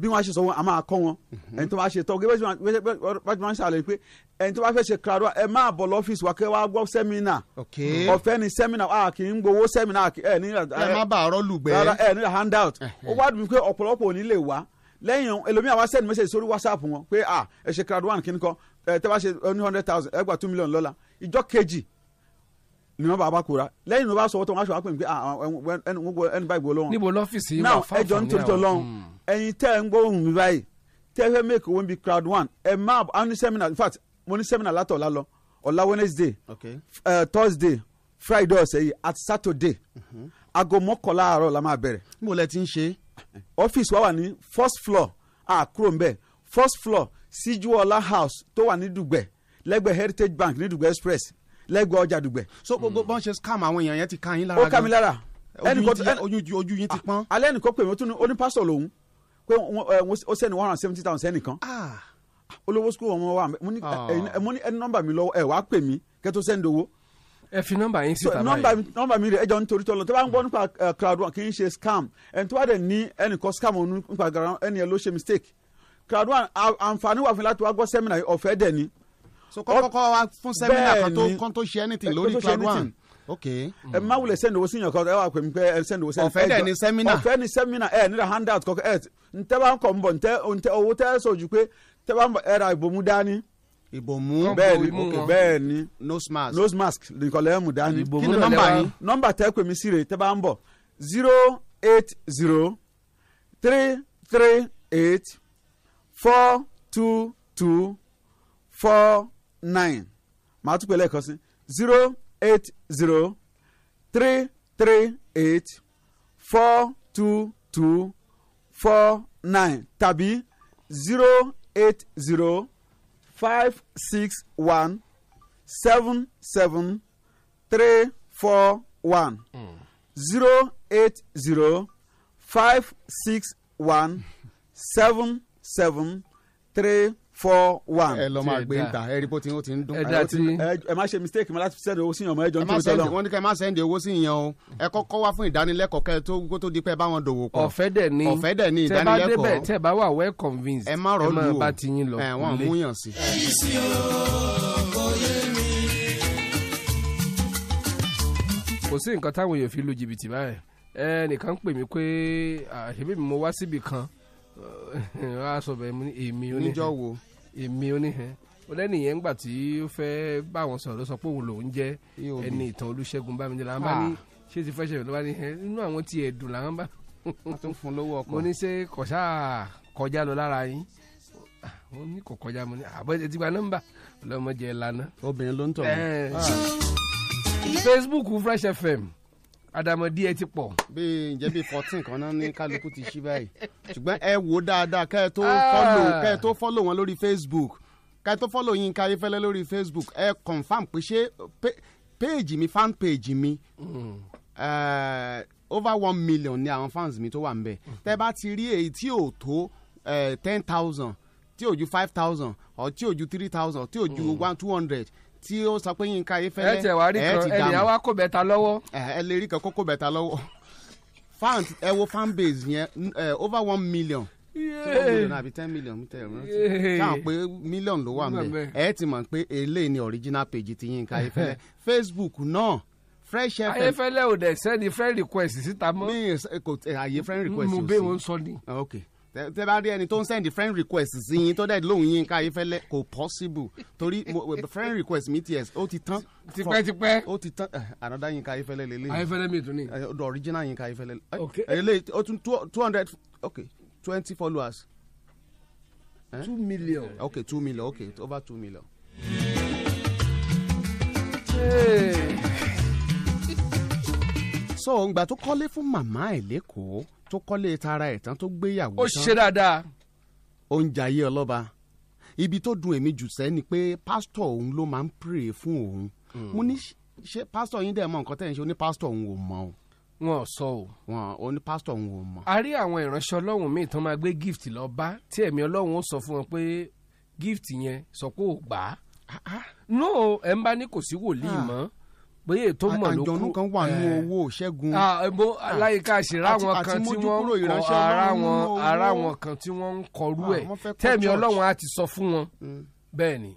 bí wọ́n á ṣe sọ wọn a máa kọ́ wọn ẹni tó bá ṣe tọ́ gẹ́gẹ́ bá ti máa ń ṣàlẹ̀ pé ẹni tó bá fẹ́ ṣe kàdúrà ẹ máa bọ̀ lọ́fíìsì wa kẹ́ wá gbọ́ sẹ́mínà ọ̀fẹ́ ni sẹ́mínà a kì í gbowó sẹ́mínà ẹ ní. ẹ má bàa rọ́ lùgbẹ́. rárá ẹ ní handout ó wá dùn pé ọ̀pọ̀lọpọ̀ ò ní lè wá lẹ́yìn ẹlòmíà wá send message sórí whatsapp wọn pé ah ẹ ṣe crowd one kìíní kan ẹ tẹ́ bá ṣe one hundred thousand ẹgbàá two million lọ́la ìjọ kejì ni wọn bá bá kóra lẹ́yìn ló bá sọ wọtọ wọn aṣọ àpèmí pé ẹni gbogbo ẹni báyìí gbogbo lọ́wọ́. níbo lọ́fíìsì yìí wà fáfáà ní ẹjọ́ nítorí tó lọ́hùn hmm. tẹ́ ẹ̀ ń gbóhùn mi báyìí tẹ́ ẹ fẹ́ make owó bíi crowd one ẹ̀ máa a ní seminar in fact mo ní seminar látọ̀ ọ̀la ọ̀la wednesday okay. uh, thursday friday ọ̀sẹ̀ yìí àti saturday mhm. aago mọ́kànlá àárọ̀ la máa bẹ̀rẹ̀. níbo lẹ ti ń ṣe ọ́fíìsì wa wà ní first floor àkúrò ń bẹ̀ first floor síjúọlá house tó wà ní dùgbẹ̀ lẹ́gbẹ̀ẹ́ heritage bank ní dùgbẹ̀ express lẹ́gbẹ̀ẹ́ ọjà dùgbẹ̀. so gbogbo bọ́n ṣe scam àwọn èèyàn yẹn ti ká yín lára gan. ó ká mi lára ojú yín ti pọ́n. alẹ́ nìkan pè mí ó tún ní oní pásítọ̀ lòun pé ó sẹ́ni one hundred seventy thousand sẹ́nìkan ah. olówó sukúl wọn wà mo ní ah. ẹni nọ́mbà mi lọ́wọ́ ẹ wàá pè mí kẹ́tó sẹ́ni dowó ẹ fi nọ́mbà yín síta báyìí nọ́mbà mi rẹ ẹ jọ nítorí tọ́lọ tó bá ń gbọ́ nípa crowd one kì í ṣe scam ẹni tó bá dẹ̀ ní ẹnì kan scam òun nípa ẹni ẹ ló ṣe mistake crowd one àǹfààní wà fún láti wá gbọ́ sẹ́mìnà ọ̀fẹ́ dẹ̀ ni. so kọ́kọ́ wá fún sẹ́mìnà kan tó kan tó ṣe anything lórí crowd one ok. ẹ má wulẹ̀ sẹ́ni owó síyàn kan ẹ wà pè mí pé ẹ sẹ́ni owó sẹ́ni. ọ̀fẹ́ dẹ̀ ni sẹ́mínà. ọ̀fẹ́ ni sẹ́mínà ẹ nílẹ̀ handout kọ́kọ́ ẹ ntẹ́ bá ń ìbòmú bẹ́ẹ̀ ni nose mask nose mask nìkọ̀lẹ́ mú dání kí ni nọ́mbà yín nọ́mbà tẹ́ pè mí sí rèé tẹ́ bá ń bọ̀ zero eight zero three three eight four two two four nine màá tún pè lẹ́ẹ̀kan sí zero eight zero three three eight four two two four nine tàbí zero eight zero. five six one seven seven three four one zero eight zero five six one seven seven three four one. ẹ lọ máa gbé ń ẹ rí bó ti ń dún. ẹ ti ẹ má ṣe mistake mi láti send owó sí ìyàn ọmọ ẹjọ ń tó tọ́lọ̀. wọ́n ní ká ẹ má send owó sí ìyàn o ẹ kọ́kọ́ wá fún ìdánilẹ́kọ̀ọ́ kẹ́ tó kó tó di pé bá wọn dòwò pọ̀. ọ̀fẹ́ dẹ̀ ni ọ̀fẹ́ dẹ̀ ni ìdánilẹ́kọ̀ọ́ tẹ́ bá wà well convinced ẹ má rọ̀ lù o ẹ má bá ti yín lọ ẹ wọ́n mú yàn sí. kò sí nǹkan táwọn èèyàn fi lu jìbìtì báyìí ẹnìkan pè mí pé èmi oníhẹn ọlẹ́nìyẹn ńgbà tí ó fẹ́ bá wọn sọ̀rọ̀ sọ pé òun lòún jẹ́ ẹni ìtàn olùṣègùn bámidé làwọn bá ní ah. ṣé ti fẹ́ ṣẹlẹ̀ ló bá ní ẹ inú àwọn tiẹ̀ dùn làwọn bá. wọ́n tún fún lówó ọkọ. mo ní ṣe kọ̀ṣà kọjá lọ lára yín mo ah, ní kò kọjá mo ní àbọ̀ ah, ẹ ti gba nọ́mbà ọlọ́mọdé ẹ̀ lánàá. obìnrin ló ń tọ̀ mí. Eh. Facebook Fresh FM Adamu díẹ̀ ti pọ̀. bí ǹjẹ́ bí fourteen kan náà ní kálukú ti ṣí báyìí ṣùgbọ́n ẹ wò dáadáa kẹ́ ẹ tó ah. fọ́lò kẹ́ ẹ tó fọ́lò wọn lórí Facebook kẹ́ ẹ tó fọ́lò Yínká Ayéfẹ́lẹ́ lórí Facebook ẹ confam pé ṣé péèjì mi fan page mi hmm. eh, over one million ni àwọn fans mi tó wà ń bẹ̀ tẹ́ bá ti rí èyí tí ò tó eh, ten thousand tí ò ju five thousand or tí ò ju three thousand tí ò ju hmm. one two hundred tí ó sọ pé Yínká Ayéfẹ́lẹ́ ẹ ti wá rí kan ènìyàn wá kó bẹ́ta lọ́wọ́. Eh, ẹ lè rí kan kó kó lọ́wọ́ fan ẹ wo fan base yẹn eh, over one million àbí ten million mi tẹ ẹ rántí million ló wà mẹ ẹ ti mọ̀ pé eléyìí ni original page ti Yínká Ayéfẹ́lẹ́ Facebook náà Fresh FM Ayéfẹ́lẹ́ ò dẹ̀ sẹ́ni friend request síta mọ́ mi kò eh, àyè request ò sí mo bẹ́ẹ̀ wọ́n sọ ni. Ah, okay tẹ bá rí ẹni tó ń send friend request sí yín tó dẹ̀ lóhùn yín ká yín fẹ́lẹ́ kò possible torí friend request mi tiẹ̀ ó ti tán. tipẹ́tipẹ́ ó ti tán ànádá eh, yín ká yín fẹ́lẹ́ lélẹ́yìn. ayífẹ́lẹ́ mi tún ni. ọ̀dọ̀ eh, original yín ká yín fẹ́lẹ́. Eh, ok eléyìí ó two hundred Okay. twenty followers. two million. Okay. two million Okay. over two million. so ìgbà tó kọ́lé fún màmá ẹ̀ lẹ́kọ̀ọ́ tó kọ́lé tara ẹ̀ tán tó gbéyàwó tán. ó ṣe dáadáa. ó ń ọlọ́ba ibi tó dùn èmi jù sẹ́ ni pé pásítọ̀ òun ló máa ń pray fún òun hmm. mo ní ṣe pásítọ̀ yín dẹ̀ mọ nǹkan tẹ̀ ń ṣe oní pásítọ̀ òun ò mọ o. wọn ò sọ o. wọn oní pásítọ̀ òun ò mọ. a rí àwọn ìránṣẹ́ ọlọ́run míì tán máa gbé gift lọ bá tí ẹ̀mí ọlọ́run ó sọ fún wọn pé gift yẹn sọ pé ò gbà á. Ah, ah. no ẹ̀ ń bá ní kò sí wòlíì ah. mọ́ bóyá ètò mọ̀ ló kú àjọ̀nù kan wà nínú owó ṣẹ́gun. aláìka àṣírí àwọn kan tí wọ́n ń kọ ara wọn ara wọn kan tí wọ́n ń kọrú ah, ẹ̀ tẹ́ẹ̀mí ọlọ́run á ti sọ fún wọn mm. bẹ́ẹ̀ ni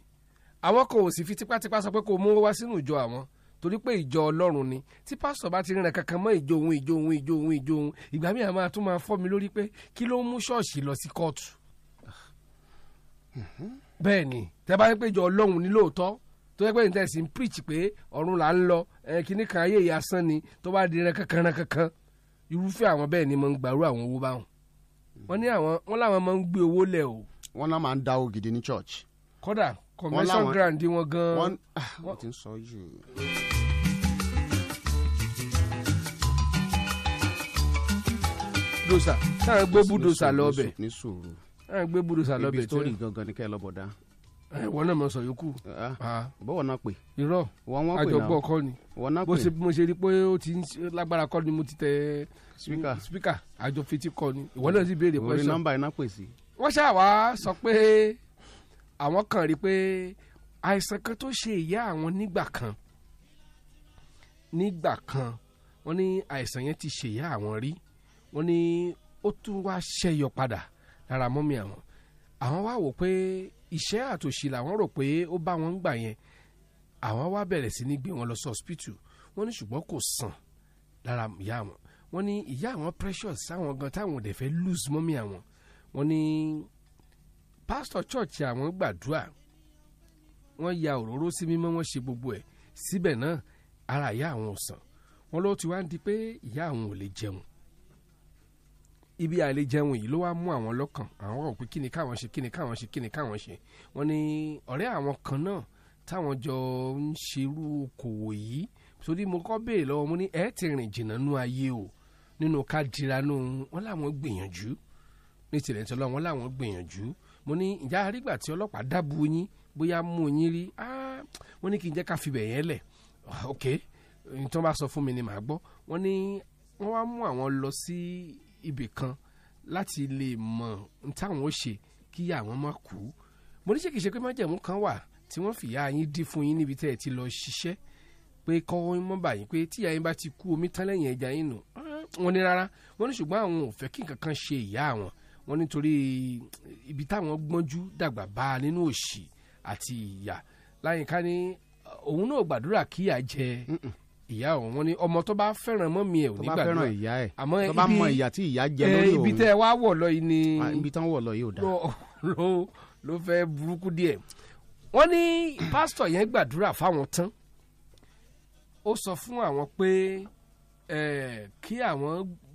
àwọn kan ò sì fi tipátipá sọ pé kò mú wá sínú ìjọ àwọn torí pé ìjọ ọlọ́run ni tí pásítọ̀ bá ti rìnrìn kankan mọ́ ìjọ òun ìjọ òun ìjọ òun ìjọ òun ìgbà míì àmọ́ àtún máa mi lórí pé kí ló ń mú ṣọ́ọ̀ṣì lọ sí kóòtù. Mm-hmm. bẹ́ẹ̀ ni tẹ́ bá ń péjọ ọlọ́run ní lóòótọ́ tó yẹ pé níta preach pé ọ̀run là ń lọ kíní kan ayé ìyá ni tó bá di irúfẹ́ àwọn bẹ́ẹ̀ ni mo ń gbàrú àwọn owó báwọn wọ́n ní àwọn wọ́n làwọn máa ń gbé owó lẹ̀ o. wọ́n náà máa ń dáwó gidi ní church. kódà convention ground wọn gan. Ah, wọ́n ti ń sọ táwọn gbé lọ ibi tó rí gangan Eh, wọn náà mọ sọ yòókù. Ah, bọ́wọ̀ náà pè. irọ́ àjọgbọ́ kọ́ ni bó ṣe mo ṣe rí pé ó ti lágbára kọ́ ni mo ti tẹ spika àjọ fetí kọ́ ni ìwọ náà sì béèrè pẹ́sọ̀. orí nọ́mbà iná pè sí. wọ́n ṣáà wá sọ pé àwọn kan rí pé àìsàn kan tó ṣe ìyá àwọn nígbà kan nígbà kan wọ́n ní àìsàn yẹn ti ṣe ìyá àwọn rí wọ́n ní ó tún wá ṣẹyọ padà lára mọ́mí àwọn àwọn wá wò pé iṣẹ́ àtòṣì làwọn rò pé ó bá wọn ń gbà yẹn àwọn wá bẹ̀rẹ̀ sí ní gbé wọn lọ sí ọ̀sìpìtù wọ́n ní ṣùgbọ́n kò sàn lára ìyá wọn wọ́n ní ìyá àwọn precious sáwọn gan táwọn òde fẹ́ lose mọ́mí àwọn wọ́n ní pastor church àwọn gbàdúrà wọ́n ya òróró sí mímọ́ wọ́n ṣe gbogbo ẹ̀ síbẹ̀ náà ara ìyá àwọn ò sàn wọ́n ló ti wá ń di pé ìyá àwọn ò lè jẹun ibi àlejẹun yìí ló wá mú àwọn lọ́kàn àwọn ò pé kíni káwọn ṣe kíni káwọn ṣe kíni káwọn ṣe wọ́n ní ọ̀rẹ́ àwọn kan náà táwọn jọ ń ṣerú okòwò yìí torí mo kọ́ béèrè lọ́wọ́ mo ní ẹ ti rìn jìnnà nú ayé o nínú ká diranú wọn làwọn gbìyànjú ní tìrẹ̀ tí ọlọ́run wọn làwọn gbìyànjú mo ní ìjà àrígbà tí ọlọ́pàá dábù yín bóyá mú yín rí wọ́n ní kí n jẹ́ ká fibẹ̀ yẹn lẹ̀ ok tí wọ́n bá sọ fún mi ni màá gbọ́ wọ́n ní wọ́n wá mú àwọn lọ sí ibì kan láti lè mọ̀ n táwọn ó ṣe kí àwọn má kú mo ní ṣe kìí ṣe pé májẹ̀mú kan wà tí wọ́n fìyà yín dí fún yín níbi tẹ́ ẹ ti lọ ṣiṣẹ́ pé kọ́ mọ́ báyìí pé tíyà yín bá ti kú omi tán lẹ́yìn ẹja yín nù ah, wọ́n ní rárá wọ́n ní ṣùgbọ́n àwọn ò fẹ́ kí nǹkan ṣe ìyá àwọn wọ́n nítorí ibi táwọn gbọ́njú dàgbà bá a nínú òṣì àti ìyà láyìnká ní òun náà gbàdúrà kíyà jẹ ìyá òun wọn ni ọmọ tó bá fẹ́ràn mọ́ mi ẹ̀ ò nígbà tó bá fẹ́ràn ìyá ẹ̀ àmọ́ ibi tó bá mọ ìyá tí ìyá jẹ eh, lórí òun ibi tẹ́ ẹ wá wọ̀ lọ yìí ni ah, ibi tán wọ̀ lọ yìí ò dáa ló fẹ́ burúkú díẹ̀ wọ́n ní pásítọ̀ yẹn gbàdúrà fáwọn tán ó sọ fún àwọn pé kí àwọn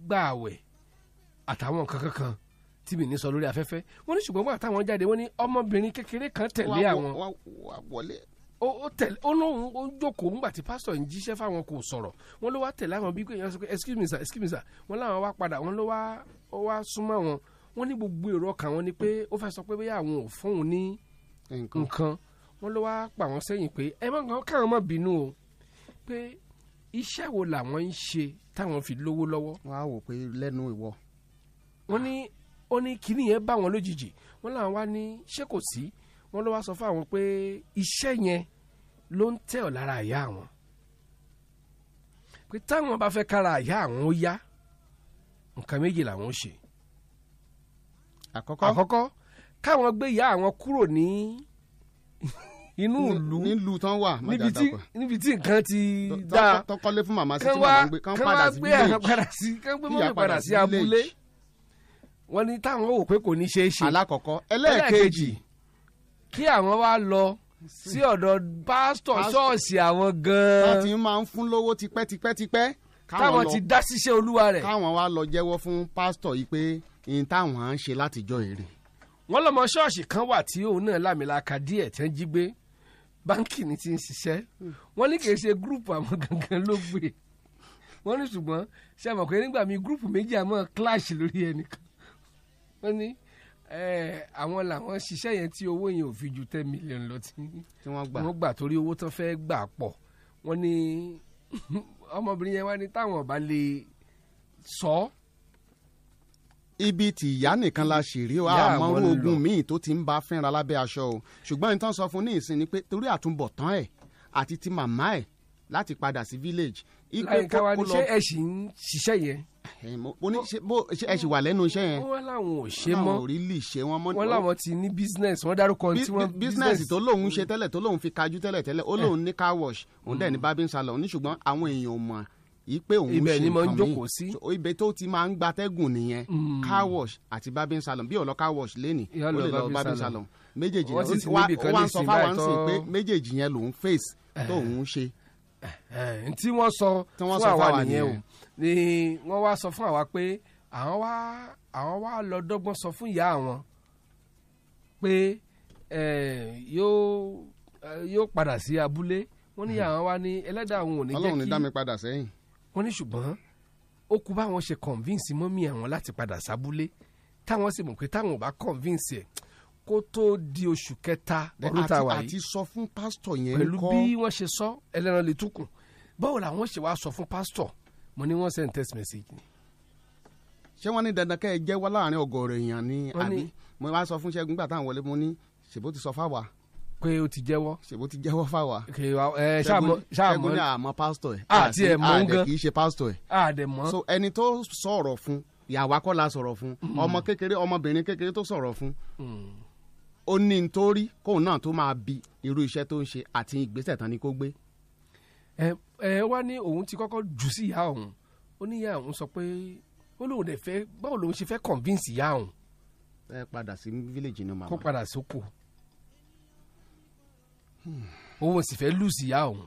gbààwẹ̀ àtàwọn kankan kan tí mi ní sọ lórí afẹ́fẹ́ wọ́n ní ṣùgbọ́n wà táwọn jáde wọ́n ní ọmọbìnrin kékeré kan tẹ̀lé àwọn ó tẹ̀lé ó lóun ó jókòó ńgbà tí pásítọ̀ ń jíṣẹ́ fáwọn kò sọ̀rọ̀ wọn ló wá tẹ̀lé àwọn bíi pé èèyàn excuse me sir excuse me sir wọn láwọn wá padà wọn ló wá ó wá súnmọ́ wọn wọn ní gbogbo èrò ọkàn wọn ni pé ó fẹ́ sọ pé bóyá àwọn ò fún un ní nǹkan wọn ló wá pa wọn sẹ́yìn pé ẹ mọ̀ kàn káwọn mọ̀ bínú o pé iṣẹ́ wo làwọn ń ṣe táwọn fi lówó lọ́wọ́. wọn á wò pé lẹ́nu ìwọ. wọn ní ó ní kinní bá wọn lójijì wọn làwọn wá ní ṣé kò sí wọ́n ló wá sọ fáwọn pé iṣẹ́ yẹn ló ń tẹ̀ ọ́ lára àyà àwọn pé táwọn bá fẹ́ kára àyà àwọn ó yá nǹkan méjì làwọn ó ṣe. àkọ́kọ́ àkọ́kọ́ káwọn gbé ìyá àwọn kúrò ní inú ìlú nílùú tán wà níbi tí nǹkan ti dáa tọkọlé fún màmá sí tí màmá gbé kán padà sí village kán gbé mọ́mí padà sí abúlé wọ́n ní táwọn ò pé kò ní ṣeé ṣe. alákọ̀ọ́kọ́ ẹlẹ́ẹ̀kejì kí àwọn wá lọ sí ọ̀dọ̀ pásítọ̀ ṣọ́ọ̀ṣì àwọn gan-an. wọ́n ti máa ń fún lówó tipẹ́tipẹ́tipẹ́. táwọn ti dá síṣẹ́ olúwa rẹ̀. káwọn wá lọ jẹ́wọ́ fún pásítọ̀ yìí pé n táwọn á ń ṣe látijọ́ èrè. wọ́n lọ́mọ ṣọ́ọ̀ṣì kan wà tí òun náà lámìlaka díẹ̀ tẹ́ jí gbé báńkì ni ti ń ṣiṣẹ́ wọ́n ní kì í ṣe gúrùpù àwọn gangan ló gbé wọ́n ní ṣùgbọ́n ṣe àmọ̀ pé nígbà míì gúrùpù méjì àmọ́ clash lórí ẹnìkan wọ́n ní àwọn làwọn ṣiṣẹ́ yẹn tí owó yẹn ò fi ju ten million lọ tí wọ́n gbà torí owó tán fẹ́ gbà pọ̀ wọ́n ní ọmọbìnrin yẹn wá ní táwọn ọba lè sọ ọ́ ibi tí ìyá nìkan la ṣì rí o àmọ́ orú ogun míì tó ti ń bá fínra lábẹ́ aṣọ o ṣùgbọ́n ìtàn sọ fún ní ìsìn ni pé torí àtúbọ̀tán ẹ̀ àti ti màmá ẹ̀ láti padà sí village ipe kó lọ ṣé ẹ sì ń ṣiṣẹ́ yẹn. mo ní ṣe ẹ sì wà lẹ́nu iṣẹ́ yẹn. wọ́n láwọn ò ṣe mọ́ wọ́n ò rí lè ṣe wọ́n mọ́. wọ́n láwọn ti ní business wọ́n dárúkọ tí wọ́n. business tó lóun ṣe tẹ́lẹ̀ tó lóun fi kájú tẹ́lẹ̀ tẹ́lẹ̀ ó lóun eh. ní car wash òun dẹ̀ ní mm. barbing salon ní ṣùgbọ́n àwọn èèyàn mọ̀ ipe òun ṣe nǹkan mi ibẹ̀ ni mo tó ti máa ń gbatẹ́gùn nìyẹn mm. car wash àti barbing salon bí ó car wash lẹ́nìí ó lè lọ barbing salon méjèèjì yẹn ó wá ń sọ fáwọn sí pé méjèèjì yẹn lòún face tó eh. òun ṣe tí wọ́n sọ fún àwa nìyẹn o ni wọ́n wá sọ fún àwa pé àwọn wá àwọn wá lọ dọ́gbọ́n sọ fún ìyá àwọn pé yóò yóò padà sí abúlé wọ́n ní àwọn wá ní ẹlẹ́dàá òun ò ní jẹ́ kí Ọlọ́run ní dá mi padà sẹ́yìn. wọ́n ní ṣùgbọ́n ó kú báwọn ṣe convince mọ́mí àwọn láti padà sábúlé táwọn sì mọ̀ pé táwọn ò bá convince ẹ̀ kó tó di oṣù kẹta ọdún tá a wà yìí àti sọ fún pásítọ̀ yẹn pẹ̀lú bí wọ́n ṣe sọ ẹlẹ́ran lè túkùn báwo làwọn ṣe wá sọ fún pásítọ̀ mo ní wọ́n send text message ni. ṣé wọ́n ní dandan kẹ́ ẹ jẹ́ wá láàrin ọ̀gọ̀ọ̀rọ̀ èèyàn ni àbí mo bá sọ fún Ṣẹ́gun gbà táwọn wọlé mo ní ṣèbó ti sọ fáwa. pé o ti jẹ́wọ́. ṣèbó ti jẹ́wọ́ fáwa. Ṣẹ́gun ní àmọ́ pásítọ̀ ẹ̀ àti ẹ̀ mọ́ ń gan kì í ṣe pásítọ̀ ẹ̀. àdẹ̀ mọ́. so ẹni tó sọ̀rọ̀ fún ìyàwó akọ́lá sọ̀rọ̀ fún mm. ọmọ kékeré ọmọbìnrin kékeré tó sọ̀rọ̀ fún mm ó ní nítorí kóun náà tó máa bi irú iṣẹ́ tó ń ṣe àti ìgbésẹ̀ tán ni kó gbé. ẹ ẹ wá ní òun ti kọ́kọ́ jù sí ìyá òun ó ní ìyá òun sọ pé ó lóun dẹ̀ fẹ́ báwo lòun ṣe fẹ́ convince ìyá òun. ẹ padà sí village ni màmá. kó padà sóko òun sì fẹ́ lùsì ìyá òun.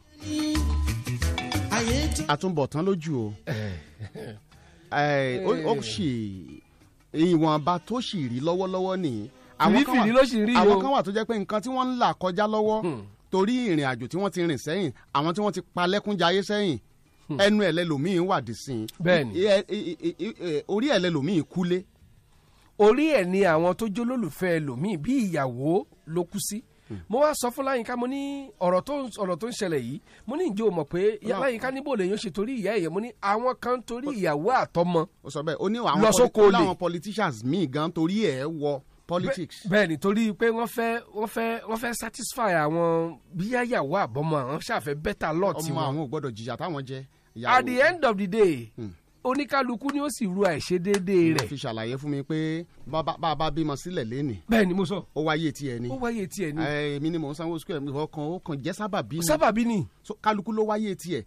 àtúbọ̀tán lójú o ó sì ìwọ̀nba tó sì rí lọ́wọ́lọ́wọ́ nìyí fìrífìrí ló sì rí o. àwọn kan wà tó jẹ́ pé nǹkan tí wọ́n ń là kọjá lọ́wọ́ hmm. torí ìrìn àjò tí wọ́n ti rìn sẹ́yìn àwọn tí wọ́n ti palẹ́kúnjayé sẹ́yìn hmm. ẹnu ẹ̀ lẹ́lòmíì wà dì sí i orí ẹ̀ lẹ́lòmíì kúlé. orí ẹ̀ ni àwọn tó jólólùfẹ́ ẹlòmíì bí ìyàwó ló kú sí hmm. mo wá sọ fún láyínká mo ní ọ̀rọ̀ tó ọ̀rọ̀ tó ń ṣẹlẹ̀ yìí mo ní ìjọ mọ̀ pé ah. láyínká níbo lèyàn ṣe torí ìyá ẹ̀yẹ mo ní àwọn kan torí ìyàwó àtọmọ lọ sóko lè. ó sọ bẹ́ẹ̀ ó ní àwọn politicians míì gan torí ẹ̀ wọ politics. bẹ́ẹ̀ni torí pé wọ́n fẹ́ wọ́n fẹ́ wọ́n fẹ́ satisfy àwọn bíyàyàwó àbọmọ àwọn ṣàfẹ́ bẹ́tà lọ́ọ̀tì wọn. ọmọ àwọn ò gbọ́dọ̀ jìyà táwọn jẹ. at the end of the day. Hmm oníkálukú ni ó sì ru àìṣedéédé rẹ̀. mo fi ṣàlàyé fún mi pé bá a bá bímọ sílẹ̀ lẹ́nì. bẹ́ẹ̀ ni mo sọ. ó wáyé tiẹ̀ ni. ó wáyé tiẹ̀ ni. ẹ mi ni mò ń sanwó sukuu mi ọkàn ó kàn jẹ́ sábàbí ni. sábàbí ni. so kálukú ló wáyé tiẹ̀.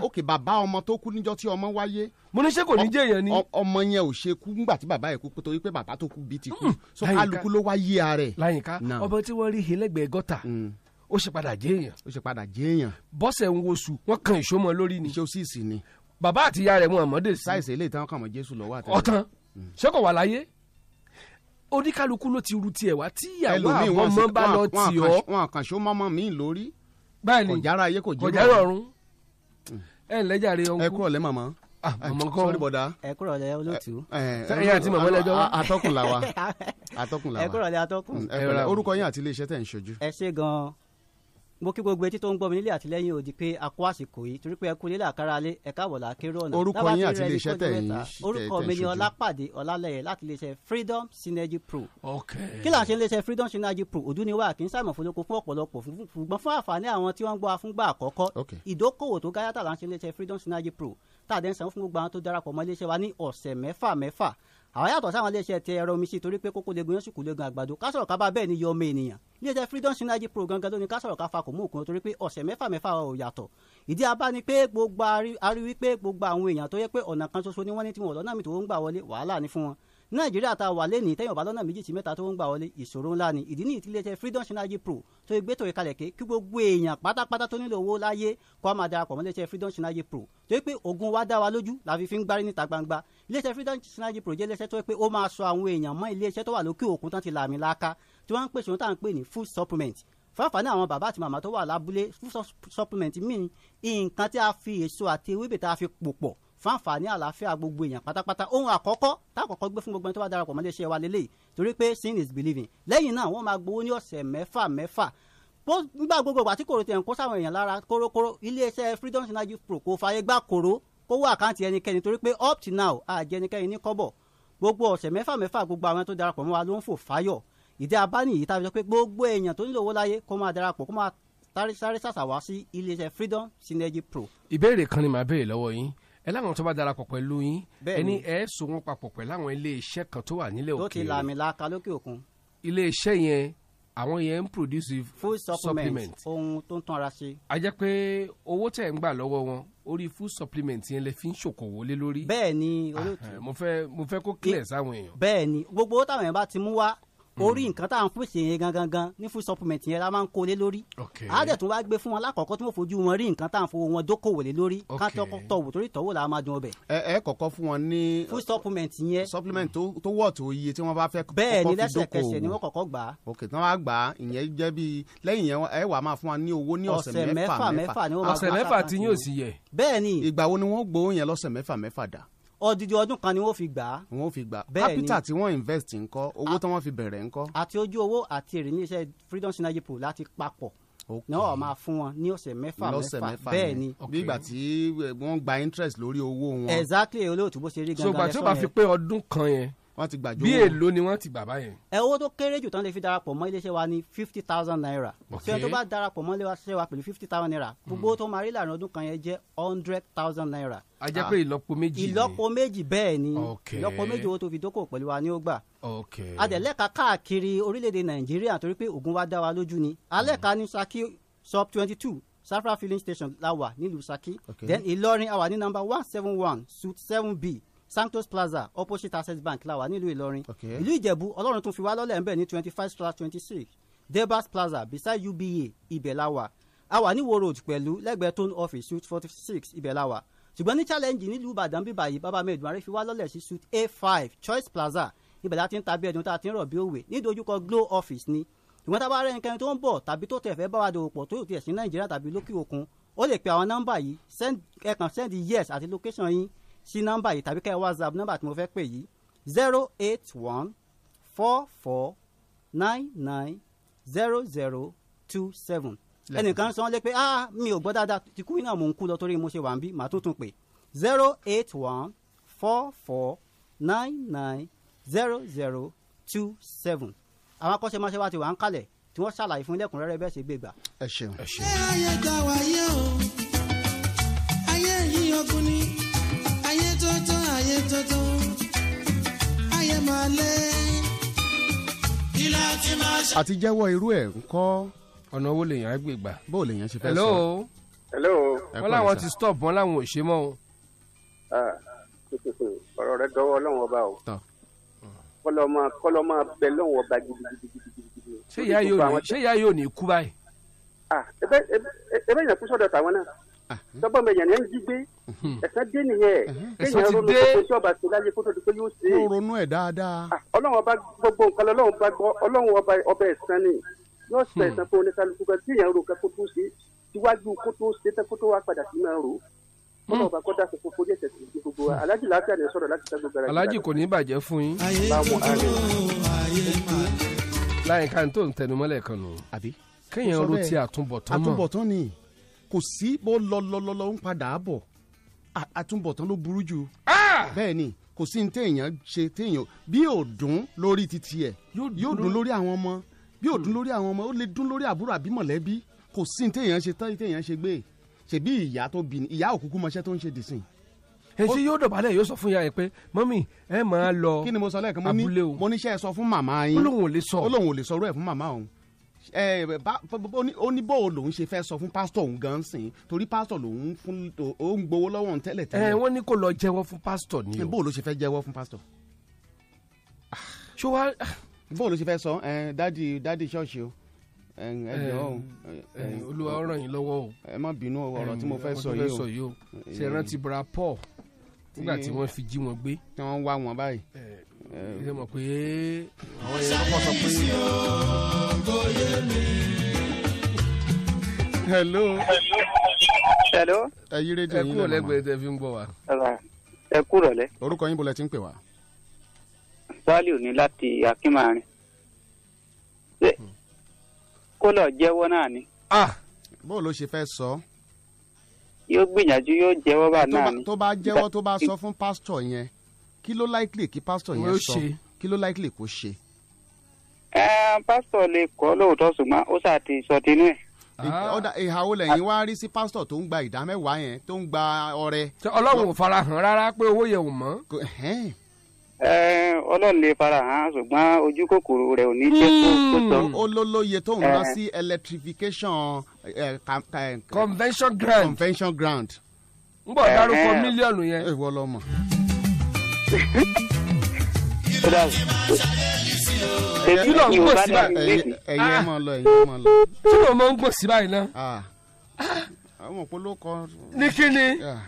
òkè ah. bàbá ọmọ tó kú níjọ́ tí ọmọ wáyé. mo ní ṣé kò ní jẹ́ èèyàn ni. ọmọ yẹn ò ṣe kú ńgbà tí bàbá yẹn kú torí pé bàbá tó kú bí ti kú. Hmm, so kálukú ló wáyé ara ẹ̀. láyìnká ọmọ tí wọ́n rí ilẹ̀gbẹ̀ẹ́ gọ́tà hmm. ó ṣe padà jẹ́ èèyàn. ó bọ́sẹ̀ ń woṣù wọ́n kan ìṣó lórí ni. iṣẹ́ òsì ìsìn ni bàbá àti ìyá rẹ̀ wọn àmọ́dé sí. sáìsì eléyìí táwọn kàn mọ́ jésù lọ́wọ́ àtẹ̀lẹ́. ọ̀tàn hmm. ṣẹ́kọ̀ wà láyé oníkálukú ló ti ru tiẹ̀ wá tí ìyàwó àwọn ọmọ bá lọ tì ọ́. wọn kàn ṣó mọ́mọ́ mi lórí. báyìí kò jára ayé kò jẹ́rọ̀ ọ̀run. Hmm. ẹ ǹlẹ́ jàre ọ̀hún. ẹ kúrò lẹ́ màmá. Ah, màmá kọ́ sọ́rí bọ̀dá. ẹ kúrò lẹ́ olóòtú. Eh, eh, ẹ̀yin àti màmá lẹ́jọ́ wa. atọ́kùn làwa atọ́kùn làwa. Hmm, ẹ kúrò lẹ́ atọ́kùn. orúkọ yín àti iléeṣẹ́ tẹ̀ ń ṣojú. ẹ ṣe gan-an mo kí gbogbo etí tó ń gbọ́ mi nílé àtìlẹ́yìn òdì pé a kó àsìkò yìí torí pé ẹ kú nílé àkárálé ẹ káàbọ̀ là kéré ọ̀nà. orúkọ yín àti iléeṣẹ́ tẹ̀ yín orúkọ mi ni ọlápàdé ọlálẹ́yẹ láti iléeṣẹ́ freedom synergy pro. ok kí là iléeṣẹ́ freedom synergy pro òdú ni wá kì í sàmọ̀ fọlọ́kọ fún ọ̀pọ̀lọpọ̀ ṣùgbọ́n fún àǹfààní àwọn tí wọ́n ń gbọ́ afúngbà àkọ́kọ́ ìdókòwò tó gáyàtà là iléeṣẹ́ freedom synergy pro tá a dẹ́n sanwó fún gbogbo àwọn tó darapọ̀ mọ́ iléeṣẹ́ wa ní ọ̀sẹ̀ mẹ́fà mẹ́fà àwọn yàtọ̀ sáwọn iléeṣẹ́ tẹ ẹ̀rọ omi sí torí pé kókó legun yẹn sùkú legun àgbàdo ká sọ̀rọ̀ ká bá bẹ́ẹ̀ ni yọ ọmọ ènìyàn iléeṣẹ́ freedom synergy pro gangan lónìí ká sọ̀rọ̀ ká fakò mú òkun torí pé ọ̀sẹ̀ mẹ́fà mẹ́fà ò yàtọ̀ ìdí abá ni pé gbogbo arí wípé gbogbo àwọn èèyàn tó yẹ pé ọ̀nà kan ṣoṣo ni wọ́n ní tí wọ́n lọ́nà mi tó ń gbà wọlé wàhálà ni fún wọn nàìjíríà tá a wà lẹ́nìí tẹ́yìn ọ̀bá lọ́nà méjì sí mẹ́ta tó ń gbà wọlé ìṣòro ńlá ni ìdí ní ìdílé iṣẹ́ freedom synergy pro tó gbé tòye kalẹ̀ ké kí gbogbo èèyàn pátápátá tó nílò owó láyé kó a máa darapọ̀ mọ́ iléeṣẹ́ freedom synergy pro tó yẹ pé ogun wa dá wa lójú la fi fi ń gbárí níta gbangba iléeṣẹ́ freedom synergy pro jẹ́ iléeṣẹ́ tó yẹ pé ó máa sọ àwọn èèyàn mọ́ iléeṣẹ́ tó wà lókè òkun tán ti làmì láka tí wọ́n ń pèsè ohun tá à ń pè ní food supplement fáfáà ní àwọn bàbá àti màmá tó wà lábúlé food supplement míì nǹkan tí a fi èso àti ewébẹ̀ tá a fi pò pọ̀ fáǹfààní àlàáfíà gbogbo èèyàn pátápátá ohun àkọ́kọ́ táàkọ́kọ́ gbé fún gbogbo ẹni tó bá darapọ̀ mọ́ iléeṣẹ́ wa lélẹ́yìí torí pé sin is believing lẹ́yìn náà wọ́n máa gbowó ní ọ̀sẹ̀ mẹ́fà mẹ́fà nígbà gbogbo àti kòrò tẹ̀ ń kó sáwọn èèyàn lára kórókóró iléeṣẹ́ freedom synergy pro kò fààyè gbà kóró kó wá àkáǹtì ẹnikẹ́ni torí pé up to now àjẹ ẹnikẹ́ni ní kọ́bọ̀ gbogbo ọ̀sẹ̀ mẹ́fà mẹ́fà gbogbo àwọn tó darapọ̀ mọ́ wa ló ń fò fáyọ̀ ìdí abániyí tàbí sọ pé gbogbo èèyàn tó nílò owó láyé kó máa darapọ̀ kó máa sáré sàṣà wá sí iléeṣẹ́ freedom synergy pro. ìbéèrè kan ni màá béèrè lọ́wọ́ yín ẹ láwọn tó bá darapọ̀ pẹ̀lú yín ẹni ẹ so wọn papọ̀ pẹ̀lú àwọn iléeṣẹ́ kan tó wà nílẹ̀ òkèèrè tó ti làmì laaka lókè òkun. iléeṣẹ́ yẹn àwọn yẹn ń produce food supplement ohun tó ń tanra ṣe. a jẹ́ pé owó tẹ̀ ń gbà lọ́wọ́ wọn orí food supplement yẹn lè fi ń ṣòkòwò lé lórí. bẹ́ẹ̀ olóòtú. mo fẹ́ mo fẹ́ kó clear sáwọn èèyàn. bẹ́ẹ̀ ni gbogbo táwọn èèyàn bá ti mú wá Hmm. orí nǹkan tá à ń fún ṣe yẹn gangan gan ní food supplement yẹn la máa ń kó lé lórí àádẹ tún wá gbé fún wọn lákọ̀ọ́kọ́ tí wọ́n fojú wọn rí nǹkan tá à ń fowó wọn dókòwò lé lórí ká tọwò torí tọwò la máa dun ọbẹ̀. ẹ ẹ kọ́kọ́ fún wọn ní. food supplement yẹn. supplement tó wọ̀ tó iye tí wọ́n bá fẹ́ kọ́kọ́ fi dókòwò. bẹ́ẹ̀ ni lẹ́sẹ̀kẹsẹ̀ ni wọ́n kọ́kọ́ gbà á. ok tí wọ́n bá gbà á ìyẹn jẹ́ bí lẹ́yìn yẹn ẹ wà máa fún wọn ní owó ní ọ̀sẹ̀ mẹ́fà mẹ́fà. ọ̀sẹ̀ mẹ́fà tí yóò sì yẹ. bẹ́ẹ̀ ni. ìgbà wo ni wọ́n gbowó yẹn lọ́sẹ̀ mẹ́fà mẹ́fà dà odidi ọdún kan ni wọ́n fi gbà á. wọ́n fi gbà á capital tí wọ́n invest ńkọ́ owó tí wọ́n fi bẹ̀rẹ̀ ńkọ́. àti ojú owó àti èrè ní iṣẹ́ freedom synergy pool láti papọ̀ náà máa fún wọn ní ọ̀sẹ̀ mẹ́fà mẹ́fà bẹ́ẹ̀ ni. nígbà tí eh, wọ́n gba interest lórí owó wọn. exactly olóòtú bó ṣe rí gangan lẹ́sọ̀rọ̀ yẹn. so gbàtí ó bá fi pé ọdún kan yẹn wọ́n ti gbàjọ owó. bí èlò ni wọ́n ti gbà báyẹn. ẹ owó tó kéré jù tán lè fi darapọ̀ mọ́ iléeṣẹ́ wa ní fifty thousand naira. ok ṣé tó bá darapọ̀ mọ́ iléeṣẹ́ wa pẹ̀lú fifty thousand naira gbogbo hmm. tó máa rí láàrin ọdún kan yẹn jẹ́ hundred thousand naira. a jẹ́ ah, pé ìlọ́po méjì ni ìlọ́po méjì bẹ́ẹ̀ ni ìlọ́po méjì owó tó fi dókòwò pẹ̀lú wa ni ó gbà. ok adẹ̀lẹ́ka káàkiri orílẹ̀-èdè nàìjíríà torí pé ògùn wa dá wa lójú ni alẹ́ka hmm. ní Ṣakí sub twenty two Safra filling station la wà nílùú Ṣakí then Ìlọrin a wà ní number one seven one suit seven b Santos plaza opposite access bank la wà nílùú ìlọrin ìlú ìjẹ̀bú ọlọ́run tún fi wá lọ́lẹ̀ ńbẹ̀ ní twenty five slash twenty six debas plaza beside uba ibẹ̀ la wà ní wo road pẹ̀lú lẹ́gbẹ̀ẹ́ tone office suite forty six ibẹ̀ la ṣùgbọ́n ní challenge nílùú ìbàdàn bíbà yìí bàbá mi ìdùnnú fi wá lọ́lẹ̀ sí suite a five choice plaza ibẹ̀ la ti ń ta bí ẹdun tá a ti ń rọ̀ bí òwe ní dojúkọ glow office ni ìwọ́n tá a bá rẹ́ nǹkan tó ń bọ̀ tàbí tó tẹ̀ fẹ́ bá wa dòwò pọ̀ tó yóò tiẹ̀ sí nàìjíríà tàbí lókè òkun ó lè pe àwọn nọ́mbà yìí ẹ send yes àti location yín sí nọ́mbà yìí tàbí kẹ́ ẹ whatsapp nọ́mbà tí mo fẹ́ pè yìí zero eight one four four nine nine zero zero two seven ẹnìkan sọ wọn lé pé ah, ah mi ò gbọ́ dáadáa tí kú iná mò ń kú lọ torí mo ṣe wà ń bí màá tún tún pè zero eight one four four nine nine zero zero two seven àwọn akọ́ṣẹ́mọṣẹ́ wa ti wà ń kalẹ̀ tí wọ́n ṣàlàyé fún ilẹ̀kùnrẹ́rẹ́ bẹ́ẹ̀ ṣe gbé gbà. ẹ ṣeun. ẹ ṣeun. ẹ ayé gbà wáyé o ayé yìí ọkùnrin tuntun ayé máa lé àti jẹ́wọ́ irú ẹ̀ ń kọ́ ọ̀nà owó lèèyàn á gbà bó lèèyàn ṣe fẹ́ sọ. hello wọn làwọn ti stop wọn làwọn ò ṣe mọ́ o. Ah, ọ̀rọ̀ rẹ dọ́wọ́ ọlọ́run ọba o kọlọ́mọ kọlọ́mọ bẹ lọ́wọ́ ọba gidigidigidi tọ́gbọ́n mi yànnà ń jí gbé mhm. ẹ̀sán dé nìyẹn kéèyàn ronú kókó tí ọba tó yóò ronú ẹ̀ dáadáa. Ah, ọlọ́run ọba gbogbo nǹkan lọ́lọ́run ọba gbọ́ ọlọ́run ọba ọba ẹ̀sán ni yóò sọ ẹ̀sán hmm. fún oníkálukú kan kéèyàn ro kẹ́kọ́ tó ṣe síwájú kó tó ṣe tẹ́ tó wá padà sí máa ro kọ́nà ọba kọ́dà fún fún fúnjẹ́ tẹ̀sí gbogbo wa alájì láfíà sọ̀rọ̀ láti sẹ́gun gbẹ̀rẹ̀. alájì kò ní bàjẹ́ fún kò sí bó lọ lọ lọ lọ ń padà bọ̀ àtúbọ̀tán ló burú jù. Ah! bẹ́ẹ̀ ni kò sí ní téèyàn ṣe téèyàn bí yóò dùn lórí titi ẹ̀ yóò dùn lórí àwọn ọmọ bí yóò dùn hmm. lórí àwọn ọmọ ó lè dùn lórí àbúrò àbí mọ̀lẹ́bí kò sí téèyàn ṣe tán téèyàn ṣe gbé ṣèbí ìyá tó bí ìyá òkúkú mọṣẹ́ tó ń ṣe dìsìn. èsì yóò dọ̀bálẹ̀ yóò sọ fún ya ẹ pé mọ́mì ẹ máa lọ abúlé o. kí ni mo sọ lẹ́ẹ̀kan mo ní mo níṣẹ́ sọ fún màmá yín ó lóun ò lè sọ ó lóun ò lè sọ oníbò lòun ṣe fẹ́ sọ fún pásítọ̀ òun gan sìn torí pásítọ̀ lòun fún òun gbowó lọ́wọ́ tẹ́lẹ̀ tẹ́lẹ̀. ẹ wọ́n ní kó lọ jẹ́wọ́ fún pásítọ̀ ni o. bó ló ṣe fẹ́ jẹ́wọ́ fún pásítọ̀. ṣó wá. Ah. bó ló ṣe fẹ́ sọ dádì dádì ṣọ́ọ̀ṣì o ẹ jọ̀ọ́ olúwa ọ̀rọ̀ yìí lọ́wọ́ o ẹ má bínú ọ̀rọ̀ tí mo fẹ́ sọ yìí o ṣe rántí bra paul nígbà tí wọ́n fi jí wọn gbé. tí wọ́n wá wọn báyìí ṣe mọ̀ pé àwọn èèyàn kọ́ sọ pé. hello. hello. ẹyí rédíò yín lẹ́nu mọ́ ẹ kú ọ̀lẹ́gbẹ̀ẹ́ tẹ fi ń gbọ́ wa. ẹ kú rọ̀lẹ́. orúkọ yín bọ̀lẹ̀ tí ń pè wá. sálíù ní láti akínmárin. kó lọ jẹ́wọ́ náà ni. Ah, bó ló ṣe fẹ́ sọ. yóò gbìyànjú yóò jẹ́wọ́ bá náà ni. tó bá jẹ́wọ́ tó bá sọ fún pásítọ̀ yẹn kí ló likely kí pásítọ̀ yẹn sọ kí ló likely kó ṣe. pastor pásítọ̀ lè kọ́ lóòótọ́ ṣùgbọ́n ó ṣáà ti sọ tinú ẹ̀. Ah. ọ̀dà ìhà olè yín wá rí sí pásítọ̀ tó ń gba ìdá mẹ́wàá yẹn tó ń gba ọrẹ. ọlọ́run ò farahàn rárá pé owó yẹn ò mọ́. ọlọ́run lè farahàn ṣùgbọ́n ojú kòkòrò rẹ̀ ò ní jẹ́ kó tó. olólóye hmm. tó ń lọ sí electrification convention ground. convention ground. ń bọ̀ dárúkọ mílíọ̀nù yẹn. èèwọ̀ lọ́mọ èyí lọ ń gbò sí báyìí ẹyẹ mọ lọ ẹyẹ mọ lọ. tí mo máa ń gbò sí báyìí náà. Ah. àwọn òpólò kan. ní kí ni. Ah,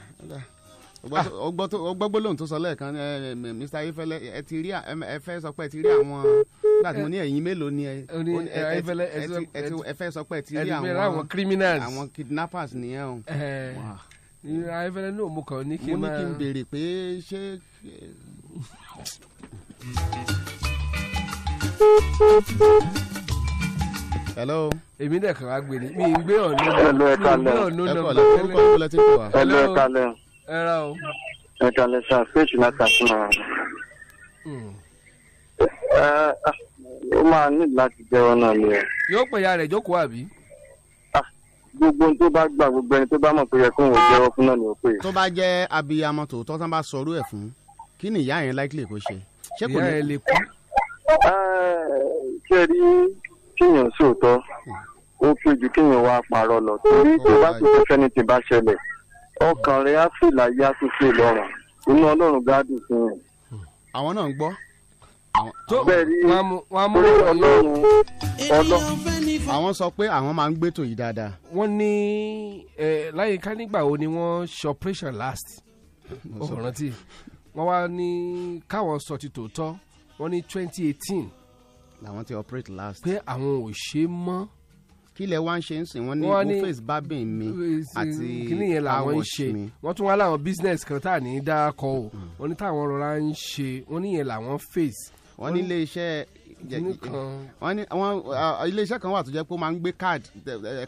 ọgbọ́gbọ́ lóhùn tó sọ lẹ́ẹ̀kan Mr Ayéfẹ́lẹ́ ẹ ti rí ẹ fẹ́ sọ pé ẹ ti rí àwọn nígbà tí mo ní ẹ̀yìn mélòó ni ẹ ẹ fẹ́ sọ pé ẹ ti rí àwọn criminals àwọn kidnappers nìyẹn o. Ayéfẹ́lẹ́ ní òun kàn ní kí n máa. mo ní kí n béèrè pé ṣé hello. èmi dẹ̀ kàn á gbé ni mi gbé ọ̀nù mi gbé ọ̀nù nọ́mbà tẹ́lẹ̀. hello ẹ kalẹ̀ ẹ ra o. ẹ kalẹ̀ sá fèsì láta fún wa. ẹ ó máa ní láti jẹ́wọ́ náà ni. yóò pè ya rẹ̀ jókòó àbí. Ah, gbogbo ohun tó bá gbà gbogbo ẹni tó bá mọ̀ pé yẹ kóun ò jẹ́wọ́ fún náà ni ó pè. tó bá jẹ́ abiyamọ tòótọ́ tán bá sọ orú ẹ̀ fún un kí ni ìyá yẹn likely kó ṣe ṣé kò ní. ìyá yẹn lè kú. kí ẹ rí kíyàn sóòótọ́ ó fi ju kíyàn wá parọ́ lọ torí oh, tó bá tó fẹ́ni tí bá ṣẹlẹ̀ ọkàn rẹ̀ á sì láyé á sì sí lọ́rùn inú ọlọ́run gádùn fún yẹn. àwọn náà ń gbọ́. bẹ́ẹ̀ ni wọ́n á mú ọlọ́run ọlọ́. àwọn sọ pé àwọn máa ń gbẹ́tò yìí dáadáa. wọ́n ní láyé ká nígbà wo ni wọ́n ṣe operation last. ó rántí wọ́n wá ní káwọn sọ ti tòótọ́ wọ́n ní twenty eighteen. làwọn ti operate last. pé àwọn ò ṣe mọ́. kí lẹ wá ń ṣe ń sìn wọ́n ní bufface bábìn mi eh, eh, àti àwọn mi. wọ́n tún wá láwọn business kan tá à ní í dákọ̀ o mm. wọ́n ní táwọn rọra ń ṣe wọ́n ní yẹn làwọn face. wọ́n ní ilé iṣẹ́ wọ́n ní wọ́n uh, ilé iṣẹ́ kan wà tó jẹ́ pé ó máa ń gbé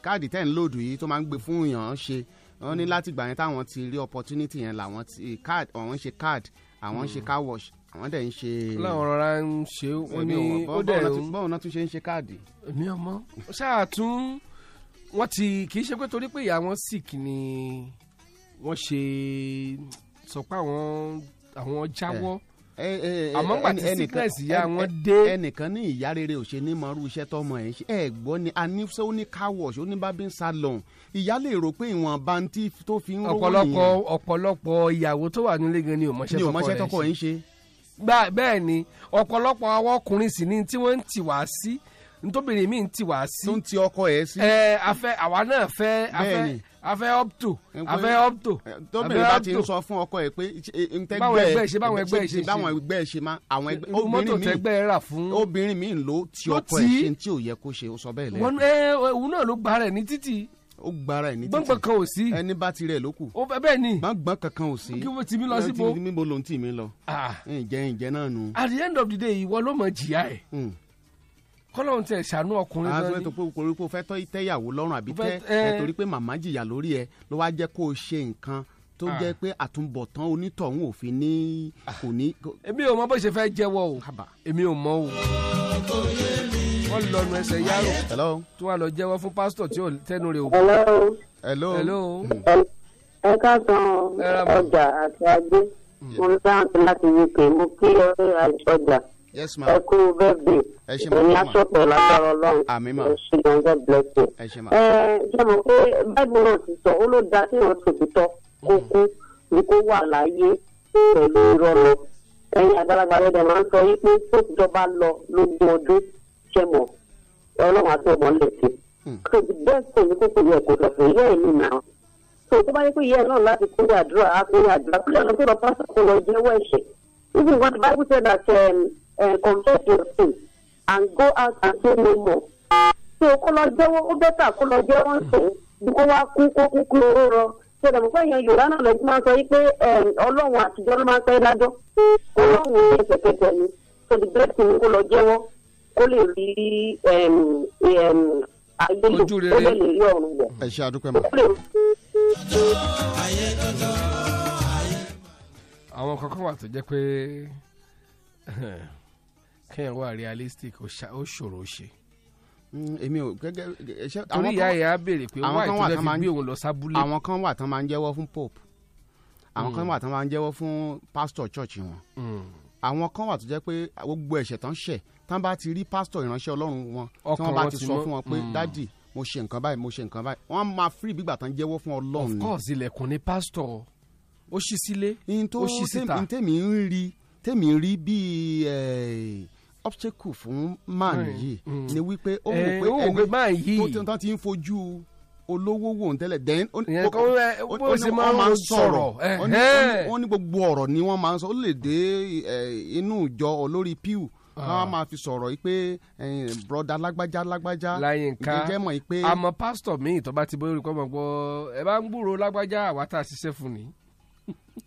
káàdì eh, tẹ́ ń lòdù yìí tó máa ń gbé fún yàn ṣe wọ́n ní láti gbà yẹn táwọn ti rí opportunity yẹn làwọn ti card àwọn ń ṣe card àwọn ń ṣe hmm. car wash àwọn dẹ̀ ń ṣe. láwọn rọra ń ṣe wọ́n ní ó dẹ̀ ń bọ́ọ̀ náà tún ṣe ń ṣe káàdì. èmi ọmọ ṣáà tún wọ́n ti kì í ṣe pé torí pé ìyá wọn sick ni wọ́n ṣe sọ pé àwọn àwọn jáwọ́. Eh àmọ́ gbà tí sickness ya wọn dé. ẹnìkan ní ìyá rere ò ṣe ní mọ irú tọmọ ẹ̀ ṣe ẹ̀ gbọ́ ni anífẹ́ ó ní car wash ó ní barbing salon ìyá lè rò pé ìwọ̀n bantí tó fi ń rówó nìyẹn. ọ̀pọ̀lọpọ̀ ọ̀pọ̀lọpọ̀ ìyàwó tó wà nílé gan ni òmọṣẹ́ tọkọ rẹ̀ ń ṣe. bẹ́ẹ̀ ni ọ̀pọ̀lọpọ̀ àwọn ọkùnrin sì ni tí wọ́n ń wá sí ntòbìnrin mi ń wá sí. tó ń ti ọkọ ẹ̀ sí. ẹ afẹ́ àwa náà fẹ́ afẹ́ a fẹ́ up to a fẹ́ up to tóbìnrin bá ti ń sọ fún ọkọ ẹ pé ntẹ gbẹ báwọn ẹgbẹ́ ẹ ṣe báwọn ẹgbẹ́ ẹ ṣe má àwọn ẹgbẹ́ obìnrin mi tẹgbẹ ẹ rà fún obìnrin mi ń ti ọkọ ẹ ṣe tí ò yẹ kó ṣe ó sọ bẹ́ẹ̀ lẹ́yìn. òun náà ló gbára ẹ ní títì ó gbára ẹ ní títì gbọ̀ngbọ̀n kan ò sí ẹni bá tirẹ̀ ló kù. ó bẹ́ẹ̀ ni gbọ̀ngbọ̀n kankan ò sí. kí wọ́n mi lọ síbo. mi bo ló ń tì mí lọ. Ah. ǹjẹ́ ǹjẹ́ náà nu. at the end of the day ìwọ ló mọ jìyà ẹ̀. Hmm kọ́lọ́run tẹ̀ ṣàánú ọkùnrin náà ni. aṣọ ètò pé pé o fẹ́ tọ́ tẹ́yàwó lọ́rùn àbí tẹ́ ẹ pé màmá jìyà lórí ẹ ló wá jẹ́ kó o ṣe nǹkan tó ah. jẹ́ pé àtúbọ̀tán onítọ̀hún òfin ní kò ní. èmi ò mọ bó ṣe fẹ́ jẹ́wọ́ o èmi ò mọ o wọ́n lọ́nu ẹsẹ̀ yárò tí wọ́n lọ jẹ́wọ́ fún pásítọ̀ tí ò tẹ́nu rẹ̀ o. hello hello ẹ ọjà àti ajé mm. mo ń sáǹtì láti uk mo kí ọjà yes ma. ẹ kú bẹ́ẹ̀bì ìròyìn asọ̀pọ̀ lágbára ọlọ́run àmì ma ẹ ṣe ẹ ṣe ma. ẹ ṣe mọ̀ pé báyìí náà ti sọ ó ló da kí wọ́n tòbi tọ́ kó hmm. kú ní kó wà láàyè pẹ̀lú ìrọ̀lọ́ ẹ̀yin àgbàlagbà rẹ̀ máa ń sọ yí pé tó ìjọba lọ lójú ọdún ṣe mọ̀ ọlọ́run àti ọmọ lè ṣe. kòtù bẹ́ẹ̀ sọ ní kókò yẹ kó lọ fún yẹ́ ẹ̀mí náà. tó tó bá yẹ kó yẹ náà láti kó even what bible said that um, um, confess your sin and go out and do no more. so kó lọ jẹ́wọ́ ó bẹ́tà kó lọ jẹ́wọ́ ń kó wá kú kó kú kú oró rọ ṣe lè fún èèyàn yorùbá náà lọ́jọ́ máa ń sọ yí pé um, ọlọ́run àtijọ́ ló máa ń pẹ́ dájọ́ ọlọ́run ní ẹsẹ̀kẹsẹ̀ ni so the best thing kó lọ jẹ́wọ́ kó lè rí um, um, ayé lò àdúpẹ́ mọ́. àwọn kankan wà tó jẹ́ pé. kéèyàn wà realistic ó ṣòro ṣe. Mm, èmi ò gẹ́gẹ́ ṣe. torí ìyá ìyá béèrè pé wáyé tó lè fi gbé òun lọ sábúlé. àwọn kan wà tán máa ń jẹ́wọ́ fún pope àwọn kan mm. wà tán máa ń jẹ́wọ́ fún pastor church wọn mm. àwọn kan wà tó jẹ́ pé gbogbo ẹ̀ṣẹ̀ tán ṣẹ̀ tán bá ti rí pastor ìránṣẹ́ ọlọ́run wọn tí wọ́n bá ti sọ fún wọn pé dádì mo ṣe nǹkan báyìí mo ṣe nǹkan báyìí wọ́n máa free gbígbà tán jẹ́wọ́ fún ọlọ́run of course ilẹ̀kùn ni pastor ó ṣí sílé ó ṣí síta. ntẹ́mi ń rí tẹ́mi rí bíi eh, obstacle fún man hmm, yìí hmm. ni wípé ó mọ̀ eh, pé ẹni tó tán ti ń fojú olówó wò ń tẹ́lẹ̀ then ó ní wọ́n máa ń sọ̀rọ̀ eh, eh. ó ní gbogbo ọ̀rọ̀ ni wọ́n máa ń sọ ó lè dé inú ìjọ olórí pew wọn a ah. máa fi sọ̀rọ̀ yìí pé broda lágbájá lágbájá ìjẹ́jẹ́ mọ̀ yìí pé. àmọ́ pásítọ̀ mi ìtọ́ bá ti bóyá olùkọ́ mọ̀ gbọ́ ẹ bá ń gbúròó lágbájá àwa tá a ṣiṣẹ́ fún ni.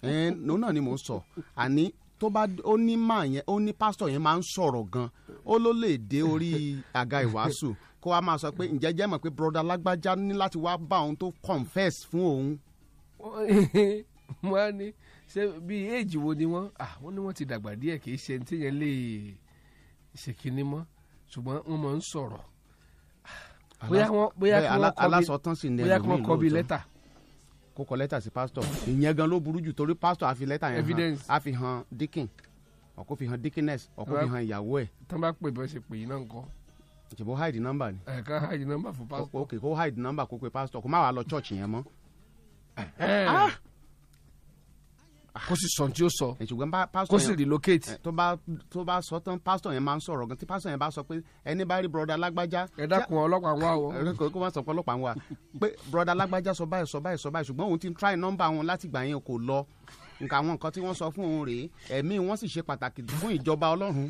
ẹ ló náà ni mò ń sọ àní tó bá ó ní máa yẹn ó ní pásítọ̀ yẹn máa ń sọ̀rọ̀ gan ó ló lè dé orí àga ìwàásù kó wa máa sọ pé ǹjẹ́ jẹ́ mọ̀ pé broda lágbájá ní láti wá bá òun tó confess fún òun. wọ́n á ní ṣé bíi éèjì wo ni wọ́n àwọn ni wọ́n ti dàgbà díẹ̀ kì í ṣe ní tíyẹn lè ṣe kinní mọ́ ṣùgbọ́n wọ́n máa ń sọ̀rọ̀ bóyá kí wọ́n kọ́ bí lẹ́tà kó kọ lẹ́tà sí pásítọ̀ ìyẹn gan ló burú jù torí pásítọ̀ àfi lẹ́tà yẹn hàn àfi hàn deacon ọkọ fi hàn deaconess ọkọ fi hàn ìyàwó ẹ̀. tán bá pè bọ́ ṣe pè yín náà ńkọ́. ìṣèbó hide number ni. ẹ hide number fún pásítọ̀. ok kó hide number kó pe pásítọ̀ kó má wàá lọ church yẹn mọ́ kó sì sọ tí ó sọ kó sì relocate. tó bá tó bá sọ tán pásítọ̀ yẹn máa ń sọ̀rọ̀ gan tí pásítọ̀ yẹn bá sọ pé ẹni bá rí broda lágbájá. ẹ dákun ọlọ́pàá ń wá o. kó má sọ pé ọlọ́pàá ń wá pé broda lágbájá sọ báyìí sọ báyìí sọ báyìí ṣùgbọ́n òun ti ń try number wọn láti gbà yẹn kò lọ nǹkan àwọn nǹkan tí wọ́n sọ fún òun rèé ẹ̀mí wọn sì ṣe pàtàkì fún ìjọba ọlọ́run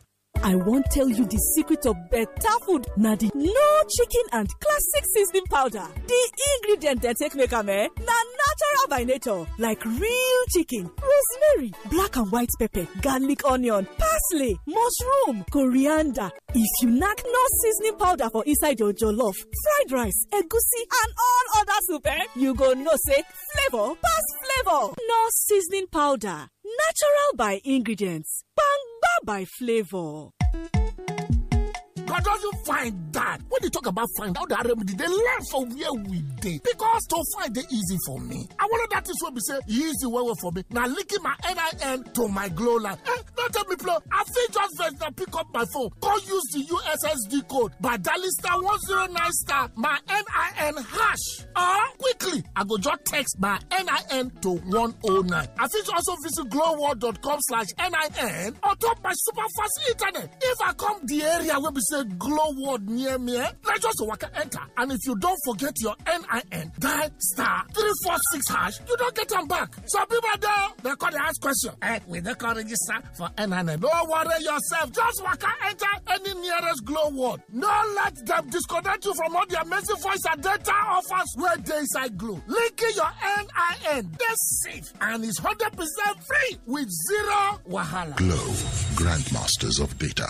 I wan tell you the secret of better food na the no chicken and classic seasoning powder. The ingredient dem take make am eh na natural by nature like real chicken, rosemary, black and white pepper, garlic onion, parsley, mushroom, coriander. If you knack no seasoning powder for inside your jollof, fried rice, egusi and all other soup eh, you go know say flavour pass flavour. No seasoning powder natural by ingredients. Bang by Flavor. But don't you find that when you talk about find out the remedy, they learn from where we did. Because to find it easy for me. I wonder that is what we say easy way well, for me. Now linking my NIN to my glow line. Eh, don't tell me play. I think just vex that pick up my phone. Go use the USSD code by dialing star 109 star my NIN hash. Or quickly, I go just text my NIN to 109. I think also visit glowworld.com slash NIN on top my super fast internet. If I come the area we'll be saying. glow word near me, eh? Now just walk enter. And if you don't forget your NIN, die star 346 hash, you don't get them back. So people there, they call the ask question. Eh, we don't call register for NIN. Don't worry yourself. Just walk enter any nearest glow word. No let them disconnect you from all their amazing voice and data offers where they inside glow. Linking your NIN. That's safe and it's 100% free with zero wahala. Glow, grandmasters of data.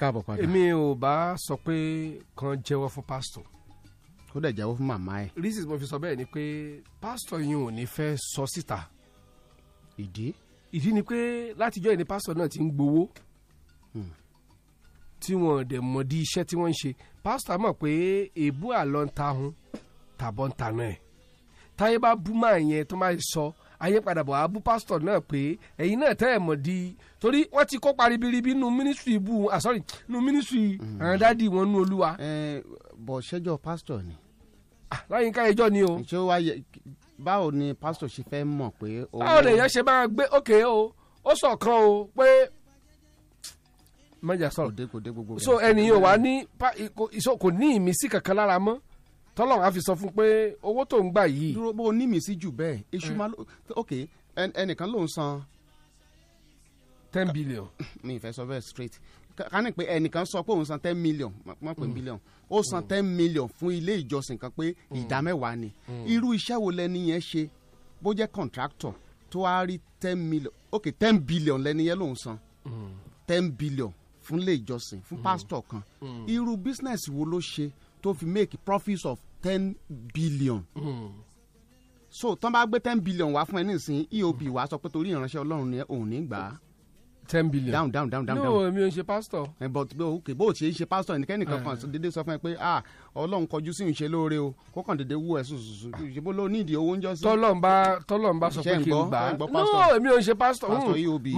káàbọ̀ padà. èmi ò bá sọ pé kan jẹ́wọ́ fún pásítọ̀. ó dẹ̀ jẹ́wọ́ fún màmá ẹ̀. reasons mo fi sọ bẹ́ẹ̀ ni pé pásítọ̀ yìí ò ní fẹ́ sọ síta. ìdí. ìdí ni pé látijọ́ yìí ni pásítọ̀ náà ti ń gbowó hmm. tí wọn dẹ̀ mọ̀ di iṣẹ́ tí wọ́n ń ṣe pásítọ̀ mọ̀ pé èébú àlọ́ ń ta hun tàbọ̀ ń ta ẹ̀ táyé bá bú máa yẹn tó máa sọ so, ayípadà bọ̀ abú pásítọ̀ náà pé ẹ̀yin náà tẹ́ ẹ̀ mọ̀ di torí wọ́n ti kópa ribiribi nu ministry bu ah sorry nu ministry àràndádì mm-hmm. eh, wọn nu olúwa. ẹ bọ̀ ṣẹ́jọ́ pásítọ̀ ni. Ah, láyínká ẹjọ́ ni o. ṣé wàá yẹ báwo ni pásítọ̀ ṣe fẹ́ mọ̀ pé. báwo lè yẹn ṣe máa gbé òkè o ó sọ̀kan o pé mọ̀jà sọ̀rọ̀ so ẹni yóò wá ní kò ní ìmísí kankan lára mọ́ tọ́lọ́run á fi sọ fún pé owó tó ń gbà yìí. dúró bó ní mi sí jù bẹ́ẹ̀ èṣù eh. máa ló ok ẹnìkan ló ń san. ten billion. mi ì fẹ́ sọ bẹ́ẹ̀ straight ká ní pé ẹnìkan sọ pé òun san ten million mọ̀ pé million mm. ó san mm. ten million fún ilé ìjọsìn kan pé mm. ìdá mẹ́wàá ni irú iṣẹ́ wo lẹni yẹn ṣe bó jẹ́ contractor tó wá rí ten million ok ten billion lẹni yẹn ló san ten billion fún ilé ìjọsìn fún pásítọ̀ kan irú business wo ló ṣe tó fi make profits of ten billion. Mm. so tán bá gbé ten billion wá fún ẹ nísìnyí eob wàá sọ pé torí ìránṣẹ́ ọlọ́run ni òun ní gbà á ten billion. down down down down. no èmi ò ń pastor. but okay bó o ṣe ṣe pastor ẹnikẹ́ni kankan eh. dédé sọ fún ẹ pé ah ọlọ́run kọjú sí ìṣe lóore o kó kàn dédé wú ẹ sùsùsù ìṣèbó ló ní ìdí owó ń jọ sí. tọ́lọ̀ ń sọ pé kí n gbà á. no èmi ò ń pastor. pastor hmm. eob.